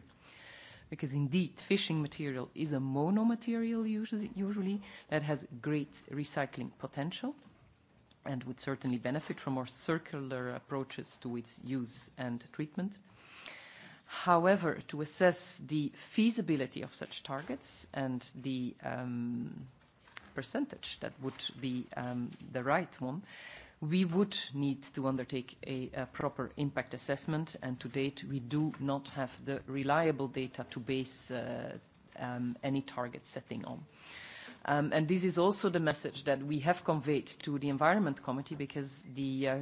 because indeed fishing material is a mono-material usually, usually that has great recycling potential and would certainly benefit from more circular approaches to its use and treatment. However, to assess the feasibility of such targets and the um, percentage that would be um, the right one, we would need to undertake a, a proper impact assessment, and to date, we do not have the reliable data to base uh, um, any target setting on. Um, and this is also the message that we have conveyed to the Environment Committee because the uh,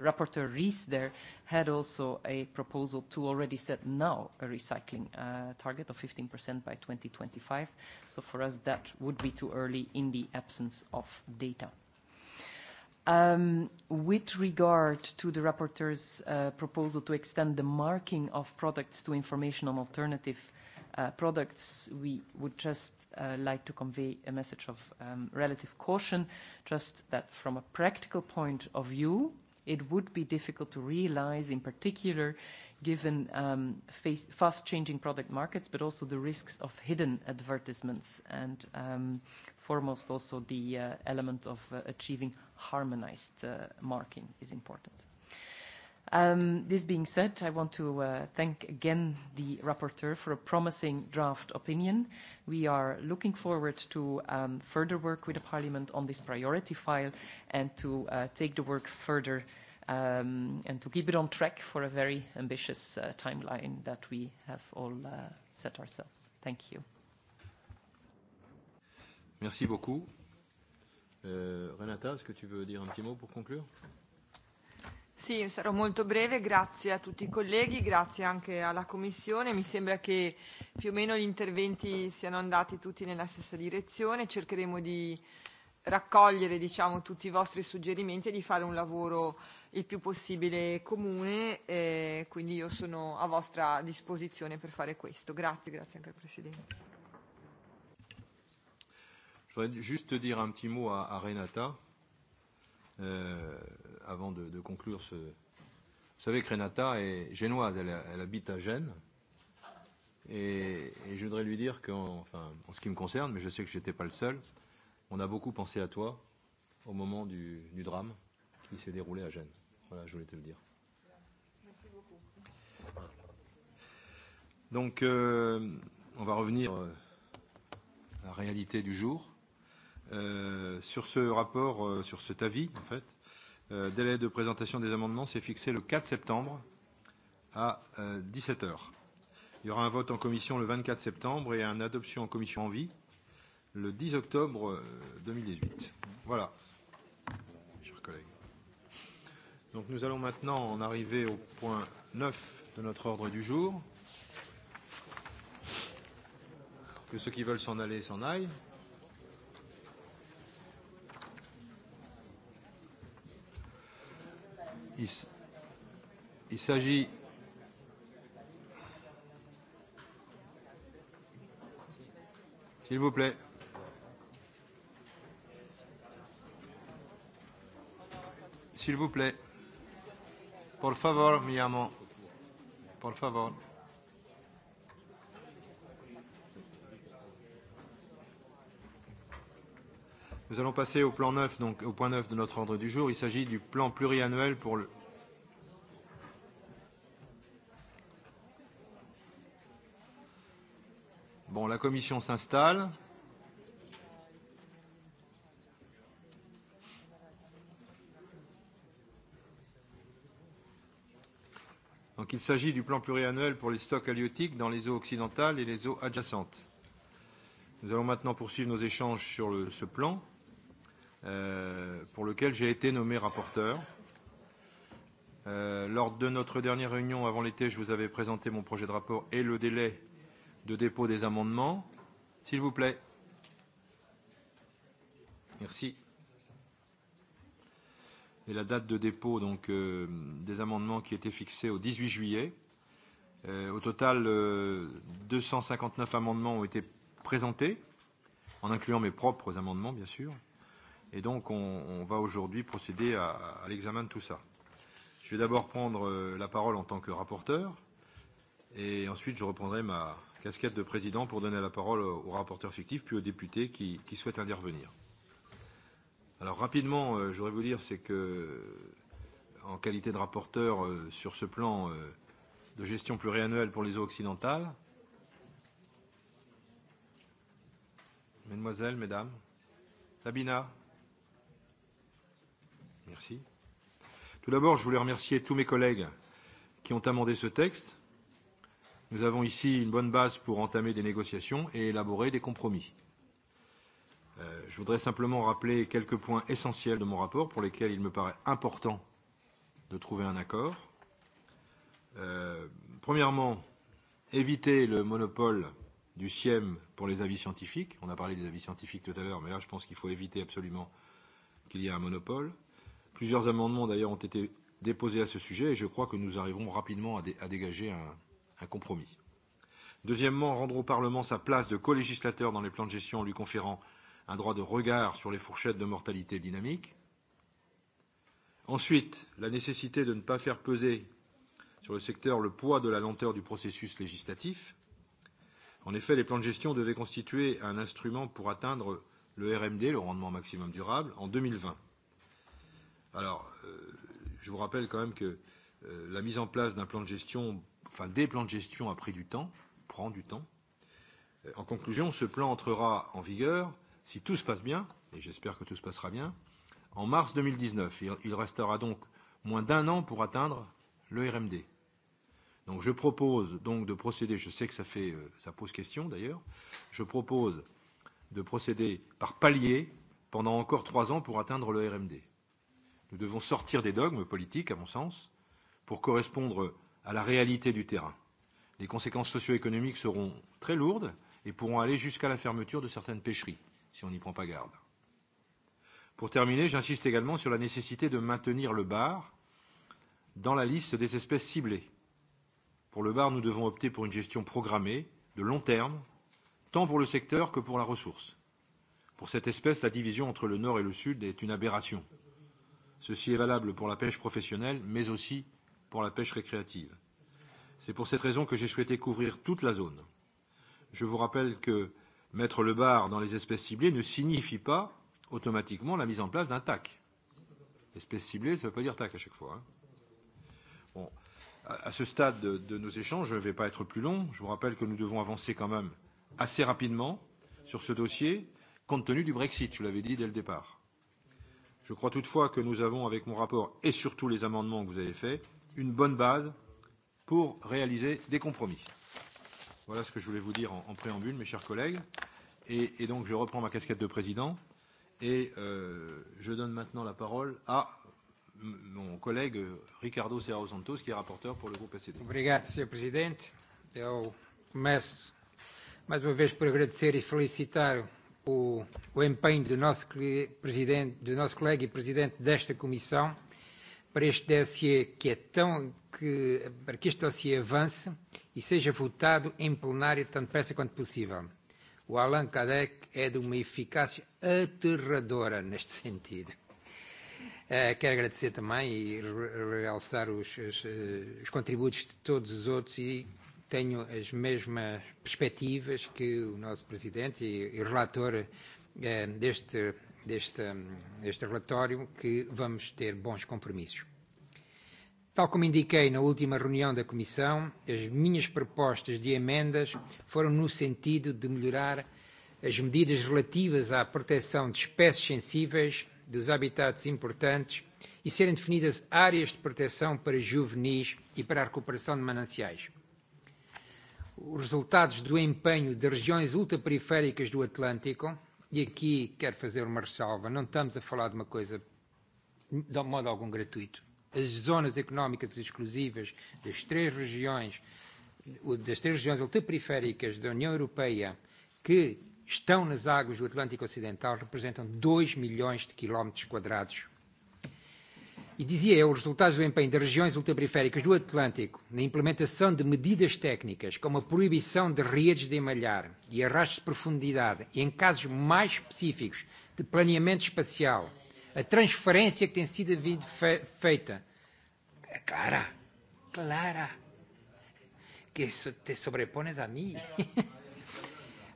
rapporteur Rees there had also a proposal to already set now a recycling uh, target of 15% by 2025. So for us, that would be too early in the absence of data. Um, with regard to the rapporteur's uh, proposal to extend the marking of products to information on alternative uh, products, we would just uh, like to convey a message of um, relative caution, just that from a practical point of view, it would be difficult to realize, in particular, given um, fast-changing product markets, but also the risks of hidden advertisements, and um, foremost also the uh, element of uh, achieving harmonized uh, marking is important. Um, this being said, I want to thank again the rapporteur for a promising draft opinion. We are looking forward to further work with the Parliament on this priority file and to take the work further Um, and to keep it on track for a very ambitious uh, timeline that we have all uh, set ourselves. Thank you. Merci beaucoup. Euh, Renata, est-ce que tu veux dire un petit mot pour conclure Sì, sarò molto breve, grazie a tutti i colleghi, grazie anche alla Commissione. Mi sembra che più o meno gli interventi siano andati tutti nella stessa direzione. Cercheremo di raccogliere diciamo, tutti i vostri suggerimenti e di fare un lavoro il più possibile comune e quindi io sono a vostra disposizione per fare questo. Grazie, grazie anche al Presidente. Vorrei giusto dire un petit mot a, a Renata eh, avant de, de conclure ce. Vous savez que Renata est génoise, elle, elle habite à Gênes. Et, et je voudrais lui dire qu'en enfin, en ce qui me concerne, mais je sais que je n'étais pas le seul, on a beaucoup pensé à toi au moment du, du drame qui s'est déroulé à Gênes. Voilà, je voulais te le dire. Merci beaucoup. Donc, euh, on va revenir euh, à la réalité du jour. Euh, sur ce rapport, euh, sur cet avis, en fait, euh, délai de présentation des amendements s'est fixé le 4 septembre à euh, 17 h Il y aura un vote en commission le 24 septembre et une adoption en commission en vie le 10 octobre 2018. Euh, voilà. Donc nous allons maintenant en arriver au point 9 de notre ordre du jour. Que ceux qui veulent s'en aller s'en aillent. Il, s'agit S'il vous plaît. S'il vous plaît. Por favor, mi amo. Por favor. Nous allons passer au plan 9, donc au point 9 de notre ordre du jour. Il s'agit du plan pluriannuel pour le... Bon, la commission s'installe. Donc il s'agit du plan pluriannuel pour les stocks halieutiques dans les eaux occidentales et les eaux adjacentes. Nous allons maintenant poursuivre nos échanges sur le, ce plan, euh, pour lequel j'ai été nommé rapporteur. Euh, lors de notre dernière réunion avant l'été, je vous avais présenté mon projet de rapport et le délai de dépôt des amendements. S'il vous plaît. Merci et la date de dépôt donc, euh, des amendements qui étaient fixés au 18 juillet. Euh, au total, euh, 259 amendements ont été présentés, en incluant mes propres amendements, bien sûr. Et donc, on, on va aujourd'hui procéder à, à l'examen de tout ça. Je vais d'abord prendre euh, la parole en tant que rapporteur, et ensuite je reprendrai ma casquette de président pour donner la parole au rapporteur fictif, puis aux députés qui, qui souhaitent intervenir. Alors rapidement, euh, je voudrais vous dire, c'est que en qualité de rapporteur euh, sur ce plan euh, de gestion pluriannuelle pour les eaux occidentales, mesdemoiselles, mesdames, Sabina, merci. Tout d'abord, je voulais remercier tous mes collègues qui ont amendé ce texte. Nous avons ici une bonne base pour entamer des négociations et élaborer des compromis. Euh, je voudrais simplement rappeler quelques points essentiels de mon rapport pour lesquels il me paraît important de trouver un accord. Euh, premièrement, éviter le monopole du CIEM pour les avis scientifiques. On a parlé des avis scientifiques tout à l'heure, mais là, je pense qu'il faut éviter absolument qu'il y ait un monopole. Plusieurs amendements, d'ailleurs, ont été déposés à ce sujet et je crois que nous arriverons rapidement à, dé à dégager un, un compromis. Deuxièmement, rendre au Parlement sa place de co-législateur dans les plans de gestion en lui conférant un droit de regard sur les fourchettes de mortalité dynamique. Ensuite, la nécessité de ne pas faire peser sur le secteur le poids de la lenteur du processus législatif. En effet, les plans de gestion devaient constituer un instrument pour atteindre le RMD, le rendement maximum durable, en 2020. Alors, euh, je vous rappelle quand même que euh, la mise en place d'un plan de gestion, enfin des plans de gestion a pris du temps, prend du temps. Euh, en conclusion, ce plan entrera en vigueur Si tout se passe bien, et j'espère que tout se passera bien, en mars 2019, il restera donc moins d'un an pour atteindre le RMD. Donc je propose donc de procéder, je sais que ça, fait, euh, ça pose question d'ailleurs, je propose de procéder par palier pendant encore trois ans pour atteindre le RMD. Nous devons sortir des dogmes politiques, à mon sens, pour correspondre à la réalité du terrain. Les conséquences socio-économiques seront très lourdes et pourront aller jusqu'à la fermeture de certaines pêcheries si on n'y prend pas garde. Pour terminer, j'insiste également sur la nécessité de maintenir le bar dans la liste des espèces ciblées. Pour le bar, nous devons opter pour une gestion programmée, de long terme, tant pour le secteur que pour la ressource. Pour cette espèce, la division entre le nord et le sud est une aberration. Ceci est valable pour la pêche professionnelle, mais aussi pour la pêche récréative. C'est pour cette raison que j'ai souhaité couvrir toute la zone. Je vous rappelle que mettre le bar dans les espèces ciblées ne signifie pas automatiquement la mise en place d'un TAC. Espèce ciblée, ça ne veut pas dire TAC à chaque fois. Hein. Bon. À, à ce stade de, de nos échanges, je ne vais pas être plus long. Je vous rappelle que nous devons avancer quand même assez rapidement sur ce dossier, compte tenu du Brexit, je l'avais dit dès le départ. Je crois toutefois que nous avons, avec mon rapport et surtout les amendements que vous avez faits, une bonne base pour réaliser des compromis. Voilà ce que je voulais vous dire en, en préambule, mes chers collègues. Et, et donc, je reprends ma casquette de président et euh, je donne maintenant la parole à mon collègue euh, Ricardo Serrao Santos, qui est rapporteur pour le groupe SED. Merci, président. Presidente. Eu começo mais uma vez por agradecer e felicitar o, o empenho do nosso, presidente, do nosso colega e presidente desta comissão para este dossiê que é tão que, para que este dossiê avance e seja votado em plenário tanto depressa quanto possível. O Allan Kardec é de uma eficácia aterradora neste sentido. Uh, quero agradecer também e realçar os, os, eh, os contributos de todos os outros e tenho as mesmas perspectivas que o nosso Presidente e, e o relator uh, deste, deste, um, deste relatório, que vamos ter bons compromissos. Tal como indiquei na última reunião da Comissão, as minhas propostas de emendas foram no sentido de melhorar as medidas relativas à proteção de espécies sensíveis, dos habitats importantes e serem definidas áreas de proteção para juvenis e para a recuperação de mananciais. Os resultados do empenho de regiões ultraperiféricas do Atlântico, e aqui quero fazer uma ressalva, não estamos a falar de uma coisa de modo algum gratuito as zonas económicas exclusivas das três regiões, das três regiões ultraperiféricas da União Europeia que estão nas águas do Atlântico Ocidental representam 2 milhões de quilómetros quadrados. E dizia eu, os resultados do empenho das regiões ultraperiféricas do Atlântico na implementação de medidas técnicas, como a proibição de redes de emalhar e arrastos de profundidade, e em casos mais específicos de planeamento espacial, a transferência que tem sido feita Eh, Clara, Clara, que so te sobrepones a mí.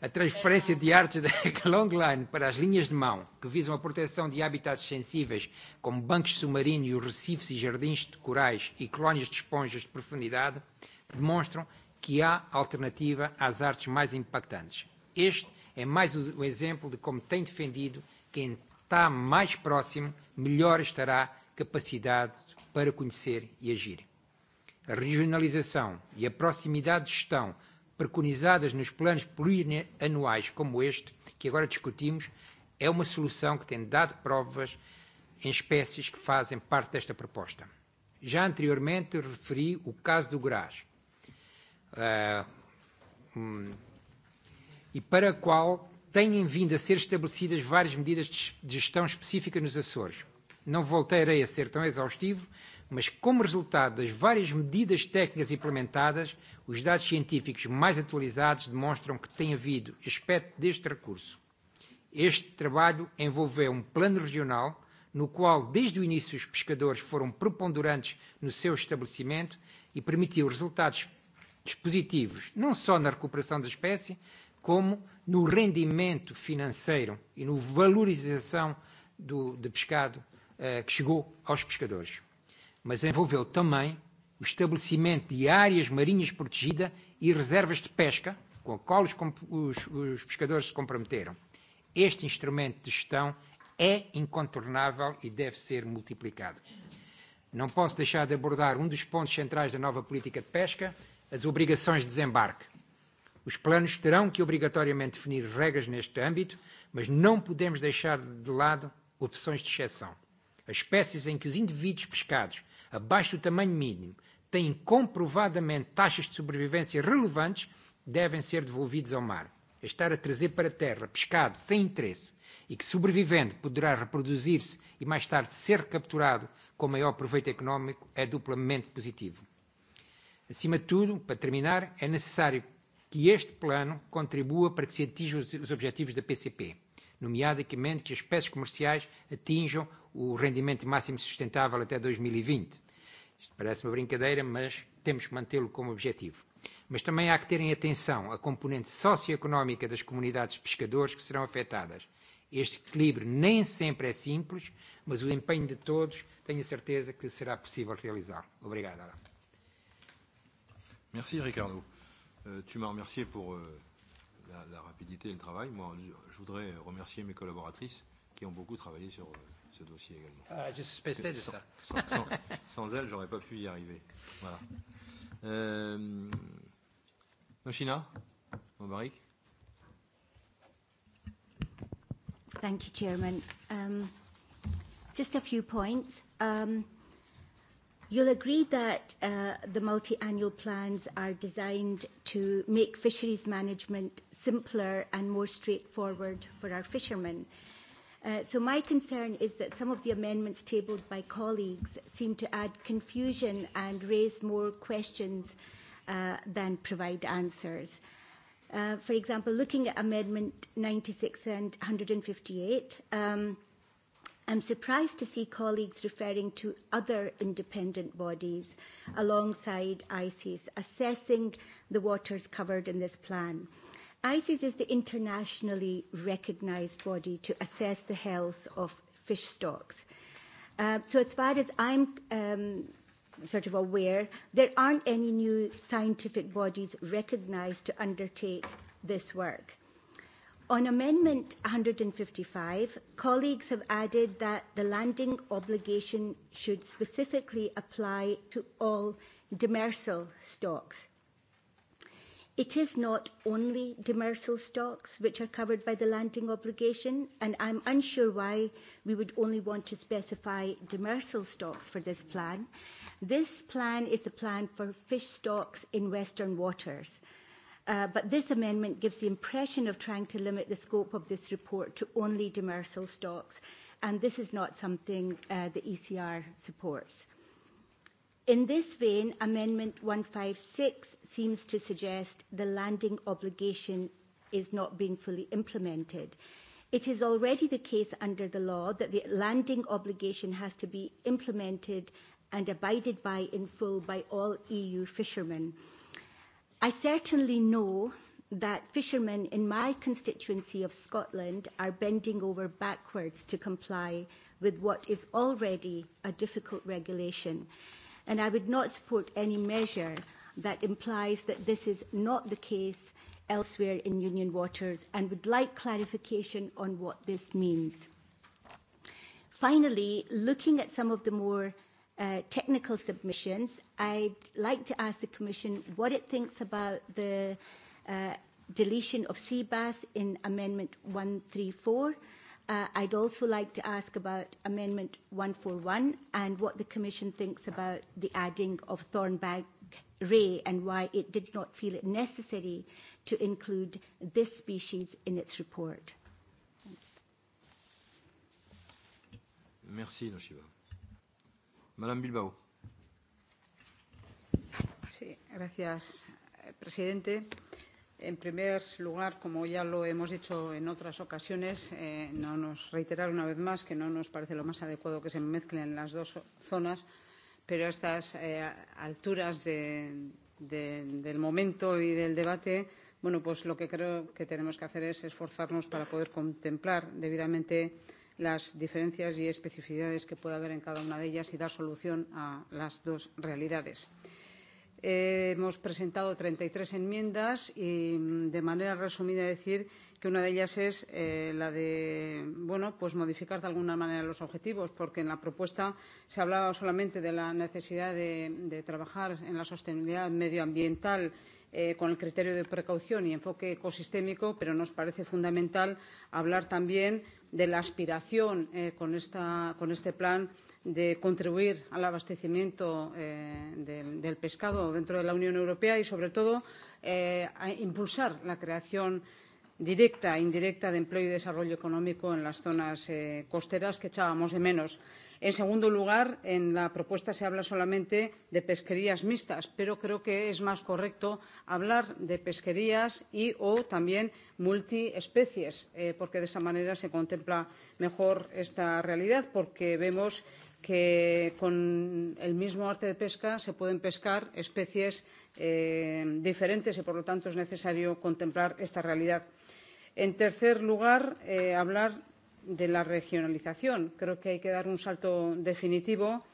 a transferência de arte da Longline para as linhas de mão, que visam a proteção de habitats sensíveis, como bancos submarinos, e recifes e jardins de corais e colónias de esponjas de profundidade, demonstram que há alternativa às artes mais impactantes. Este é mais um exemplo de como tem defendido quem está mais próximo, melhor estará capacidade para conhecer e agir. A regionalização e a proximidade de gestão preconizadas nos planos plurianuais como este, que agora discutimos, é uma solução que tem dado provas em espécies que fazem parte desta proposta. Já anteriormente referi o caso do Graz, uh, ah, hum, e para a qual têm vindo a ser estabelecidas várias medidas de gestão específicas nos Açores, Não voltarei a ser tão exaustivo, mas como resultado das várias medidas técnicas implementadas, os dados científicos mais atualizados demonstram que tem havido aspecto deste recurso. Este trabalho envolveu um plano regional no qual, desde o início, os pescadores foram preponderantes no seu estabelecimento e permitiu resultados positivos, não só na recuperação da espécie, como no rendimento financeiro e no valorização do, de pescado Eh, que chegou aos pescadores, mas envolveu também o estabelecimento de áreas marinhas protegidas e reservas de pesca, com a qual os, os, os pescadores se comprometeram. Este instrumento de gestão é incontornável e deve ser multiplicado. Não posso deixar de abordar um dos pontos centrais da nova política de pesca, as obrigações de desembarque. Os planos terão que obrigatoriamente definir regras neste âmbito, mas não podemos deixar de lado opções de exceção. As espécies em que os indivíduos pescados abaixo do tamanho mínimo têm comprovadamente taxas de sobrevivência relevantes devem ser devolvidos ao mar. estar a trazer para a terra pescado sem interesse e que, sobrevivendo, poderá reproduzir-se e mais tarde ser capturado com maior proveito económico é duplamente positivo. Acima de tudo, para terminar, é necessário que este plano contribua para que se atinjam os objetivos da PCP nomeadamente que as espécies comerciais atinjam o rendimento máximo sustentável até 2020. E Isto parece uma brincadeira, mas temos que mantê-lo como objetivo. Mas também há que terem atenção à componente socioeconómica das comunidades de pescadores que serão afetadas. Este equilíbrio nem sempre é simples, mas o empenho de todos tenho a certeza que será possível realizar. Obrigado, Adam. Merci, Ricardo. Uh, tu m'as remercié pour uh, la, la rapidité et le travail. Moi, je, je voudrais remercier mes collaboratrices qui ont beaucoup travaillé sur euh, ce dossier également. Ah, je suspectais de ça. Sans, sans, sans elles, j'aurais pas pu y arriver. Voilà. Euh, Noshina Mobarik Thank you, Chairman. Um, just a few points. Um, You'll agree that uh, the multi-annual plans are designed to make fisheries management simpler and more straightforward for our fishermen. Uh, so my concern is that some of the amendments tabled by colleagues seem to add confusion and raise more questions uh, than provide answers. Uh, for example, looking at Amendment 96 and 158, um, I'm surprised to see colleagues referring to other independent bodies alongside ICES assessing the waters covered in this plan. ICES is the internationally recognised body to assess the health of fish stocks. Uh, so as far as I'm um, sort of aware, there aren't any new scientific bodies recognised to undertake this work. On Amendment 155, colleagues have added that the landing obligation should specifically apply to all demersal stocks. It is not only demersal stocks which are covered by the landing obligation, and I'm unsure why we would only want to specify demersal stocks for this plan. This plan is the plan for fish stocks in Western waters. Uh, but this amendment gives the impression of trying to limit the scope of this report to only demersal stocks, and this is not something uh, the ECR supports. In this vein, Amendment 156 seems to suggest the landing obligation is not being fully implemented. It is already the case under the law that the landing obligation has to be implemented and abided by in full by all EU fishermen. Uh, I certainly know that fishermen in my constituency of Scotland are bending over backwards to comply with what is already a difficult regulation. And I would not support any measure that implies that this is not the case elsewhere in Union waters and would like clarification on what this means. Finally, looking at some of the more Uh, technical submissions. I'd like to ask the Commission what it thinks about the uh, deletion of CBAS in Amendment 134. Uh, I'd also like to ask about Amendment 141 and what the Commission thinks about the adding of Thornbank Ray and why it did not feel it necessary to include this species in its report. Thanks. Merci, Noshiba. Madame Bilbao. Sí, gracias, presidente. En primer lugar, como ya lo hemos dicho en otras ocasiones, eh, no nos reiterar una vez más que no nos parece lo más adecuado que se mezclen las dos zonas, pero a estas eh, alturas de, de, del momento y del debate, bueno, pues lo que creo que tenemos que hacer es esforzarnos para poder contemplar debidamente eh, las diferencias y especificidades que pueda haber en cada una de ellas y dar solución a las dos realidades. hemos presentado 33 enmiendas y, mm, de manera resumida, decir que una de ellas es eh, la de bueno, pues modificar de alguna manera los objetivos, porque en la propuesta se hablaba solamente de la necesidad de, de trabajar en la sostenibilidad medioambiental eh, con el criterio de precaución y enfoque ecosistémico, pero nos parece fundamental hablar también de la aspiración eh, con, esta, con este plan de contribuir al abastecimiento eh, del, del pescado dentro de la Unión Europea y, sobre todo, eh, a impulsar la creación directa e indirecta de empleo y desarrollo económico en las zonas eh, costeras que echábamos de menos. En segundo lugar, en la propuesta se habla solamente de pesquerías mixtas, pero creo que es más correcto hablar de pesquerías y o también multiespecies, eh, porque de esa manera se contempla mejor esta realidad, porque vemos que con el mismo arte de pesca se pueden pescar especies eh, diferentes y, por lo tanto, es necesario contemplar esta realidad. En tercer lugar, eh, hablar de la regionalización. Creo que hay que dar un salto definitivo.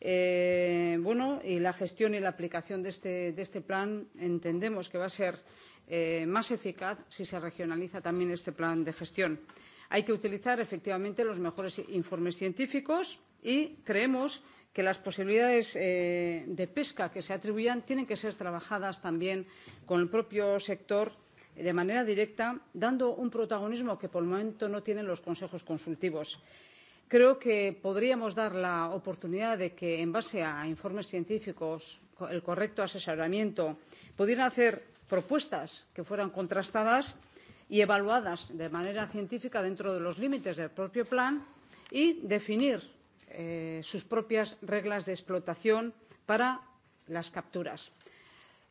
Eh, bueno, y la gestión y la aplicación de este, de este plan entendemos que va a ser eh, más eficaz si se regionaliza también este plan de gestión. Hay que utilizar efectivamente los mejores informes científicos y creemos que las posibilidades eh, de pesca que se atribuyan tienen que ser trabajadas también con el propio sector de manera directa, dando un protagonismo que por el momento no tienen los consejos consultivos. Creo que podríamos dar la oportunidad de que, en base a informes científicos, el correcto asesoramiento, pudieran hacer propuestas que fueran contrastadas y evaluadas de manera científica dentro de los límites del propio plan y definir eh, sus propias reglas de explotación para las capturas.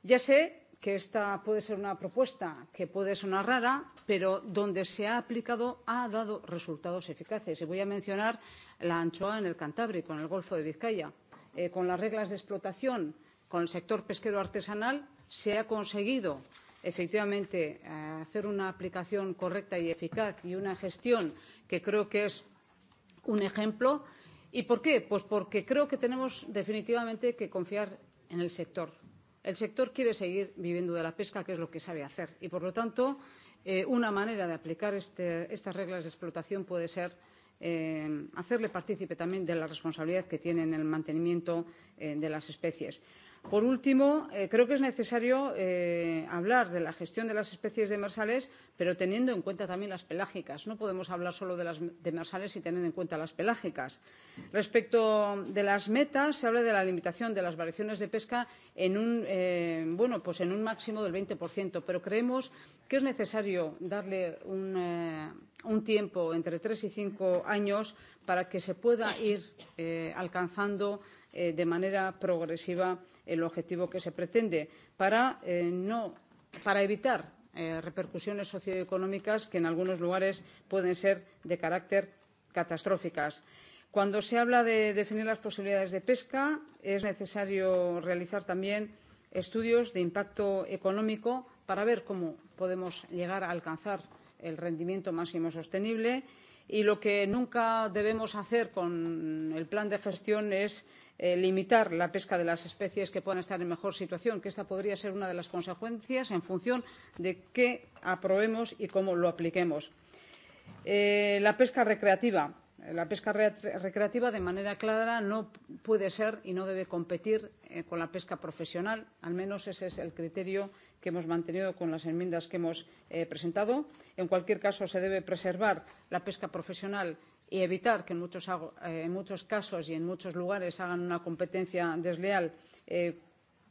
Ya sé que esta puede ser una propuesta que puede sonar rara, pero donde se ha aplicado ha dado resultados eficaces. Y voy a mencionar la anchoa en el Cantábrico, en el Golfo de Vizcaya. Eh, con las reglas de explotación, con el sector pesquero artesanal, se ha conseguido efectivamente eh, hacer una aplicación correcta y eficaz y una gestión que creo que es un ejemplo. ¿Y por qué? Pues porque creo que tenemos definitivamente que confiar en el sector el sector quiere seguir viviendo de la pesca, que es lo que sabe hacer. Y, por lo tanto, eh, una manera de aplicar este, estas reglas de explotación puede ser eh, hacerle partícipe también de la responsabilidad que tiene en el mantenimiento eh, de las especies. Por último, eh, creo que es necesario eh, hablar de la gestión de las especies demersales, pero teniendo en cuenta también las pelágicas. No podemos hablar solo de las demersales y tener en cuenta las pelágicas. Respecto de las metas, se habla de la limitación de las variaciones de pesca en un, eh, bueno, pues en un máximo del 20%, pero creemos que es necesario darle un, eh, un tiempo entre tres y cinco años para que se pueda ir eh, alcanzando eh, de manera progresiva el objetivo que se pretende para, eh, no, para evitar eh, repercusiones socioeconómicas que en algunos lugares pueden ser de carácter catastróficas. Cuando se habla de definir las posibilidades de pesca, es necesario realizar también estudios de impacto económico para ver cómo podemos llegar a alcanzar el rendimiento máximo sostenible. Y lo que nunca debemos hacer con el plan de gestión es eh, eh, limitar la pesca de las especies que puedan estar en mejor situación, que esta podría ser una de las consecuencias en función de qué aprobemos y cómo lo apliquemos. Eh, la pesca recreativa. Eh, la pesca recreativa, de manera clara, no puede ser y no debe competir eh, con la pesca profesional. Al menos ese es el criterio que hemos mantenido con las enmiendas que hemos eh, presentado. En cualquier caso, se debe preservar la pesca profesional y evitar que en muchos, eh, en muchos casos y en muchos lugares hagan una competencia desleal. Eh,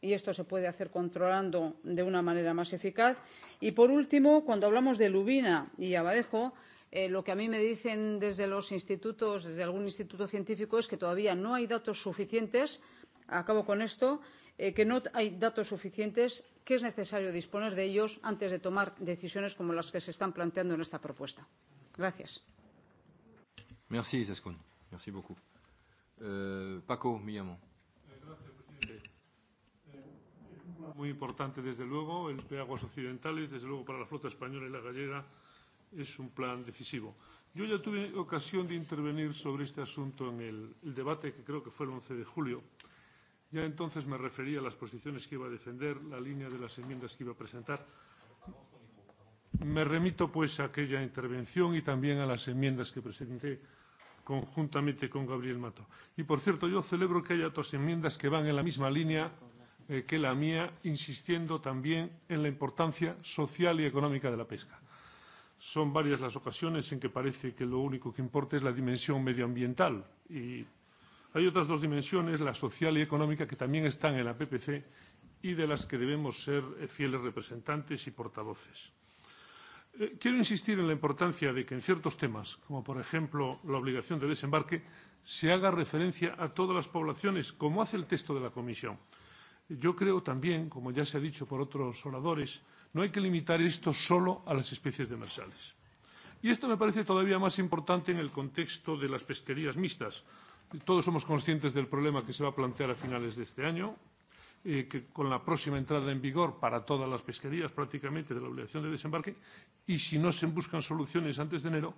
y esto se puede hacer controlando de una manera más eficaz. Y por último, cuando hablamos de Lubina y Abadejo, eh, lo que a mí me dicen desde los institutos, desde algún instituto científico, es que todavía no hay datos suficientes, acabo con esto, eh, que no hay datos suficientes, que es necesario disponer de ellos antes de tomar decisiones como las que se están planteando en esta propuesta. Gracias. Merci, Sascoun. Merci beaucoup. Euh, Paco Millamont. Muy importante, desde luego, el de aguas occidentales, desde luego para la flota española y la gallega, es un plan decisivo. Yo ya tuve ocasión de intervenir sobre este asunto en el, el debate que creo que fue el 11 de julio. Ya entonces me refería a las posiciones que iba a defender, la línea de las enmiendas que iba a presentar. Me remito pues a aquella intervención y también a las enmiendas que presenté conjuntamente con Gabriel Mato. Y, por cierto, yo celebro que haya otras enmiendas que van en la misma línea eh, que la mía, insistiendo también en la importancia social y económica de la pesca. Son varias las ocasiones en que parece que lo único que importa es la dimensión medioambiental y hay otras dos dimensiones, la social y económica, que también están en la PPC y de las que debemos ser fieles representantes y portavoces. Eh, quiero insistir en la importancia de que en ciertos temas, como por ejemplo la obligación de desembarque, se haga referencia a todas las poblaciones, como hace el texto de la Comisión. Yo creo también, como ya se ha dicho por otros oradores, no hay que limitar esto solo a las especies demersales. Y esto me parece todavía más importante en el contexto de las pesquerías mixtas. Todos somos conscientes del problema que se va a plantear a finales de este año, eh, que con la próxima entrada en vigor para todas las pesquerías prácticamente de la obligación de desembarque y si no se buscan soluciones antes de enero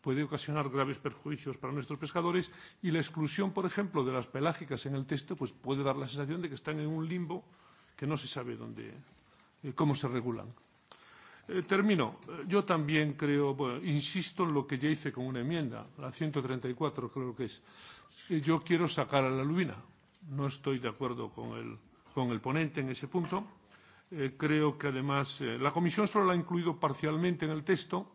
puede ocasionar graves perjuicios para nuestros pescadores y la exclusión, por ejemplo, de las pelágicas en el texto pues puede dar la sensación de que están en un limbo que no se sabe dónde, eh, cómo se regulan. Eh, termino. Eh, yo también creo, bueno, insisto en lo que ya hice con una enmienda, la 134 creo que es. Eh, yo quiero sacar a la lubina. No estoy de acuerdo con el con el ponente en ese punto. Eh, creo que además eh, la comisión solo la ha incluido parcialmente en el texto.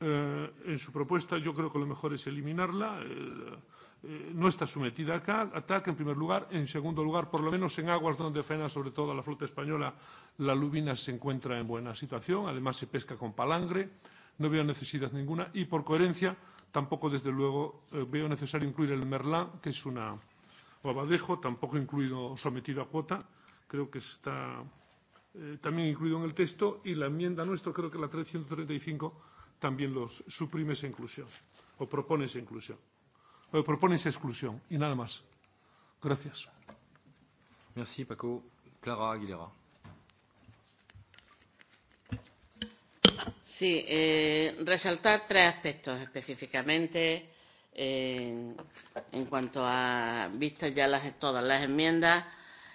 Eh, en su propuesta yo creo que lo mejor es eliminarla. Eh, eh, no está sometida acá, ataque en primer lugar. En segundo lugar, por lo menos en aguas donde frena sobre todo la flota española, la lubina se encuentra en buena situación. Además se pesca con palangre. No veo necesidad ninguna y por coherencia tampoco desde luego eh, veo necesario incluir el merlán, que es una o Abadejo, tampoco incluido sometido a cuota, creo que está eh, también incluido en el texto, y la enmienda nuestra, creo que la 335, también los suprime esa inclusión, o propone esa inclusión, o propone esa exclusión, y nada más. Gracias. Merci, Paco. Clara Aguilera. Sí, eh, resaltar tres aspectos específicamente en, en cuanto a, vistas ya las, todas las enmiendas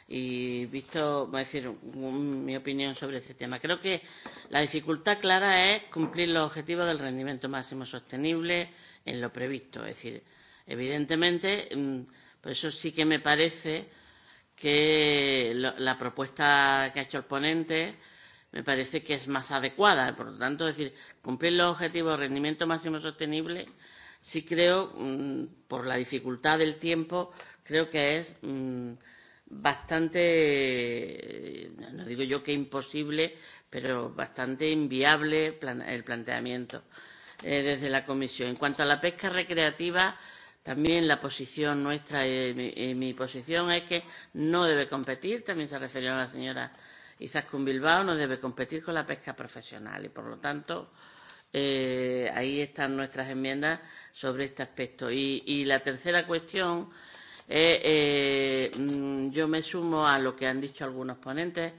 y visto, voy a decir, un, mi opinión sobre este tema. Creo que la dificultad clara es cumplir los objetivos del rendimiento máximo sostenible en lo previsto. Es decir, evidentemente, mm, por eso sí que me parece que lo, la propuesta que ha hecho el ponente me parece que es más adecuada. Por lo tanto, es decir, cumplir los objetivos de rendimiento máximo sostenible eh, sí creo, mmm, por la dificultad del tiempo, creo que es mmm, bastante, no digo yo que imposible, pero bastante inviable plan, el planteamiento eh, desde la Comisión. En cuanto a la pesca recreativa, también la posición nuestra y eh, mi, y eh, mi posición es que no debe competir, también se refirió a la señora Izaskun Bilbao, no debe competir con la pesca profesional y, por lo tanto, eh, Eh, ahí están nuestras enmiendas sobre este aspecto. Y, y la tercera cuestión, eh, eh, yo me sumo a lo que han dicho algunos ponentes.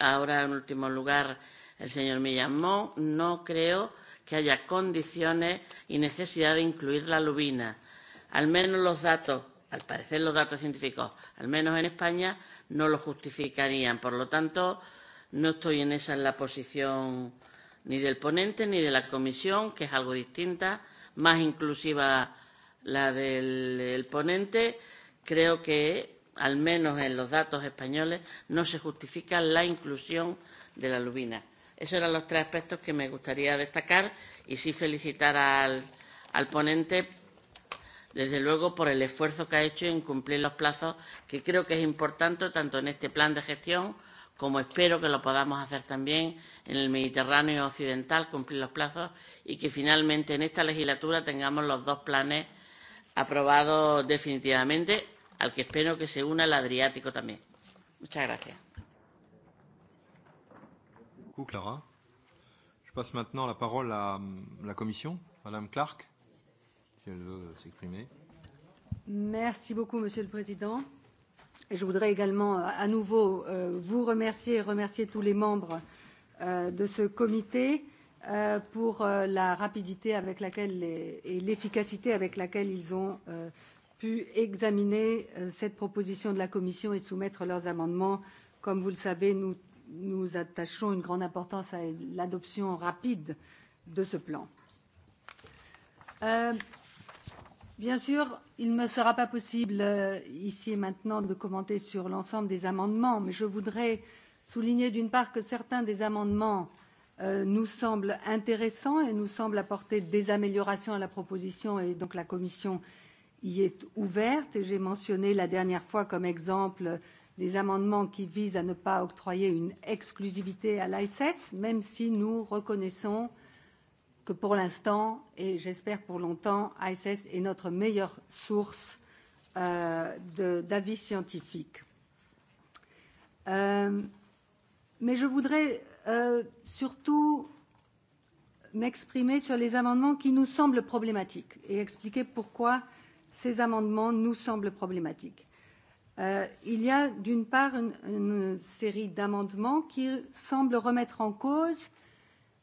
ahora, en último lugar, el señor Millamón. No creo que haya condiciones y necesidad de incluir la lubina. Al menos los datos, al parecer los datos científicos, al menos en España, no lo justificarían. Por lo tanto, no estoy en esa en la posición ni del ponente ni de la comisión, que es algo distinta, más inclusiva la del el ponente. Creo que, al menos en los datos españoles, no se justifica la inclusión de la lubina. Esos eran los tres aspectos que me gustaría destacar y sí felicitar al, al ponente, desde luego, por el esfuerzo que ha hecho en cumplir los plazos, que creo que es importante tanto en este plan de gestión como espero que lo podamos hacer también en el Mediterráneo Occidental, cumplir los plazos y que finalmente en esta legislatura tengamos los dos planes aprobados definitivamente, al que espero que se una el Adriático también. Muchas gracias. Beaucoup, Clara. Je passe maintenant la parole à la Commission, Madame Clark, si elle veut s'exprimer. Merci beaucoup, Monsieur le Président. Euh, Je voudrais également euh, à nouveau euh, vous remercier et remercier tous les membres euh, de ce comité pour la rapidité avec laquelle et l'efficacité avec laquelle ils ont pu examiner cette proposition de la Commission et soumettre leurs amendements. Comme vous le savez, nous, nous attachons une grande importance à l'adoption rapide de ce plan. Euh, Bien sûr, il ne me sera pas possible euh, ici et maintenant de commenter sur l'ensemble des amendements, mais je voudrais souligner d'une part que certains des amendements euh, nous semblent intéressants et nous semblent apporter des améliorations à la proposition et donc la Commission y est ouverte. J'ai mentionné la dernière fois comme exemple les amendements qui visent à ne pas octroyer une exclusivité à l'ISS, même si nous reconnaissons euh, que pour l'instant, et j'espère pour longtemps, ISS est notre meilleure source euh, d'avis scientifiques. Euh, mais je voudrais euh, surtout m'exprimer sur les amendements qui nous semblent problématiques et expliquer pourquoi ces amendements nous semblent problématiques. Euh, il y a d'une part une, une série d'amendements qui semblent remettre en cause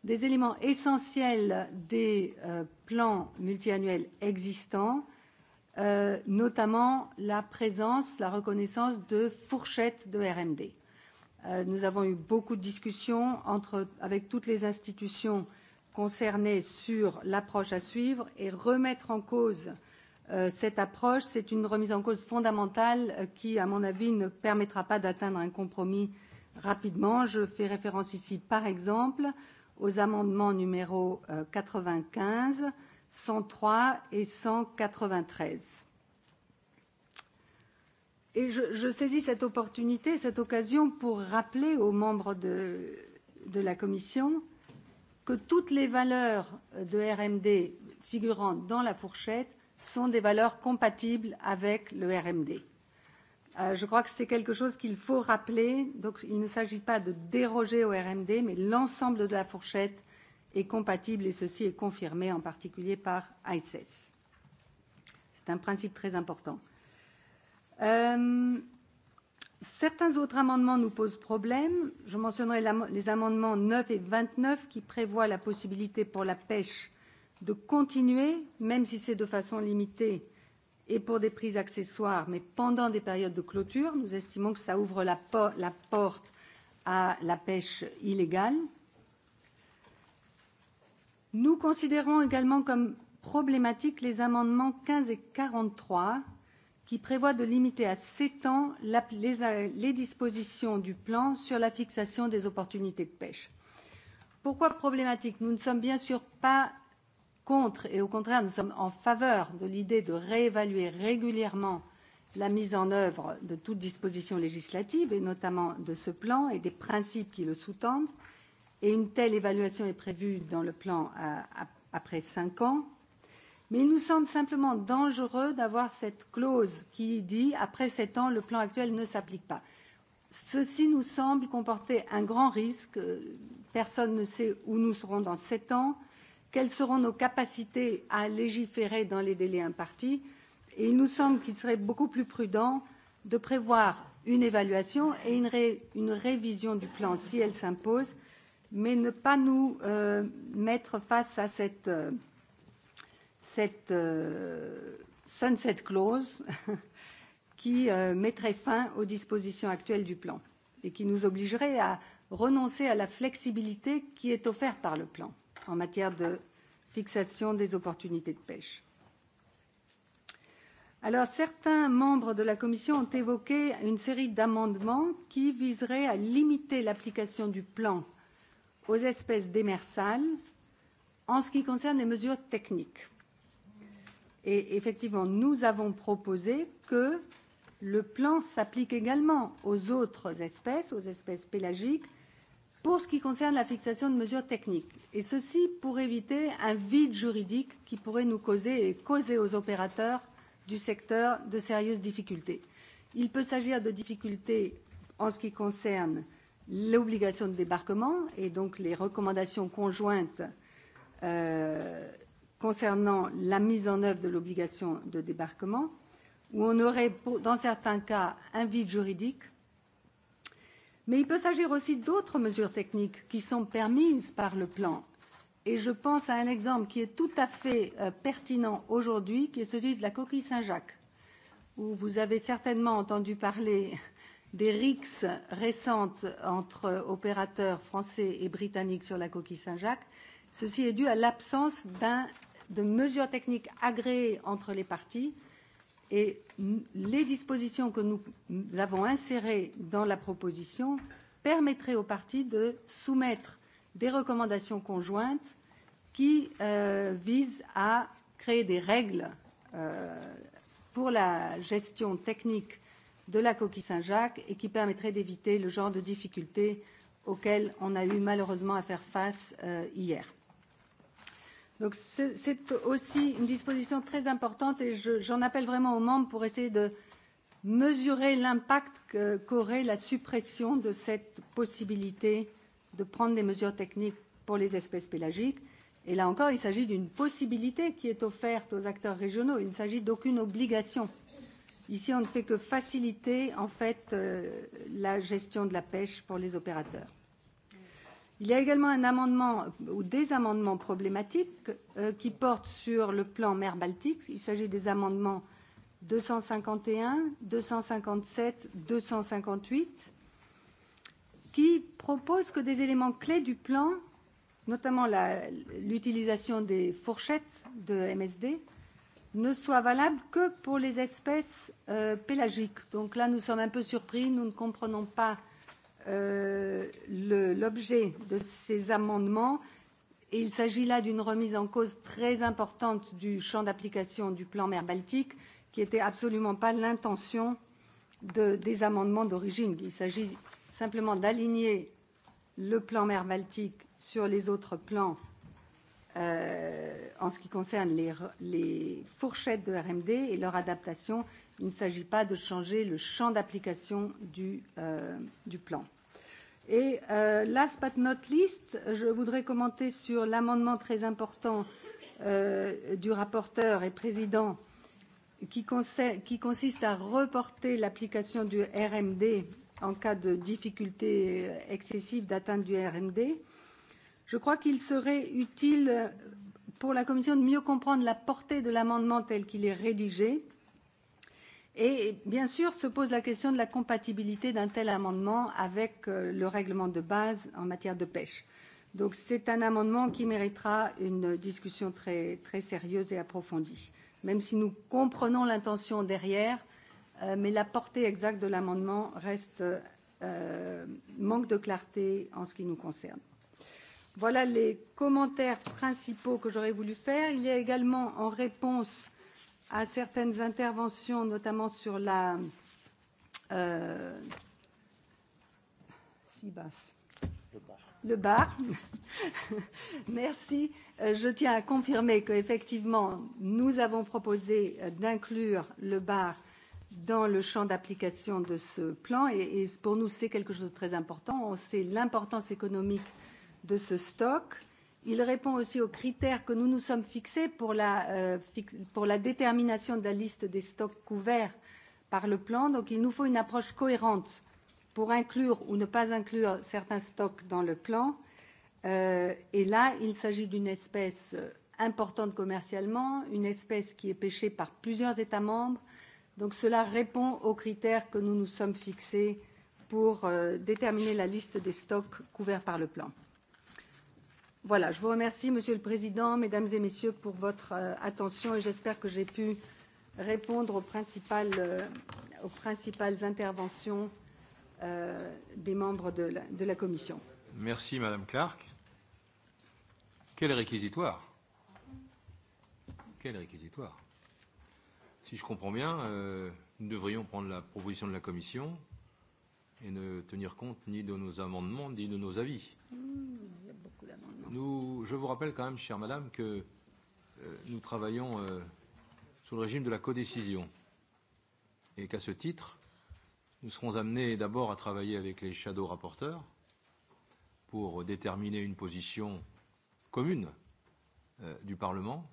des éléments essentiels des euh, plans multiannuels existants, euh, notamment la présence, la reconnaissance de fourchettes de RMD. Euh, nous avons eu beaucoup de discussions entre, avec toutes les institutions concernées sur l'approche à suivre et remettre en cause euh, cette approche, c'est une remise en cause fondamentale euh, qui, à mon avis, ne permettra pas d'atteindre un compromis rapidement. Je fais référence ici, par exemple, aux amendements numéro 95, 103 et 193. Et je, je saisis cette opportunité, cette occasion pour rappeler aux membres de, de la Commission que toutes les valeurs de RMD figurant dans la fourchette sont des valeurs compatibles avec le RMD. Euh, je crois que c'est quelque chose qu'il faut rappeler. Donc, il ne s'agit pas de déroger au RMD, mais l'ensemble de la fourchette est compatible et ceci est confirmé en particulier par ICES. C'est un principe très important. Euh, certains autres amendements nous posent problème. Je mentionnerai les amendements 9 et 29 qui prévoient la possibilité pour la pêche de continuer, même si c'est de façon limitée, et pour des prises accessoires, mais pendant des périodes de clôture, nous estimons que ça ouvre la, po la porte à la pêche illégale. Nous considérons également comme problématique les amendements 15 et 43 qui prévoient de limiter à 7 ans la, les, les dispositions du plan sur la fixation des opportunités de pêche. Pourquoi problématique Nous ne sommes bien sûr pas contre et au contraire nous sommes en faveur de l'idée de réévaluer régulièrement la mise en œuvre de toute disposition législative et notamment de ce plan et des principes qui le sous-tendent et une telle évaluation est prévue dans le plan à, euh, à, après cinq ans. Mais il nous semble simplement dangereux d'avoir cette clause qui dit après sept ans, le plan actuel ne s'applique pas. Ceci nous semble comporter un grand risque. Euh, personne ne sait où nous serons dans sept ans quelles seront nos capacités à légiférer dans les délais impartis et il nous semble qu'il serait beaucoup plus prudent de prévoir une évaluation et une, ré, une révision du plan si elle s'impose, mais ne pas nous euh, mettre face à cette, euh, cette euh, sunset clause qui euh, mettrait fin aux dispositions actuelles du plan et qui nous obligerait à renoncer à la flexibilité qui est offerte par le plan en matière de fixation des opportunités de pêche. Alors, certains membres de la Commission ont évoqué une série d'amendements qui viseraient à limiter l'application du plan aux espèces démersales en ce qui concerne les mesures techniques. Et effectivement, nous avons proposé que le plan s'applique également aux autres espèces, aux espèces pélagiques, pour ce qui concerne la fixation de mesures techniques, et ceci pour éviter un vide juridique qui pourrait nous causer et causer aux opérateurs du secteur de sérieuses difficultés. Il peut s'agir de difficultés en ce qui concerne l'obligation de débarquement et donc les recommandations conjointes euh, concernant la mise en œuvre de l'obligation de débarquement, où on aurait, pour, dans certains cas, un vide juridique Mais il peut s'agir aussi d'autres mesures techniques qui sont permises par le plan. Et je pense à un exemple qui est tout à fait euh, pertinent aujourd'hui, qui est celui de la coquille Saint-Jacques, où vous avez certainement entendu parler des rixes récentes entre opérateurs français et britanniques sur la coquille Saint-Jacques. Ceci est dû à l'absence de mesures techniques agréées entre les parties Et les dispositions que nous avons insérées dans la proposition permettraient aux partis de soumettre des recommandations conjointes qui euh, visent à créer des règles euh, pour la gestion technique de la coquille Saint-Jacques et qui permettraient d'éviter le genre de difficultés auxquelles on a eu malheureusement à faire face euh, hier. Donc c'est aussi une disposition très importante et j'en je, appelle vraiment aux membres pour essayer de mesurer l'impact qu'aurait qu la suppression de cette possibilité de prendre des mesures techniques pour les espèces pélagiques. Et là encore, il s'agit d'une possibilité qui est offerte aux acteurs régionaux. Il ne s'agit d'aucune obligation. Ici, on ne fait que faciliter en fait euh, la gestion de la pêche pour les opérateurs. Il y a également un amendement ou des amendements problématiques euh, qui portent sur le plan mer Baltique. Il s'agit des amendements 251, 257, 258 qui proposent que des éléments clés du plan, notamment l'utilisation des fourchettes de MSD, ne soit valable que pour les espèces euh, pélagiques. Donc là, nous sommes un peu surpris, nous ne comprenons pas euh, l'objet de ces amendements. il s'agit là d'une remise en cause très importante du champ d'application du plan mer Baltique, qui n'était absolument pas l'intention de, des amendements d'origine. Il s'agit simplement d'aligner le plan mer Baltique sur les autres plans euh, en ce qui concerne les, les fourchettes de RMD et leur adaptation Il ne s'agit pas de changer le champ d'application du, euh, du plan. Et euh, last but not least, je voudrais commenter sur l'amendement très important euh, du rapporteur et président qui, conseille, qui consiste à reporter l'application du RMD en cas de difficulté excessive d'atteinte du RMD. Je crois qu'il serait utile pour la Commission de mieux comprendre la portée de l'amendement tel qu'il est rédigé Euh, Et bien sûr, se pose la question de la compatibilité d'un tel amendement avec euh, le règlement de base en matière de pêche. Donc c'est un amendement qui méritera une discussion très, très sérieuse et approfondie, même si nous comprenons l'intention derrière, euh, mais la portée exacte de l'amendement reste euh, manque de clarté en ce qui nous concerne. Voilà les commentaires principaux que j'aurais voulu faire. Il y a également en réponse euh, à certaines interventions, notamment sur la euh, si basse. Le bar. Merci. Euh, je tiens à confirmer qu'effectivement, nous avons proposé euh, d'inclure le bar dans le champ d'application de ce plan. et pour nous, c'est quelque chose de très important. On sait l'importance économique de ce stock. Euh, Il répond aussi aux critères que nous nous sommes fixés pour la, euh, fix, pour la détermination de la liste des stocks couverts par le plan. Donc il nous faut une approche cohérente pour inclure ou ne pas inclure certains stocks dans le plan. Euh, et là, il s'agit d'une espèce euh, importante commercialement, une espèce qui est pêchée par plusieurs États membres. Donc cela répond aux critères que nous nous sommes fixés pour euh, déterminer la liste des stocks couverts par le plan. Voilà, je vous remercie, Monsieur le Président, Mesdames et Messieurs, pour votre euh, attention et j'espère que j'ai pu répondre aux principales, euh, aux principales interventions euh, des membres de la, de la Commission. Merci, Madame Clark. Quel réquisitoire Quel réquisitoire Si je comprends bien, euh, nous devrions prendre la proposition de la Commission, et ne tenir compte ni de nos amendements ni de nos avis. Mmh, il y a beaucoup d'amendements. Nous, je vous rappelle quand même, chère madame, que euh, nous travaillons euh, sous le régime de la codécision et qu'à ce titre, nous serons amenés d'abord à travailler avec les shadow rapporteurs pour déterminer une position commune euh, du Parlement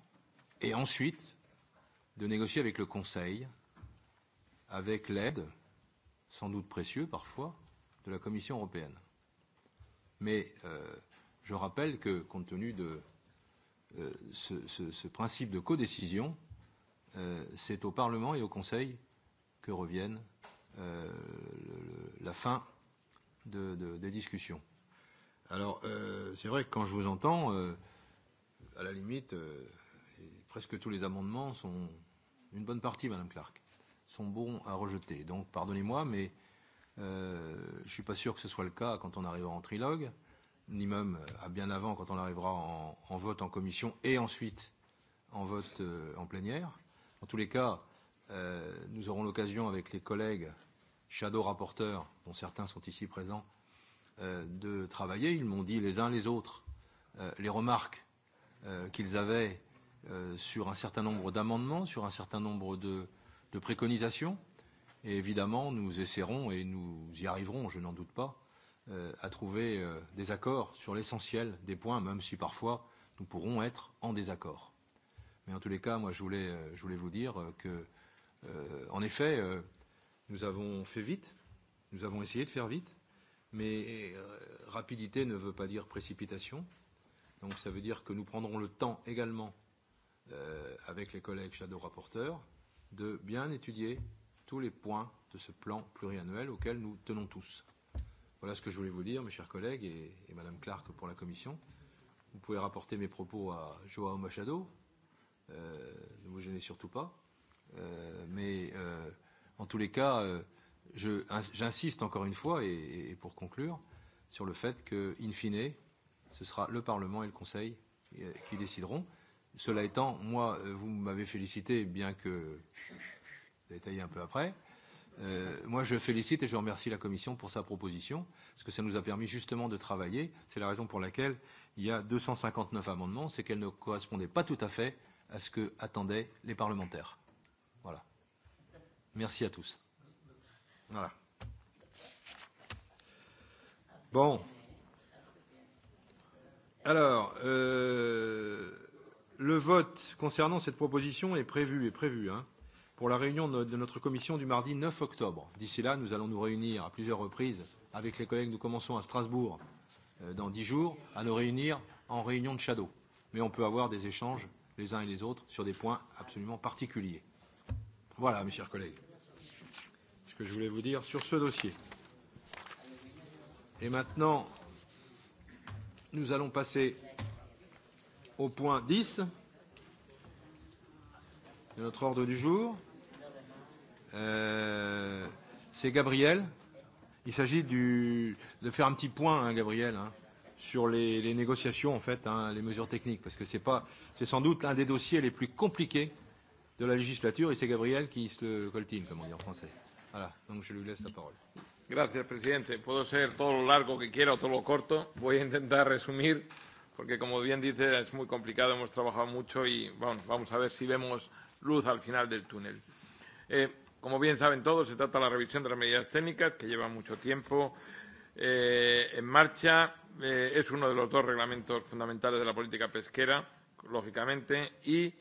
et ensuite de négocier avec le Conseil, avec l'aide sans doute précieux parfois, de la Commission européenne. Mais euh, je rappelle que, compte tenu de euh, ce, ce, ce principe de codécision, euh, c'est au Parlement et au Conseil que reviennent euh, le, le, la fin de, de, des discussions. Alors, euh, c'est vrai que quand je vous entends, euh, à la limite, euh, presque tous les amendements sont une bonne partie, Madame Clark sont bons à rejeter. Donc pardonnez-moi, mais euh, je ne suis pas sûr que ce soit le cas quand on arrivera en trilogue, ni même euh, à bien avant quand on arrivera en, en vote en commission et ensuite en vote euh, en plénière. En tous les cas, euh, nous aurons l'occasion avec les collègues shadow rapporteurs, dont certains sont ici présents, euh, de travailler. Ils m'ont dit les uns les autres euh, les remarques euh, qu'ils avaient euh, sur un certain nombre d'amendements, sur un certain nombre de euh, de préconisations. Et évidemment, nous essaierons, et nous y arriverons, je n'en doute pas, euh, à trouver euh, des accords sur l'essentiel des points, même si parfois nous pourrons être en désaccord. Mais en tous les cas, moi, je voulais, euh, je voulais vous dire euh, que, euh, en effet, euh, nous avons fait vite, nous avons essayé de faire vite, mais euh, rapidité ne veut pas dire précipitation. Donc ça veut dire que nous prendrons le temps également euh, avec les collègues shadow rapporteurs de bien étudier tous les points de ce plan pluriannuel auquel nous tenons tous. Voilà ce que je voulais vous dire, mes chers collègues, et, et Madame Clark pour la Commission. Vous pouvez rapporter mes propos à Joao Machado, euh, ne vous gênez surtout pas. Euh, mais euh, en tous les cas, euh, j'insiste encore une fois, et, et pour conclure, sur le fait que, in fine, ce sera le Parlement et le Conseil euh, qui décideront. Cela étant, moi, euh, vous m'avez félicité, bien que vous avez taillé un peu après. Euh, moi, je félicite et je remercie la Commission pour sa proposition, parce que ça nous a permis justement de travailler. C'est la raison pour laquelle il y a 259 amendements, c'est qu'elles ne correspondaient pas tout à fait à ce que attendaient les parlementaires. Voilà. Merci à tous. Voilà. Bon. Alors, euh, le vote concernant cette proposition est prévu, est prévu hein, pour la réunion de notre commission du mardi 9 octobre. D'ici là, nous allons nous réunir à plusieurs reprises avec les collègues. Nous commençons à Strasbourg euh, dans dix jours à nous réunir en réunion de shadow. Mais on peut avoir des échanges les uns et les autres sur des points absolument particuliers. Voilà, mes chers collègues, ce que je voulais vous dire sur ce dossier. Et maintenant, nous allons passer au point 10 de notre ordre du jour. Euh, C'est Gabriel. Il s'agit de faire un petit point, hein, Gabriel, hein, sur les, les négociations, en fait, hein, les mesures techniques, parce que c'est sans doute l'un des dossiers les plus compliqués de la législature et c'est Gabriel qui se le coltine, comme on dit en français. Voilà, donc je lui laisse la parole. Président. presidente. Puedo ser todo lo largo que veux, o todo lo corto. Voy a intentar resumir porque como bien dice, es muy complicado, hemos trabajado mucho y bueno, vamos a ver si vemos luz al final del túnel. Eh, como bien saben todos, se trata de la revisión de las medidas técnicas, que lleva mucho tiempo eh, en marcha. Eh, es uno de los dos reglamentos fundamentales de la política pesquera, lógicamente, y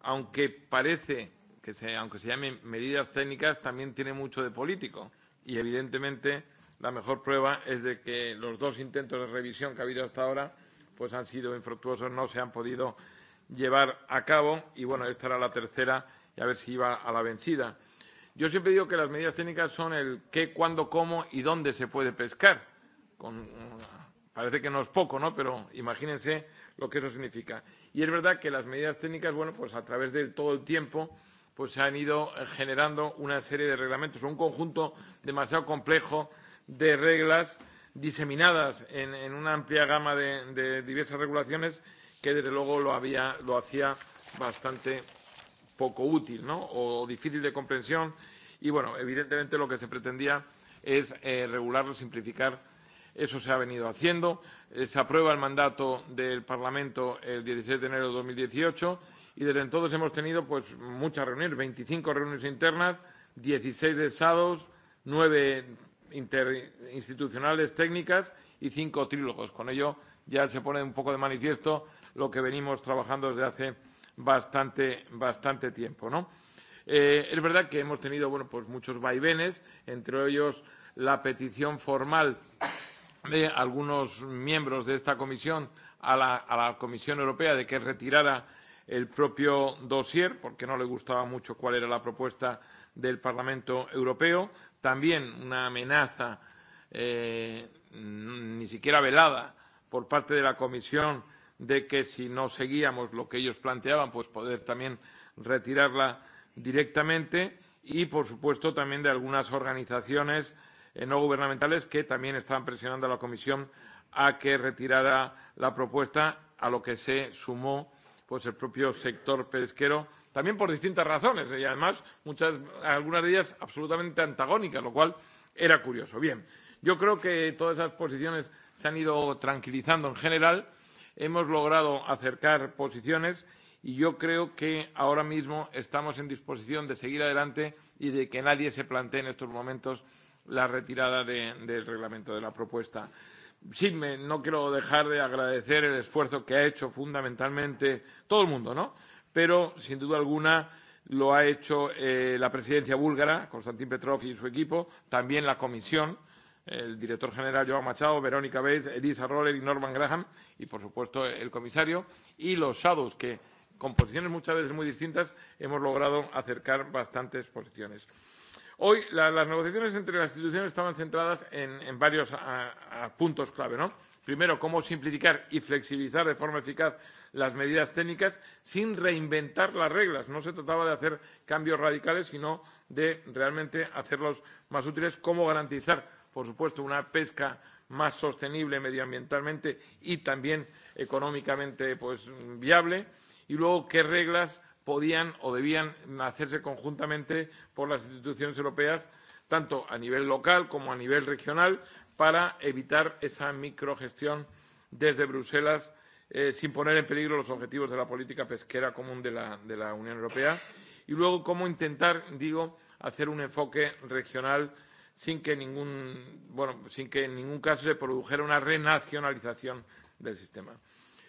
aunque parece que se, aunque se llamen medidas técnicas, también tiene mucho de político. Y evidentemente la mejor prueba es de que los dos intentos de revisión que ha habido hasta ahora pues han sido infructuosos, no se han podido llevar a cabo y bueno, esta era la tercera y a ver si iba a la vencida. Yo siempre digo que las medidas técnicas son el qué, cuándo, cómo y dónde se puede pescar. Con, parece que no es poco, ¿no? Pero imagínense lo que eso significa. Y es verdad que las medidas técnicas, bueno, pues a través de todo el tiempo, pues se han ido generando una serie de reglamentos, un conjunto demasiado complejo de reglas diseminadas en, en una amplia gama de, de diversas regulaciones que desde luego lo, había, lo hacía bastante poco útil ¿no? o difícil de comprensión y bueno, evidentemente lo que se pretendía es eh, regularlo, simplificar. Eso se ha venido haciendo. Eh, se aprueba el mandato del Parlamento el 16 de enero de 2018 y desde entonces hemos tenido pues muchas reuniones, 25 reuniones internas, 16 de sábados, 9 interinstitucionales técnicas y cinco trílogos. Con ello ya se pone un poco de manifiesto lo que venimos trabajando desde hace bastante, bastante tiempo. ¿no? Eh, es verdad que hemos tenido bueno, pues muchos vaivenes, entre ellos la petición formal de algunos miembros de esta comisión a la, a la Comisión Europea de que retirara el propio dossier, porque no le gustaba mucho cuál era la propuesta del Parlamento Europeo. También una amenaza eh, ni siquiera velada por parte de la Comisión de que si no seguíamos lo que ellos planteaban, pues poder también retirarla directamente y, por supuesto, también de algunas organizaciones eh, no gubernamentales que también estaban presionando a la Comisión a que retirara la propuesta, a lo que se sumó pues el propio sector pesquero también por distintas razones y además muchas, algunas de ellas absolutamente antagónicas, lo cual era curioso. Bien, yo creo que todas esas posiciones se han ido tranquilizando en general, hemos logrado acercar posiciones y yo creo que ahora mismo estamos en disposición de seguir adelante y de que nadie se plantee en estos momentos la retirada de, del reglamento de la propuesta. Sí, me, no quiero dejar de agradecer el esfuerzo que ha hecho fundamentalmente todo el mundo, ¿no? pero sin duda alguna lo ha hecho eh, la presidencia búlgara, Konstantin Petrov y su equipo, también la comisión, el director general Joao Machado, Verónica Bates, Elisa Roller y Norman Graham, y por supuesto el comisario, y los SADOS, que con posiciones muchas veces muy distintas hemos logrado acercar bastantes posiciones. Hoy la, las negociaciones entre las instituciones estaban centradas en, en varios a, a puntos clave. ¿no? Primero, cómo simplificar y flexibilizar de forma eficaz las medidas técnicas sin reinventar las reglas. No se trataba de hacer cambios radicales, sino de realmente hacerlos más útiles. ¿Cómo garantizar, por supuesto, una pesca más sostenible medioambientalmente y también económicamente pues, viable? Y luego, ¿qué reglas podían o debían hacerse conjuntamente por las instituciones europeas, tanto a nivel local como a nivel regional, para evitar esa microgestión desde Bruselas eh, sin poner en peligro los objetivos de la política pesquera común de la, de la Unión Europea. Y luego, cómo intentar, digo, hacer un enfoque regional sin que, ningún, bueno, sin que en ningún caso se produjera una renacionalización del sistema.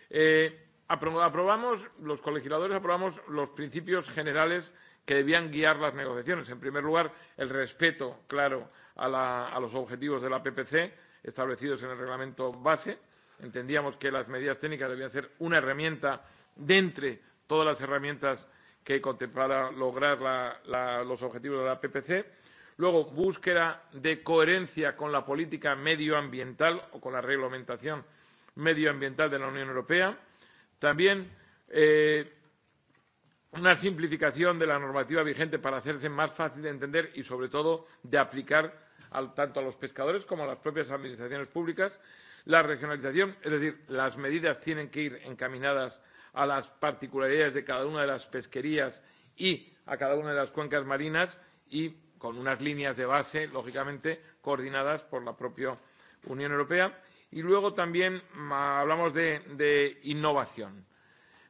Eh, apro aprobamos, los colegisladores aprobamos los principios generales que debían guiar las negociaciones. En primer lugar, el respeto, claro, a, la, a los objetivos de la PPC establecidos en el reglamento base entendíamos que las medidas técnicas debían ser una herramienta de entre todas las herramientas que contemplara lograr la, la, los objetivos de la PPC. Luego, búsqueda de coherencia con la política medioambiental o con la reglamentación medioambiental de la Unión Europea. También eh, una simplificación de la normativa vigente para hacerse más fácil de entender y, sobre todo, de aplicar al, tanto a los pescadores como a las propias administraciones públicas La regionalización, es decir, las medidas tienen que ir encaminadas a las particularidades de cada una de las pesquerías y a cada una de las cuencas marinas y con unas líneas de base, lógicamente, coordinadas por la propia Unión Europea. Y luego también mm, hablamos de, de innovación.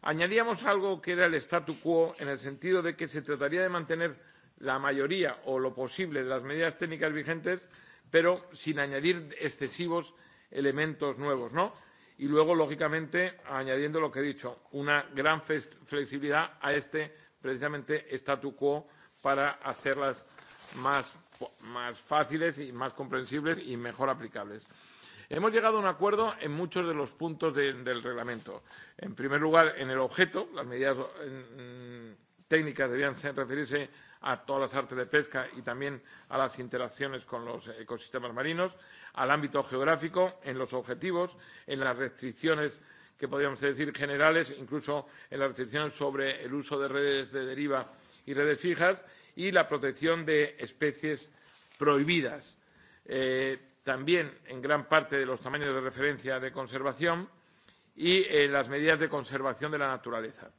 Añadíamos algo que era el statu quo, en el sentido de que se trataría de mantener la mayoría o lo posible de las medidas técnicas vigentes, pero sin añadir excesivos elementos nuevos, ¿no? Y luego, lógicamente, añadiendo lo que he dicho, una gran flexibilidad a este, precisamente, statu quo para hacerlas más, más fáciles y más comprensibles y mejor aplicables. Hemos llegado a un acuerdo en muchos de los puntos de, del reglamento. En primer lugar, en el objeto, las medidas en, técnicas debían ser, referirse a todas las artes de pesca y también a las interacciones con los ecosistemas marinos, al ámbito geográfico, en los objetivos, en las restricciones que podríamos decir generales, incluso en las restricciones sobre el uso de redes de deriva y redes fijas, y la protección de especies prohibidas. Eh, también en gran parte de los tamaños de referencia de conservación y eh, las medidas de conservación de la naturaleza.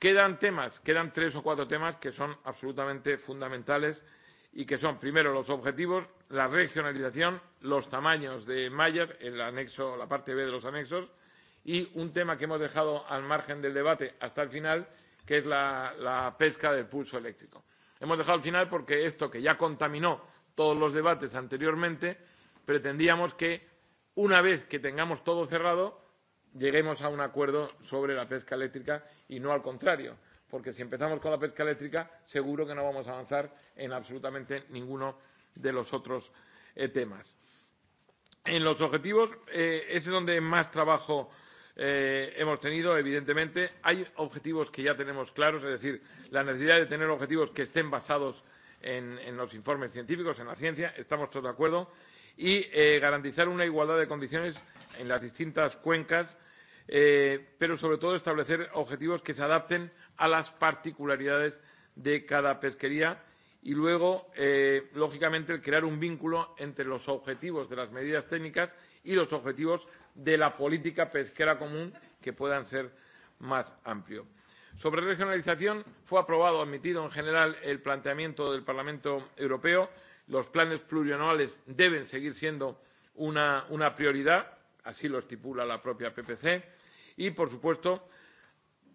Quedan temas, quedan tres o cuatro temas que son absolutamente fundamentales y que son, primero, los objetivos, la regionalización, los tamaños de mallas, el anexo, la parte B de los anexos, y un tema que hemos dejado al margen del debate hasta el final, que es la, la pesca del pulso eléctrico. Hemos dejado al final porque esto, que ya contaminó todos los debates anteriormente, pretendíamos que, una vez que tengamos todo cerrado, lleguemos a un acuerdo sobre la pesca eléctrica y no al contrario, porque si empezamos con la pesca eléctrica seguro que no vamos a avanzar en absolutamente ninguno de los otros eh, temas. En los objetivos, eh, ese es donde más trabajo eh, hemos tenido, evidentemente. Hay objetivos que ya tenemos claros, es decir, la necesidad de tener objetivos que estén basados en, en los informes científicos, en la ciencia, estamos todos de acuerdo, y eh, garantizar una igualdad de condiciones en las distintas cuencas, eh, pero sobre todo establecer objetivos que se adapten a las particularidades de cada pesquería y luego, eh, lógicamente, el crear un vínculo entre los objetivos de las medidas técnicas y los objetivos de la política pesquera común que puedan ser más amplios. Sobre regionalización, fue aprobado, admitido en general el planteamiento del Parlamento Europeo. Los planes plurianuales deben seguir siendo una, una prioridad así lo estipula la propia PPC, y, por supuesto,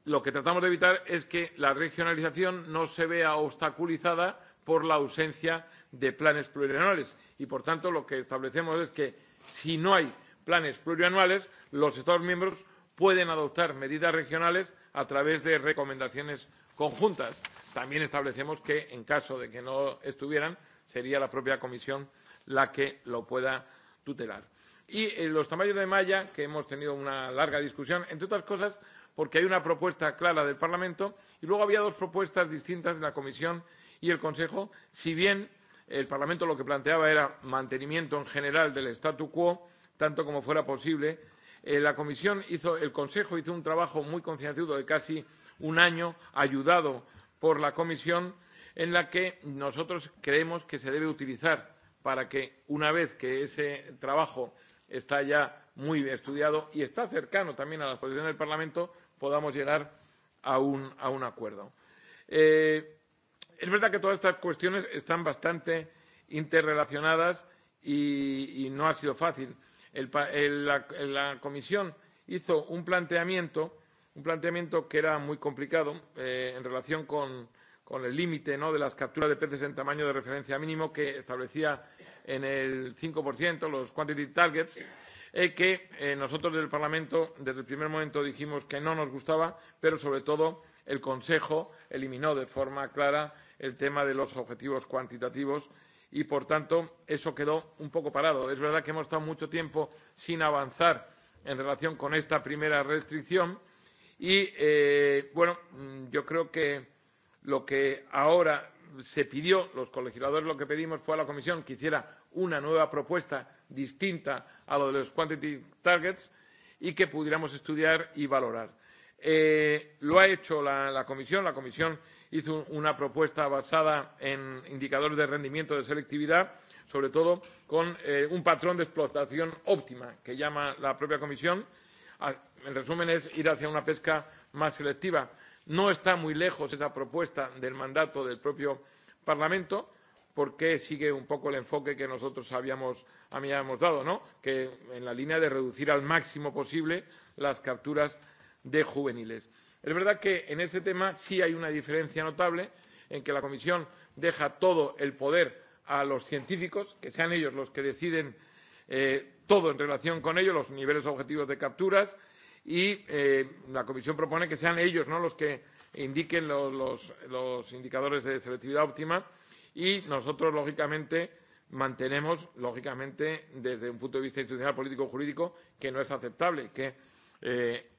lo que tratamos de evitar es que la regionalización no se vea obstaculizada por la ausencia de planes plurianuales. Y, por tanto, lo que establecemos es que, si no hay planes plurianuales, los Estados miembros pueden adoptar medidas regionales a través de recomendaciones conjuntas. También establecemos que, en caso de que no estuvieran, sería la propia Comisión la que lo pueda tutelar. Y en eh, los tamaños de malla, que hemos tenido una larga discusión, entre otras cosas, porque hay una propuesta clara del Parlamento y luego había dos propuestas distintas de la Comisión y el Consejo, si bien el Parlamento lo que planteaba era mantenimiento en general del statu quo, tanto como fuera posible. Eh, la Comisión hizo, el Consejo hizo un trabajo muy concienciado de casi un año, ayudado por la Comisión, en la que nosotros creemos que se debe utilizar para que, una vez que ese trabajo está ya muy estudiado y está cercano también a la posición del Parlamento, podamos llegar a un, a un acuerdo. Eh, es verdad que todas estas cuestiones están bastante interrelacionadas y, y no ha sido fácil. El, el, la, la Comisión hizo un planteamiento, un planteamiento que era muy complicado eh, en relación con, con el límite ¿no? de las capturas de peces en tamaño de referencia mínimo que establecía en el 5%, los quantity targets, eh, que eh, nosotros del Parlamento desde el primer momento dijimos que no nos gustaba, pero sobre todo el Consejo eliminó de forma clara el tema de los objetivos cuantitativos y, por tanto, eso quedó un poco parado. Es verdad que hemos estado mucho tiempo sin avanzar en relación con esta primera restricción y, eh, bueno, mm, yo creo que lo que ahora se pidió, los colegisladores lo que pedimos fue a la Comisión que hiciera una nueva propuesta distinta a lo de los quantity targets y que pudiéramos estudiar y valorar. Eh, lo ha hecho la, la Comisión. La Comisión hizo una propuesta basada en indicadores de rendimiento de selectividad, sobre todo con eh, un patrón de explotación óptima que llama la propia Comisión. Ah, en resumen, es ir hacia una pesca más selectiva. No está muy lejos esa propuesta del mandato del propio Parlamento, porque sigue un poco el enfoque que nosotros habíamos, habíamos dado, ¿no? que en la línea de reducir al máximo posible las capturas de juveniles. Es verdad que en ese tema sí hay una diferencia notable en que la Comisión deja todo el poder a los científicos, que sean ellos los que deciden eh, todo en relación con ello, los niveles objetivos de capturas, y eh, la Comisión propone que sean ellos ¿no? los que indiquen los, los, los indicadores de selectividad óptima y nosotros, lógicamente, mantenemos, lógicamente, desde un punto de vista institucional, político, jurídico, que no es aceptable, que eh,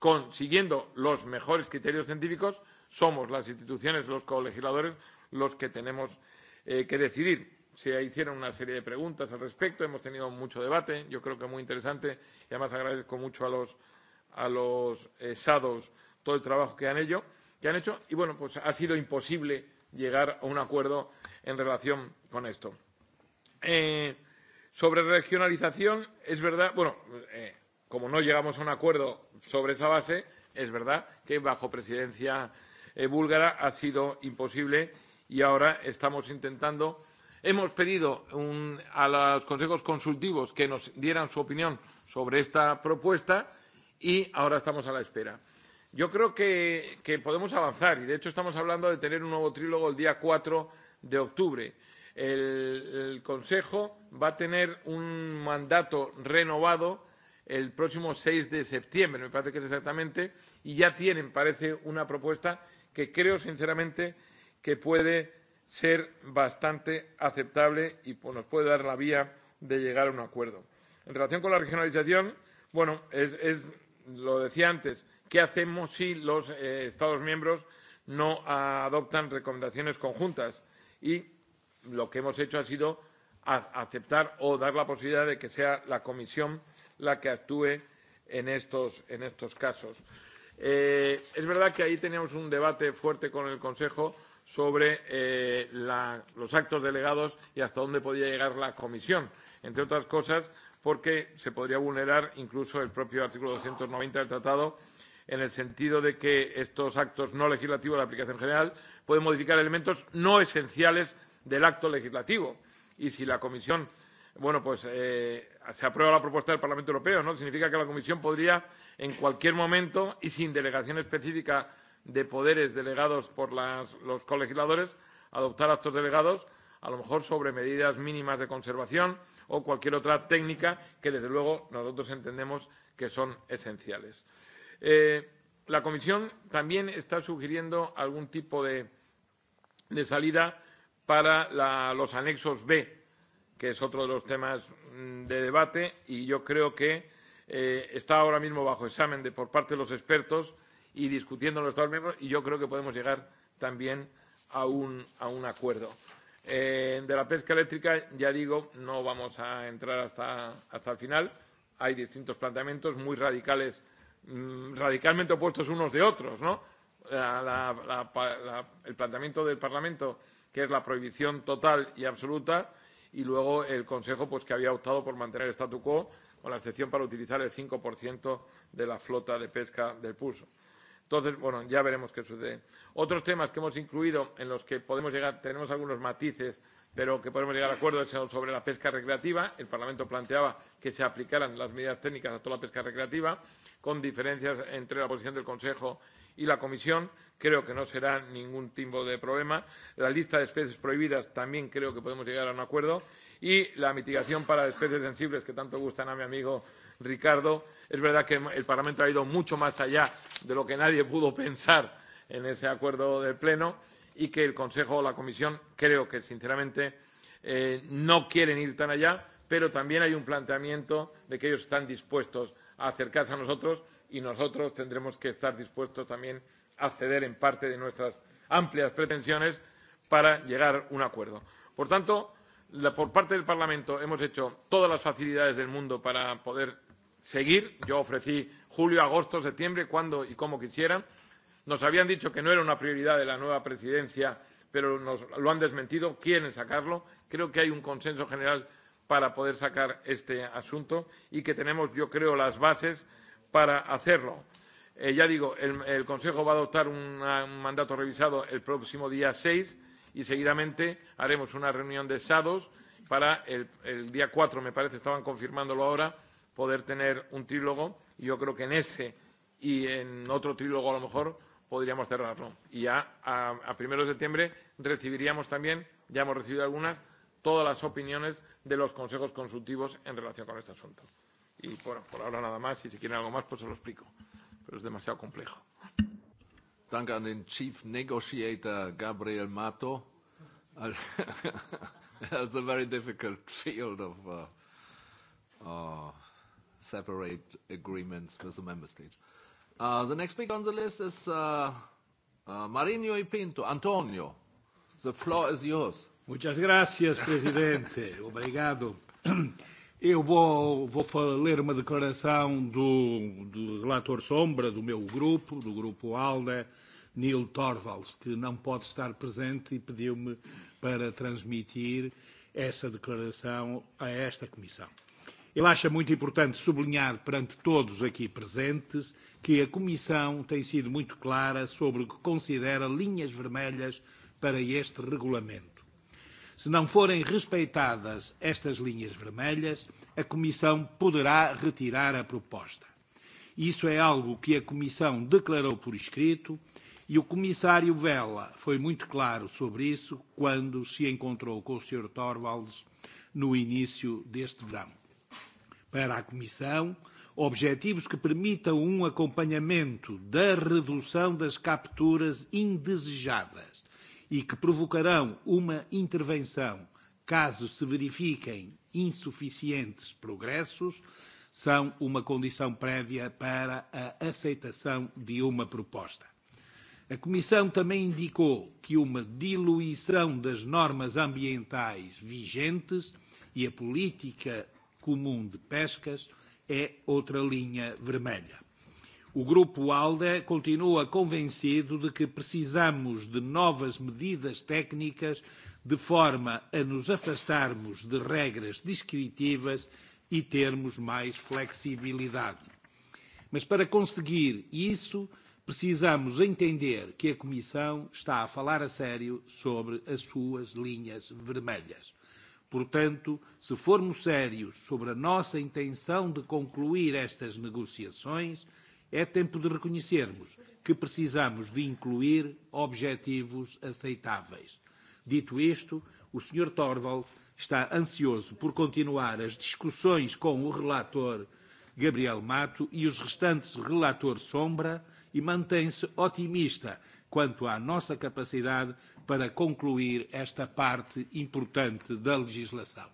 consiguiendo los mejores criterios científicos somos las instituciones, los colegisladores, los que tenemos eh, que decidir. Se hicieron una serie de preguntas al respecto, hemos tenido mucho debate, yo creo que muy interesante, y además agradezco mucho a los a los eh, SADOS todo el trabajo que han, hecho, que han hecho. Y bueno, pues ha sido imposible llegar a un acuerdo en relación con esto. Eh, sobre regionalización, es verdad, bueno, eh, como no llegamos a un acuerdo sobre esa base, es verdad que bajo presidencia eh, búlgara ha sido imposible y ahora estamos intentando. Hemos pedido un, a los consejos consultivos que nos dieran su opinión sobre esta propuesta y ahora estamos a la espera. Yo creo que, que podemos avanzar y, de hecho, estamos hablando de tener un nuevo trílogo el día 4 de octubre. El, el Consejo va a tener un mandato renovado el próximo 6 de septiembre, me parece que es exactamente, y ya tienen, parece, una propuesta que creo sinceramente que puede ser bastante aceptable y pues, nos puede dar la vía de llegar a un acuerdo. En relación con la regionalización, bueno, es, es lo decía antes, ¿qué hacemos si los eh, Estados miembros no a, adoptan recomendaciones conjuntas? Y lo que hemos hecho ha sido a, aceptar o dar la posibilidad de que sea la Comisión la que actúe en estos, en estos casos. Eh, es verdad que ahí teníamos un debate fuerte con el Consejo sobre eh, la, los actos delegados y hasta dónde podía llegar la Comisión. Entre otras cosas, porque se podría vulnerar incluso el propio artículo 290 del tratado en el sentido de que estos actos no legislativos de aplicación general pueden modificar elementos no esenciales del acto legislativo. Y si la Comisión, bueno, pues eh, se aprueba la propuesta del Parlamento Europeo, ¿no? Significa que la Comisión podría en cualquier momento y sin delegación específica de poderes delegados por las, los colegisladores adoptar actos delegados, a lo mejor sobre medidas mínimas de conservación, o cualquier otra técnica que, desde luego, nosotros entendemos que son esenciales. Eh, la Comisión también está sugiriendo algún tipo de, de salida para la, los anexos B, que es otro de los temas mm, de debate, y yo creo que eh, está ahora mismo bajo examen de, por parte de los expertos y discutiendo los Estados miembros, y yo creo que podemos llegar también a un, a un acuerdo. Eh, de la pesca eléctrica, ya digo, no vamos a entrar hasta, hasta el final. Hay distintos planteamientos muy radicales, mmm, radicalmente opuestos unos de otros, ¿no? La, la, la, la, el planteamiento del Parlamento, que es la prohibición total y absoluta, y luego el Consejo, pues que había optado por mantener el statu quo, con la excepción para utilizar el 5% de la flota de pesca del pulso. Entonces, bueno, ya veremos qué sucede. Otros temas que hemos incluido en los que podemos llegar, tenemos algunos matices, pero que podemos llegar a acuerdo es sobre la pesca recreativa. El Parlamento planteaba que se aplicaran las medidas técnicas a toda la pesca recreativa, con diferencias entre la posición del Consejo y la Comisión. Creo que no será ningún tipo de problema. La lista de especies prohibidas también creo que podemos llegar a un acuerdo. Y la mitigación para especies sensibles, que tanto gustan a mi amigo Ricardo. Es verdad que el Parlamento ha ido mucho más allá de lo que nadie pudo pensar en ese acuerdo de pleno y que el Consejo o la Comisión creo que, sinceramente, eh, no quieren ir tan allá, pero también hay un planteamiento de que ellos están dispuestos a acercarse a nosotros y nosotros tendremos que estar dispuestos también a ceder en parte de nuestras amplias pretensiones para llegar a un acuerdo. Por tanto, la, por parte del Parlamento hemos hecho todas las facilidades del mundo para poder seguir. Yo ofrecí julio, agosto, septiembre, cuando y como quisieran. Nos habían dicho que no era una prioridad de la nueva presidencia, pero nos lo han desmentido. Quieren sacarlo. Creo que hay un consenso general para poder sacar este asunto y que tenemos, yo creo, las bases para hacerlo. Eh, ya digo, el, el Consejo va a adoptar un, un mandato revisado el próximo día 6 y seguidamente haremos una reunión de SADOS para el, el día 4, me parece, estaban confirmándolo ahora, poder tener un trílogo. Y yo creo que en ese y en otro trílogo a lo mejor podríamos cerrarlo. Y ya a, a primero de septiembre recibiríamos también, ya hemos recibido algunas, todas las opiniones de los consejos consultivos en relación con este asunto. Y bueno, por ahora nada más. Y si quieren algo más, pues se lo explico. Pero es demasiado complejo. Danke an den Chief Negotiator Gabriel Mato. That's a very difficult field of uh, uh, separate agreements with the member states. Uh, the next speaker on the list is uh, uh, Marino y Pinto. Antonio, the floor is yours. Muchas gracias, Presidente. Obrigado. Eu vou, vou ler uma declaração do, do relator Sombra, do meu grupo, do grupo ALDE, Neil Torvalds, que não pode estar presente e pediu-me para transmitir essa declaração a esta Comissão. Ele acha muito importante sublinhar perante todos aqui presentes que a Comissão tem sido muito clara sobre o que considera linhas vermelhas para este regulamento. Se não forem respeitadas estas linhas vermelhas, a Comissão poderá retirar a proposta. Isso é algo que a Comissão declarou por escrito e o Comissário Vela foi muito claro sobre isso quando se encontrou com o Sr. Torvalds no início deste verão para a Comissão objetivos que permitam um acompanhamento da redução das capturas indesejadas e que provocarão uma intervenção caso se verifiquem insuficientes progressos, são uma condição prévia para a aceitação de uma proposta. A Comissão também indicou que uma diluição das normas ambientais vigentes e a política Comum de Pescas é outra linha vermelha. O Grupo ALDE continua convencido de que precisamos de novas medidas técnicas de forma a nos afastarmos de regras descritivas e termos mais flexibilidade. Mas para conseguir isso, precisamos entender que a Comissão está a falar a sério sobre as suas linhas vermelhas. Portanto, se formos sérios sobre a nossa intenção de concluir estas negociações, é tempo de reconhecermos que precisamos de incluir objetivos aceitáveis. Dito isto, o Sr. Torvald está ansioso por continuar as discussões com o relator Gabriel Mato e os restantes relator Sombra e mantém-se otimista quanto à nossa capacidade para concluir esta parte importante da legislação.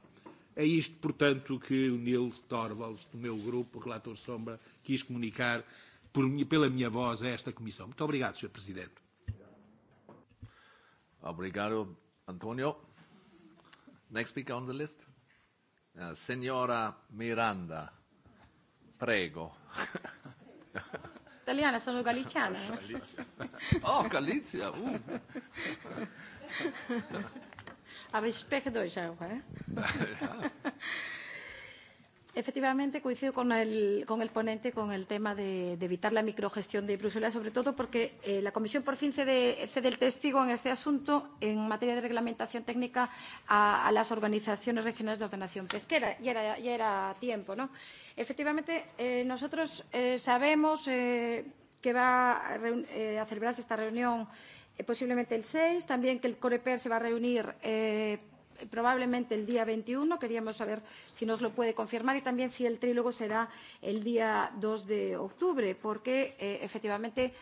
É isto, portanto, que o Nils Torvalds, do meu grupo, relator Sombra, quis comunicar por, pela minha voz a esta Comissão. Muito obrigado, Sr. Presidente. Obrigado, António. Next speaker on the list, uh, eh, Senhora Miranda. Prego. italiana, sono galiciana. oh, Galizia, uh. Aber ich spreche Deutsch auch, eh? ja. Eh, eh. Efectivamente, coincido con el, con el ponente con el tema de, de evitar la microgestión de Bruselas, sobre todo porque eh, la Comisión por fin cede, cede el testigo en este asunto en materia de reglamentación técnica a, a las organizaciones regionales de ordenación pesquera. Ya era, ya era tiempo, ¿no? Efectivamente, eh, nosotros eh, sabemos eh, que va a, eh, a celebrarse esta reunión eh, posiblemente el 6, también que el Coreper se va a reunir. Eh, probablemente el día 21. Queríamos saber si nos lo puede confirmar y también si el trílogo será el día 2 de octubre, porque eh, efectivamente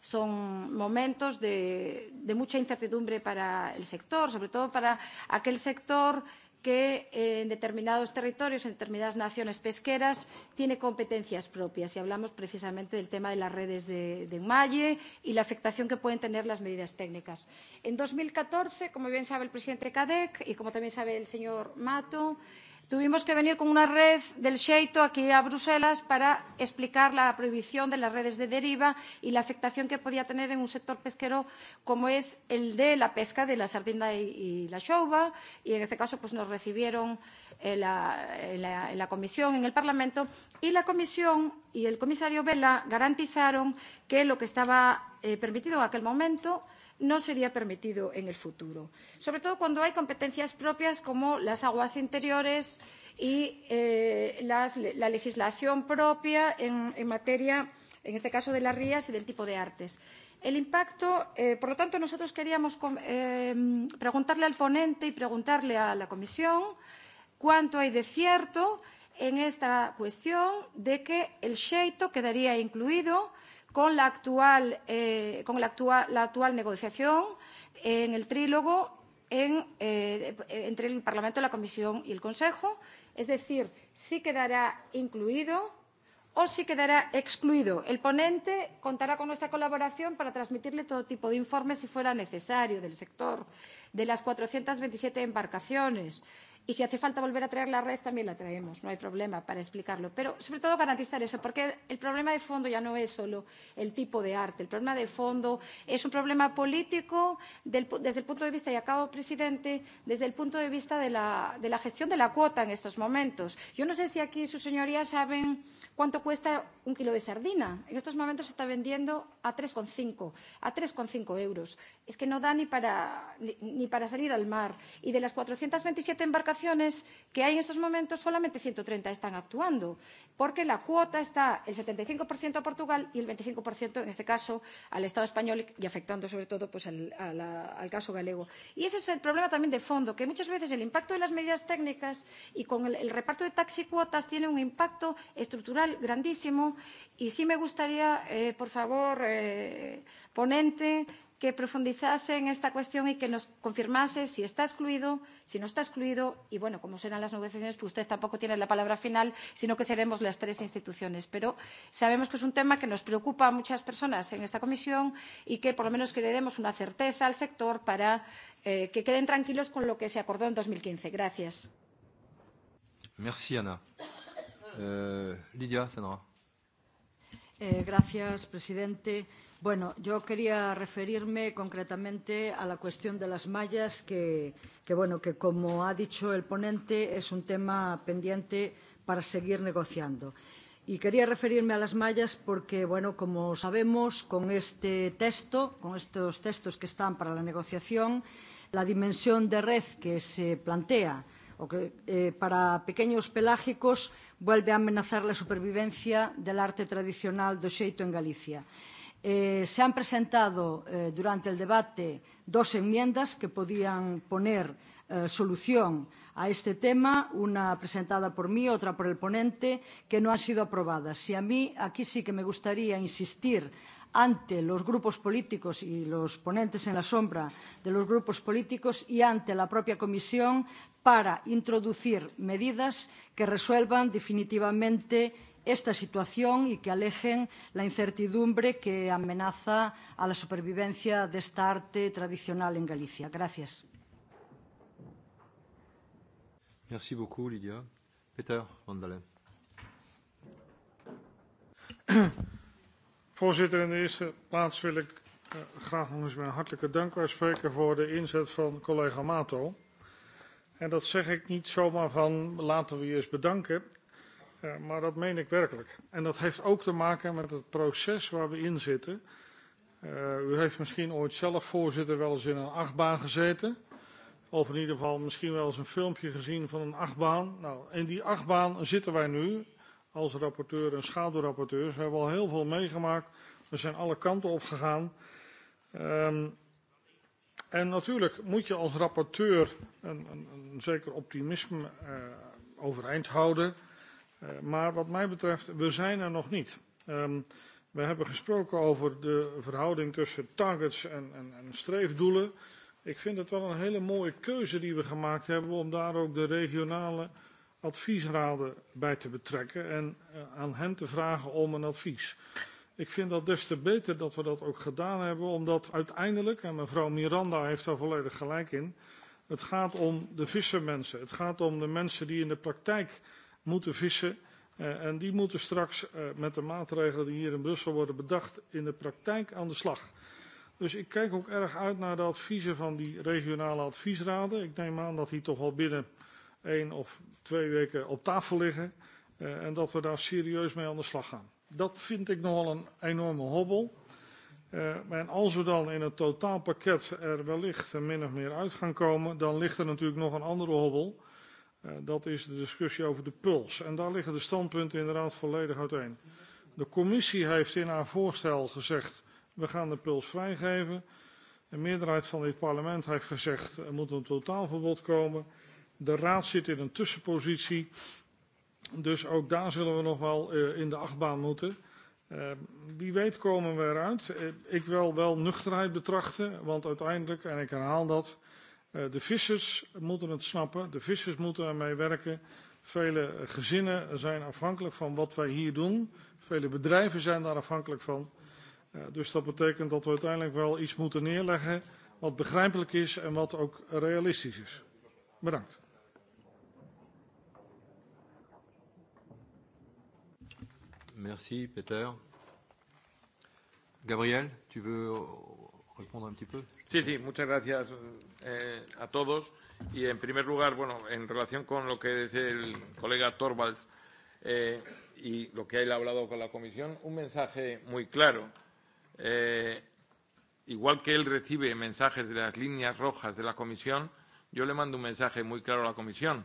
son momentos de, de mucha incertidumbre para el sector, sobre todo para aquel sector que eh, en determinados territorios, en determinadas naciones pesqueras, tiene competencias propias. Y hablamos precisamente del tema de las redes de, de malle y la afectación que pueden tener las medidas técnicas. En 2014, como bien sabe el presidente Cadec y como también sabe el señor Mato, Tuvimos que venir con una red del Xeito aquí a Bruselas para explicar la prohibición de las redes de deriva y la afectación que podía tener en un sector pesquero como es el de la pesca de la sardina y, y la chouba. Y en este caso pues, nos recibieron en eh, la, en, eh, la, en la comisión, en el Parlamento, y la comisión y el comisario Vela garantizaron que lo que estaba eh, permitido en aquel momento no sería permitido en el futuro, sobre todo cuando hay competencias propias como las aguas interiores y eh, las, la legislación propia en, en materia, en este caso, de las rías y del tipo de artes. El impacto, eh, por lo tanto, nosotros queríamos eh, preguntarle al ponente y preguntarle a la comisión eh, cuánto hay de cierto en esta cuestión de que el xeito quedaría incluido con la actual, eh, con la actual, la actual negociación en el trílogo en, eh, entre el Parlamento, la Comisión y el Consejo. Es decir, sí quedará incluido o sí quedará excluido. El ponente contará con nuestra colaboración para transmitirle todo tipo de informes, si fuera necesario, del sector, de las 427 embarcaciones, Y si hace falta volver a traer la red, también la traemos, no hay problema para explicarlo. Pero sobre todo garantizar eso, porque el problema de fondo ya no es solo el tipo de arte. El problema de fondo es un problema político del, desde el punto de vista, y acabo, presidente, desde el punto de vista de la, de la gestión de la cuota en estos momentos. Yo no sé si aquí sus señorías saben cuánto cuesta un kilo de sardina. En estos momentos se está vendiendo a 3,5, a 3,5 euros. Es que no da ni para, ni, ni para salir al mar. Y de las 427 embarcaciones, delegaciones que hay en estos momentos, solamente 130 están actuando, porque la cuota está el 75% a Portugal y el 25% en este caso al Estado español y afectando sobre todo pues, al, a la, al caso galego. Y ese es el problema también de fondo, que muchas veces el impacto de las medidas técnicas y con el, el reparto de taxi cuotas tiene un impacto estructural grandísimo y sí me gustaría, eh, por favor, eh, ponente, que profundizase en esta cuestión y que nos confirmase si está excluido, si no está excluido. Y bueno, como serán las negociaciones, pues usted tampoco tiene la palabra final, sino que seremos las tres instituciones. Pero sabemos que es un tema que nos preocupa a muchas personas en esta comisión y que por lo menos que le demos una certeza al sector para eh, que queden tranquilos con lo que se acordó en 2015. Gracias. Merci, Ana. Eh, Lidia, Sandra. Eh, gracias, presidente. Bueno, yo quería referirme concretamente a la cuestión de las mallas, que, que, bueno, que como ha dicho el ponente, es un tema pendiente para seguir negociando. Y quería referirme a las mallas porque, bueno, como sabemos, con este texto, con estos textos que están para la negociación, la dimensión de red que se plantea o que, eh, para pequeños pelágicos vuelve a amenazar la supervivencia del arte tradicional do xeito en Galicia. Eh, se han presentado eh, durante el debate dos enmiendas que podían poner eh, solución a este tema, una presentada por mí, otra por el ponente, que no han sido aprobadas. Y a mí aquí sí que me gustaría insistir ante los grupos políticos y los ponentes en la sombra de los grupos políticos y ante la propia comisión para introducir medidas que resuelvan definitivamente esta situación y que alejen la incertidumbre que amenaza a la supervivencia de esta arte tradicional en Galicia. Gracias. Merci beaucoup, Lydia. Peter van Voorzitter, in de eerste plaats wil ik uh, graag nog eens mijn hartelijke dank uitspreken voor de inzet van collega Mato. En dat zeg ik niet zomaar van laten we je eens bedanken. Uh, maar dat meen ik werkelijk. En dat heeft ook te maken met het proces waar we in zitten. Uh, u heeft misschien ooit zelf voorzitter wel eens in een achtbaan gezeten. Of in ieder geval misschien wel eens een filmpje gezien van een achtbaan. Nou, in die achtbaan zitten wij nu als rapporteur en schaduwrapporteurs. We hebben al heel veel meegemaakt. We zijn alle kanten op gegaan. Um, en natuurlijk moet je als rapporteur een, een, een zeker optimisme uh, overeind houden. Eh, maar wat mij betreft, we zijn er nog niet. Um, we hebben gesproken over de verhouding tussen targets en, en, en streefdoelen. Ik vind het wel een hele mooie keuze die we gemaakt hebben om daar ook de regionale adviesraden bij te betrekken en uh, aan hen te vragen om een advies. Ik vind dat des te beter dat we dat ook gedaan hebben, omdat uiteindelijk, en mevrouw Miranda heeft daar volledig gelijk in, het gaat om de vissermensen. Het gaat om de mensen die in de praktijk moeten vissen. Uh, en die moeten straks uh, met de maatregelen die hier in Brussel worden bedacht in de praktijk aan de slag. Dus ik kijk ook erg uit naar de adviezen van die regionale adviesraden. Ik neem aan dat die toch al binnen één of twee weken op tafel liggen. Uh, en dat we daar serieus mee aan de slag gaan. Dat vind ik nogal een enorme hobbel. Uh, en als we dan in het totaalpakket er wellicht min of meer uit gaan komen, dan ligt er natuurlijk nog een andere hobbel. Eh, dat is de discussie over de puls. En daar liggen de standpunten inderdaad volledig uiteen. De commissie heeft in haar voorstel gezegd, we gaan de puls vrijgeven. De meerderheid van dit parlement heeft gezegd, er moet een totaalverbod komen. De raad zit in een tussenpositie. Dus ook daar zullen we nog wel eh, in de achtbaan moeten. Ehm, wie weet komen we eruit. Eh, ik wil wel nuchterheid betrachten, want uiteindelijk, en ik herhaal dat, Eh, de vissers moeten het snappen, de vissers moeten ermee werken. Vele eh, gezinnen zijn afhankelijk van wat wij hier doen. Vele bedrijven zijn daar afhankelijk van. Eh, dus dat betekent dat we uiteindelijk wel iets moeten neerleggen wat begrijpelijk is en wat ook realistisch is. Bedankt. Merci Peter. Gabriel, tu veux répondre un petit peu? Sí, sí, muchas gracias eh, a todos. Y en primer lugar, bueno, en relación con lo que dice el colega Torvalds eh, y lo que ha hablado con la Comisión, un mensaje muy claro. Eh, igual que él recibe mensajes de las líneas rojas de la Comisión, yo le mando un mensaje muy claro a la Comisión.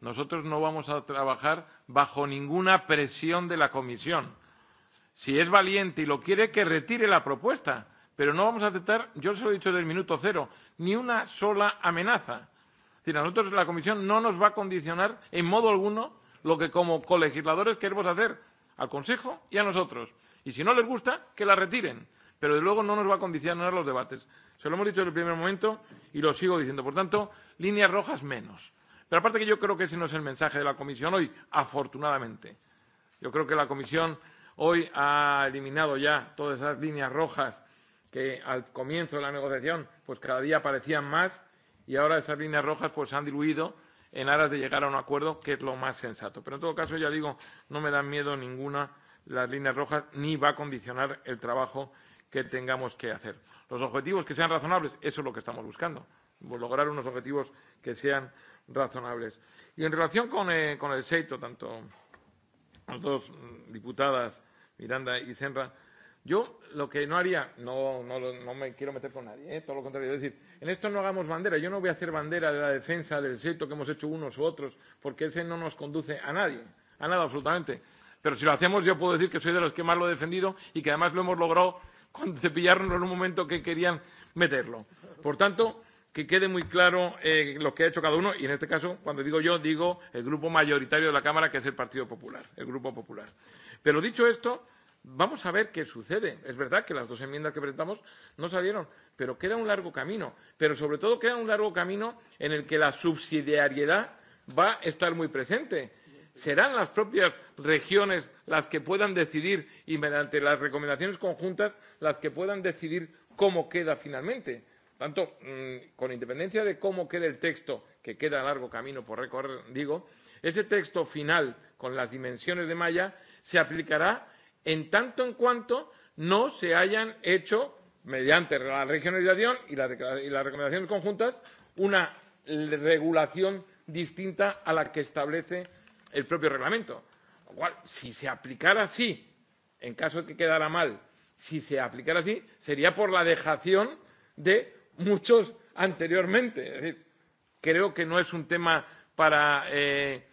Nosotros no vamos a trabajar bajo ninguna presión de la Comisión. Si es valiente y lo quiere, que retire la propuesta Pero no vamos a aceptar, yo se lo he dicho desde el minuto cero, ni una sola amenaza. Es decir, a nosotros la Comisión no nos va a condicionar en modo alguno lo que como colegisladores queremos hacer al Consejo y a nosotros. Y si no les gusta, que la retiren. Pero de luego no nos va a condicionar los debates. Se lo hemos dicho desde el primer momento y lo sigo diciendo. Por tanto, líneas rojas menos. Pero aparte que yo creo que ese no es el mensaje de la Comisión hoy, afortunadamente. Yo creo que la Comisión hoy ha eliminado ya todas esas líneas rojas que al comienzo de la negociación pues cada día parecían más y ahora esas líneas rojas pues se han diluido en aras de llegar a un acuerdo que es lo más sensato. Pero en todo caso, ya digo, no me dan miedo ninguna las líneas rojas ni va a condicionar el trabajo que tengamos que hacer. Los objetivos que sean razonables, eso es lo que estamos buscando, lograr unos objetivos que sean razonables. Y en relación con, eh, con el SEITO, tanto las dos diputadas Miranda y Senra Yo lo que no haría, no, no, no me quiero meter con nadie, ¿eh? todo lo contrario, es decir, en esto no hagamos bandera, yo no voy a hacer bandera de la defensa del seto que hemos hecho unos u otros, porque ese no nos conduce a nadie, a nada absolutamente. Pero si lo hacemos, yo puedo decir que soy de los que más lo he defendido y que además lo hemos logrado con cepillarnos en un momento que querían meterlo. Por tanto, que quede muy claro eh, lo que ha hecho cada uno y en este caso, cuando digo yo, digo el grupo mayoritario de la Cámara, que es el Partido Popular, el Grupo Popular. Pero dicho esto, Vamos a ver qué sucede. Es verdad que las dos enmiendas que presentamos no salieron, pero queda un largo camino. Pero sobre todo queda un largo camino en el que la subsidiariedad va a estar muy presente. Serán las propias regiones las que puedan decidir y mediante las recomendaciones conjuntas las que puedan decidir cómo queda finalmente. Tanto, mmm, con independencia de cómo quede el texto, que queda largo camino por recorrer, digo, ese texto final con las dimensiones de malla se aplicará en tanto en cuanto no se hayan hecho, mediante la regionalización y, la, y las recomendaciones conjuntas, una regulación distinta a la que establece el propio reglamento. Lo cual, si se aplicara así, en caso de que quedara mal, si se aplicara así, sería por la dejación de muchos anteriormente. Es decir, creo que no es un tema para eh,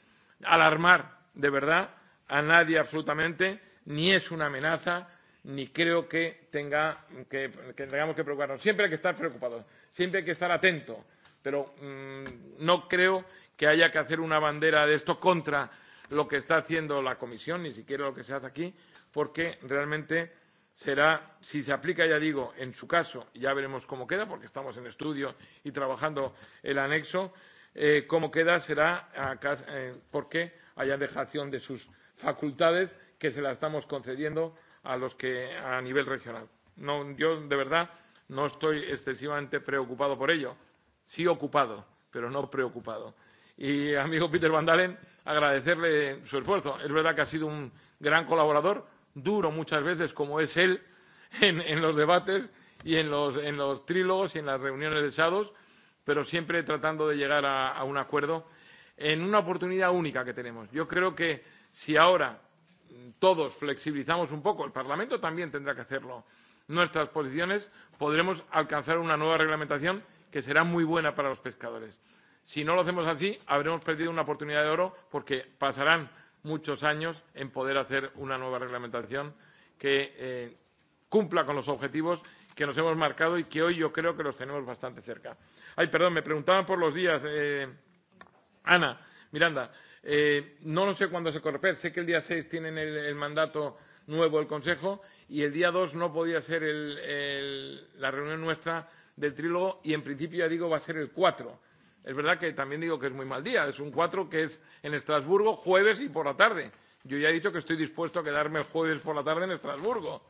alarmar de verdad a nadie absolutamente ni es una amenaza, ni creo que, tenga, que, que tengamos que preocuparnos. Siempre hay que estar preocupados, siempre hay que estar atento, pero mmm, no creo que haya que hacer una bandera de esto contra lo que está haciendo la Comisión, ni siquiera lo que se hace aquí, porque realmente será, si se aplica, ya digo, en su caso, ya veremos cómo queda, porque estamos en estudio y trabajando el anexo, eh, cómo queda será acá, eh, porque haya dejación de sus facultades que se la estamos concediendo a los que a nivel regional. No, yo de verdad no estoy excesivamente preocupado por ello. Sí ocupado, pero no preocupado. Y amigo Peter Van Dalen, agradecerle su esfuerzo. Es verdad que ha sido un gran colaborador, duro muchas veces como es él en, en los debates y en los, en los trílogos y en las reuniones de Sados, pero siempre tratando de llegar a, a un acuerdo en una oportunidad única que tenemos. Yo creo que si ahora todos flexibilizamos un poco, el Parlamento también tendrá que hacerlo, nuestras posiciones, podremos alcanzar una nueva reglamentación que será muy buena para los pescadores. Si no lo hacemos así, habremos perdido una oportunidad de oro porque pasarán muchos años en poder hacer una nueva reglamentación que eh, cumpla con los objetivos que nos hemos marcado y que hoy yo creo que los tenemos bastante cerca. Ay, perdón, me preguntaban por los días, eh, Ana, Miranda. Eh, no lo sé cuándo se corre. Sé que el día 6 tienen el, el mandato nuevo el Consejo y el día 2 no podía ser el, el, la reunión nuestra del trílogo y en principio ya digo va a ser el 4. Es verdad que también digo que es muy mal día. Es un 4 que es en Estrasburgo jueves y por la tarde. Yo ya he dicho que estoy dispuesto a quedarme el jueves por la tarde en Estrasburgo.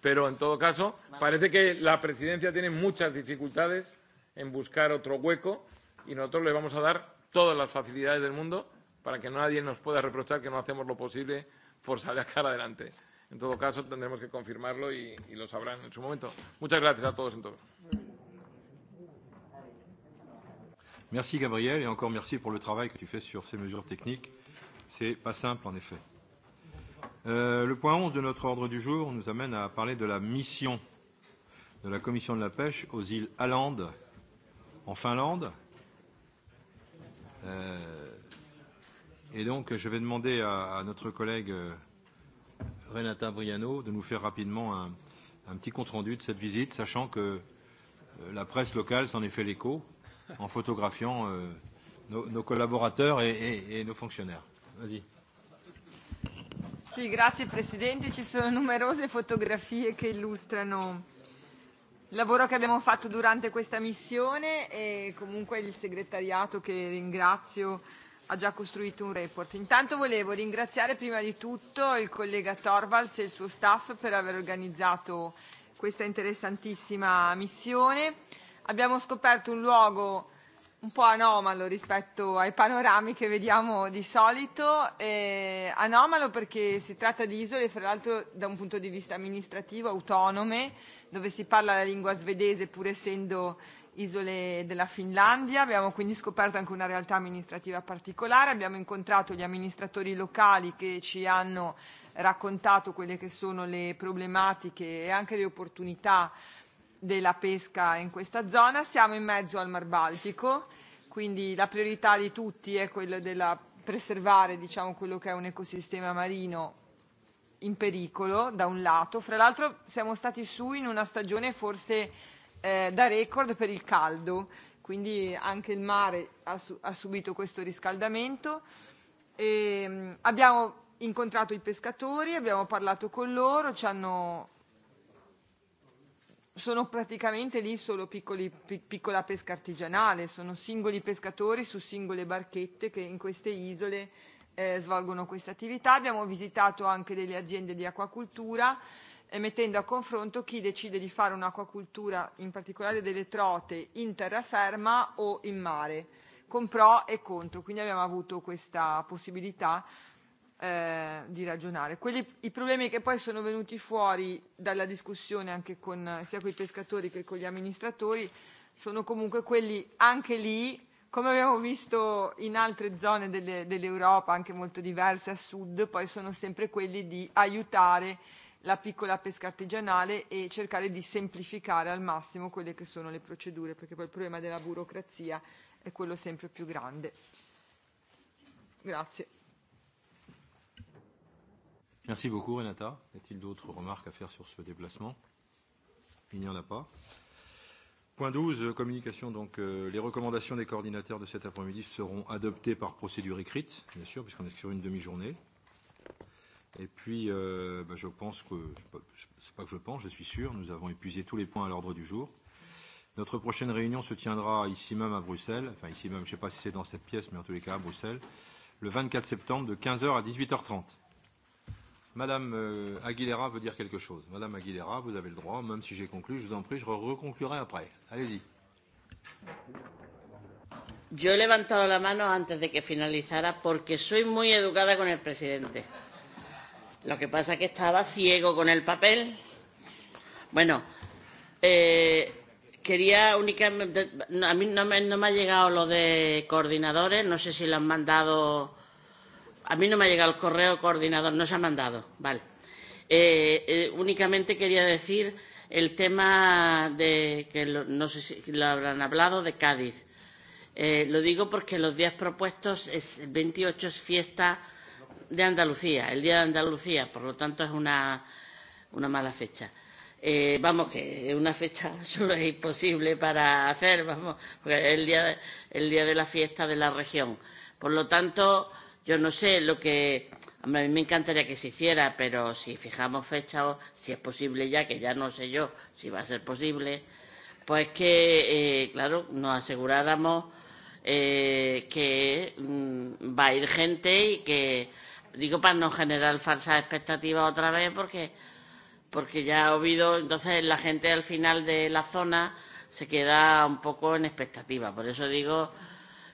Pero en todo caso, parece que la presidencia tiene muchas dificultades en buscar otro hueco y nosotros le vamos a dar todas las facilidades del mundo para que nadie nos pueda reprochar que no hacemos lo posible por sacar adelante. En todo caso, tendremos que confirmarlo y, y lo sabrán en su momento. Muchas gracias a todos en todo. Merci Gabriel et encore merci pour le travail que tu fais sur ces mesures techniques. C'est pas simple en effet. Euh, le point 11 de notre ordre du jour nous amène à parler de la mission de la Commission de la pêche aux îles Åland en Finlande. Euh, Et donc, je vais demander à, à notre collègue euh, Renata Briano de nous faire rapidement un, un petit compte-rendu de cette visite, sachant que euh, la presse locale s'en est fait l'écho en photographiant euh, nos, nos collaborateurs et, et, et nos fonctionnaires. Vas-y. Sì, grazie Presidente. Ci sono numerose fotografie che illustrano il lavoro che abbiamo fatto durante questa missione e comunque il segretariato che ringrazio ha già costruito un report. Intanto volevo ringraziare prima di tutto il collega Torvalds e il suo staff per aver organizzato questa interessantissima missione. Abbiamo scoperto un luogo un po' anomalo rispetto ai panorami che vediamo di solito, eh, anomalo perché si tratta di isole, fra l'altro da un punto di vista amministrativo autonome, dove si parla la lingua svedese pur essendo isole della Finlandia, abbiamo quindi scoperto anche una realtà amministrativa particolare, abbiamo incontrato gli amministratori locali che ci hanno raccontato quelle che sono le problematiche e anche le opportunità della pesca in questa zona. Siamo in mezzo al Mar Baltico, quindi la priorità di tutti è quella della preservare diciamo, quello che è un ecosistema marino in pericolo da un lato, fra l'altro siamo stati su in una stagione forse eh, da record per il caldo, quindi anche il mare ha, su- ha subito questo riscaldamento. E, abbiamo incontrato i pescatori, abbiamo parlato con loro, ci hanno sono praticamente lì solo piccoli, pi, piccola pesca artigianale, sono singoli pescatori su singole barchette che in queste isole eh, svolgono questa attività. Abbiamo visitato anche delle aziende di acquacultura e mettendo a confronto chi decide di fare un'acquacultura, in particolare delle trote, in terraferma o in mare, con pro e contro. Quindi abbiamo avuto questa possibilità eh, di ragionare. Quelli, I problemi che poi sono venuti fuori dalla discussione anche con, sia con i pescatori che con gli amministratori sono comunque quelli anche lì come abbiamo visto in altre zone delle, dell'Europa, anche molto diverse a sud, poi sono sempre quelli di aiutare la piccola pesca artigianale e cercare di semplificare al massimo quelle che sono le procedure, perché poi il problema della burocrazia è quello sempre più grande. Grazie. Merci beaucoup Renata. Y a-t-il d'autres remarques à faire sur ce déplacement Il n'y en a pas. Point 12, communication. Donc, euh, les recommandations des coordinateurs de cet après-midi seront adoptées par procédure écrite, bien sûr, puisqu'on est sur une demi-journée. Et puis, euh, bah, je pense que, c'est pas que je pense, je suis sûr, nous avons épuisé tous les points à l'ordre du jour. Notre prochaine réunion se tiendra ici même à Bruxelles, enfin ici même, je ne sais pas si c'est dans cette pièce, mais en tous les cas à Bruxelles, le 24 septembre de 15h à 18h30. Madame euh, Aguilera veut dire quelque chose. Madame Aguilera, vous avez le droit, même si j'ai conclu, je vous en prie, je reconclurai après. Allez-y. Yo he levantado la mano antes de que finalizara porque soy muy educada con el presidente. Lo que pasa es que estaba ciego con el papel. Bueno, eh, quería únicamente. A mí no me, no me ha llegado lo de coordinadores, no sé si lo han mandado. A mí no me ha llegado el correo coordinador, no se ha mandado, vale. Eh, eh, únicamente quería decir el tema de que lo, no sé si lo habrán hablado de Cádiz. Eh, lo digo porque los días propuestos es 28 es fiesta de Andalucía, el Día de Andalucía, por lo tanto es una, una mala fecha. Eh, vamos, que una fecha solo es imposible para hacer, vamos, porque es el día, de, el día de la fiesta de la región. Por lo tanto, yo no sé lo que. a mí me encantaría que se hiciera, pero si fijamos fecha o si es posible ya, que ya no sé yo si va a ser posible, pues que, eh, claro, nos aseguráramos eh, que mm, va a ir gente y que digo para no generar falsas expectativas otra vez, porque, porque ya ha habido, entonces la gente al final de la zona se queda un poco en expectativa. Por eso digo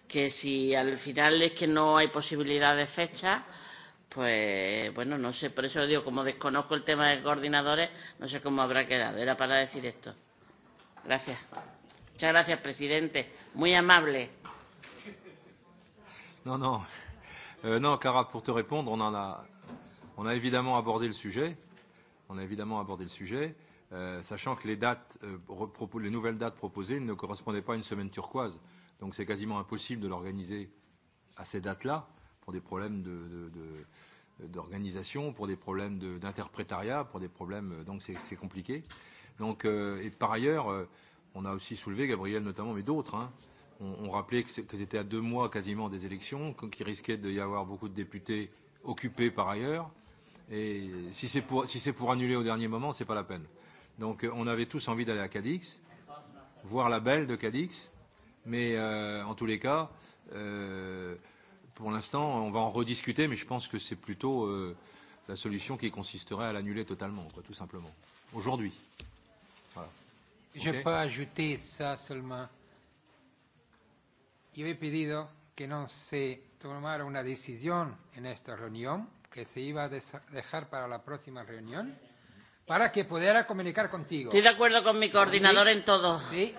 que si al final es que no hay posibilidad de fecha, pues bueno, no sé, por eso digo, como desconozco el tema de coordinadores, no sé cómo habrá quedado. Era para decir esto. Gracias. Muchas gracias, presidente. Muy amable. No, no. Euh, non, Cara, pour te répondre, on en a, on a évidemment abordé le sujet. On a évidemment abordé le sujet, euh, sachant que les dates, euh, propos, les nouvelles dates proposées ne correspondaient pas à une semaine turquoise. Donc c'est quasiment impossible de l'organiser à ces dates-là pour des problèmes de. de, de d'organisation, pour des problèmes d'interprétariat, de, pour des problèmes, euh, donc c'est compliqué. Donc, euh, et par ailleurs, euh, on a aussi soulevé, Gabriel notamment, mais d'autres, hein, euh, on, on rappelait que c'était à deux mois quasiment des élections, qu'il risquait d'y avoir beaucoup de députés occupés par ailleurs. Et si c'est pour, si pour annuler au dernier moment, ce n'est pas la peine. Donc euh, on avait tous envie d'aller à Cadix, voir la belle de Cadix, mais euh, en tous les cas, euh, pour l'instant, on va en rediscuter, mais je pense que c'est plutôt euh, la solution qui consisterait à l'annuler totalement, quoi, tout simplement, aujourd'hui. Voilà. Okay. Je peux ajouter ça seulement yo he pedido que no se tomara una decisión en esta reunión, que se iba a dejar para la próxima reunión, para que pudiera comunicar contigo. Estoy de acuerdo con mi coordinador ¿Sí? en todo. Sí.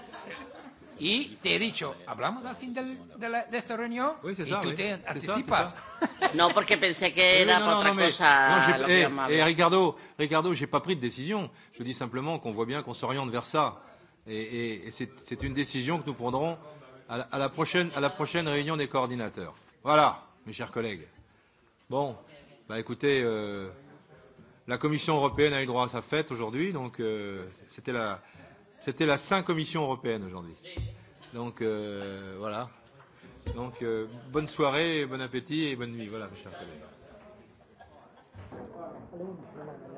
Y te he dicho, hablamos al fin del, de, la, de esta reunión se y sabe, tú te eh? anticipas. Se se sabe, sabe. No, porque pensé que eh, era no, no, otra no, cosa. Non, eh, eh, eh, Ricardo, Ricardo, j'ai pas pris de décision. Je dis simplement qu'on voit bien qu'on s'oriente vers ça. Et, et, et c'est une décision que nous prendrons à la, à la, prochaine, à la prochaine réunion des coordinateurs. Voilà, mes chers collègues. Bon, bah écoutez, euh, la Commission européenne a eu droit à sa fête aujourd'hui, donc euh, c'était la, c'était la Saint Commission européenne aujourd'hui. Donc euh, voilà. Donc euh, bonne soirée, bon appétit et bonne nuit. Voilà, mes chers collègues. Thank you.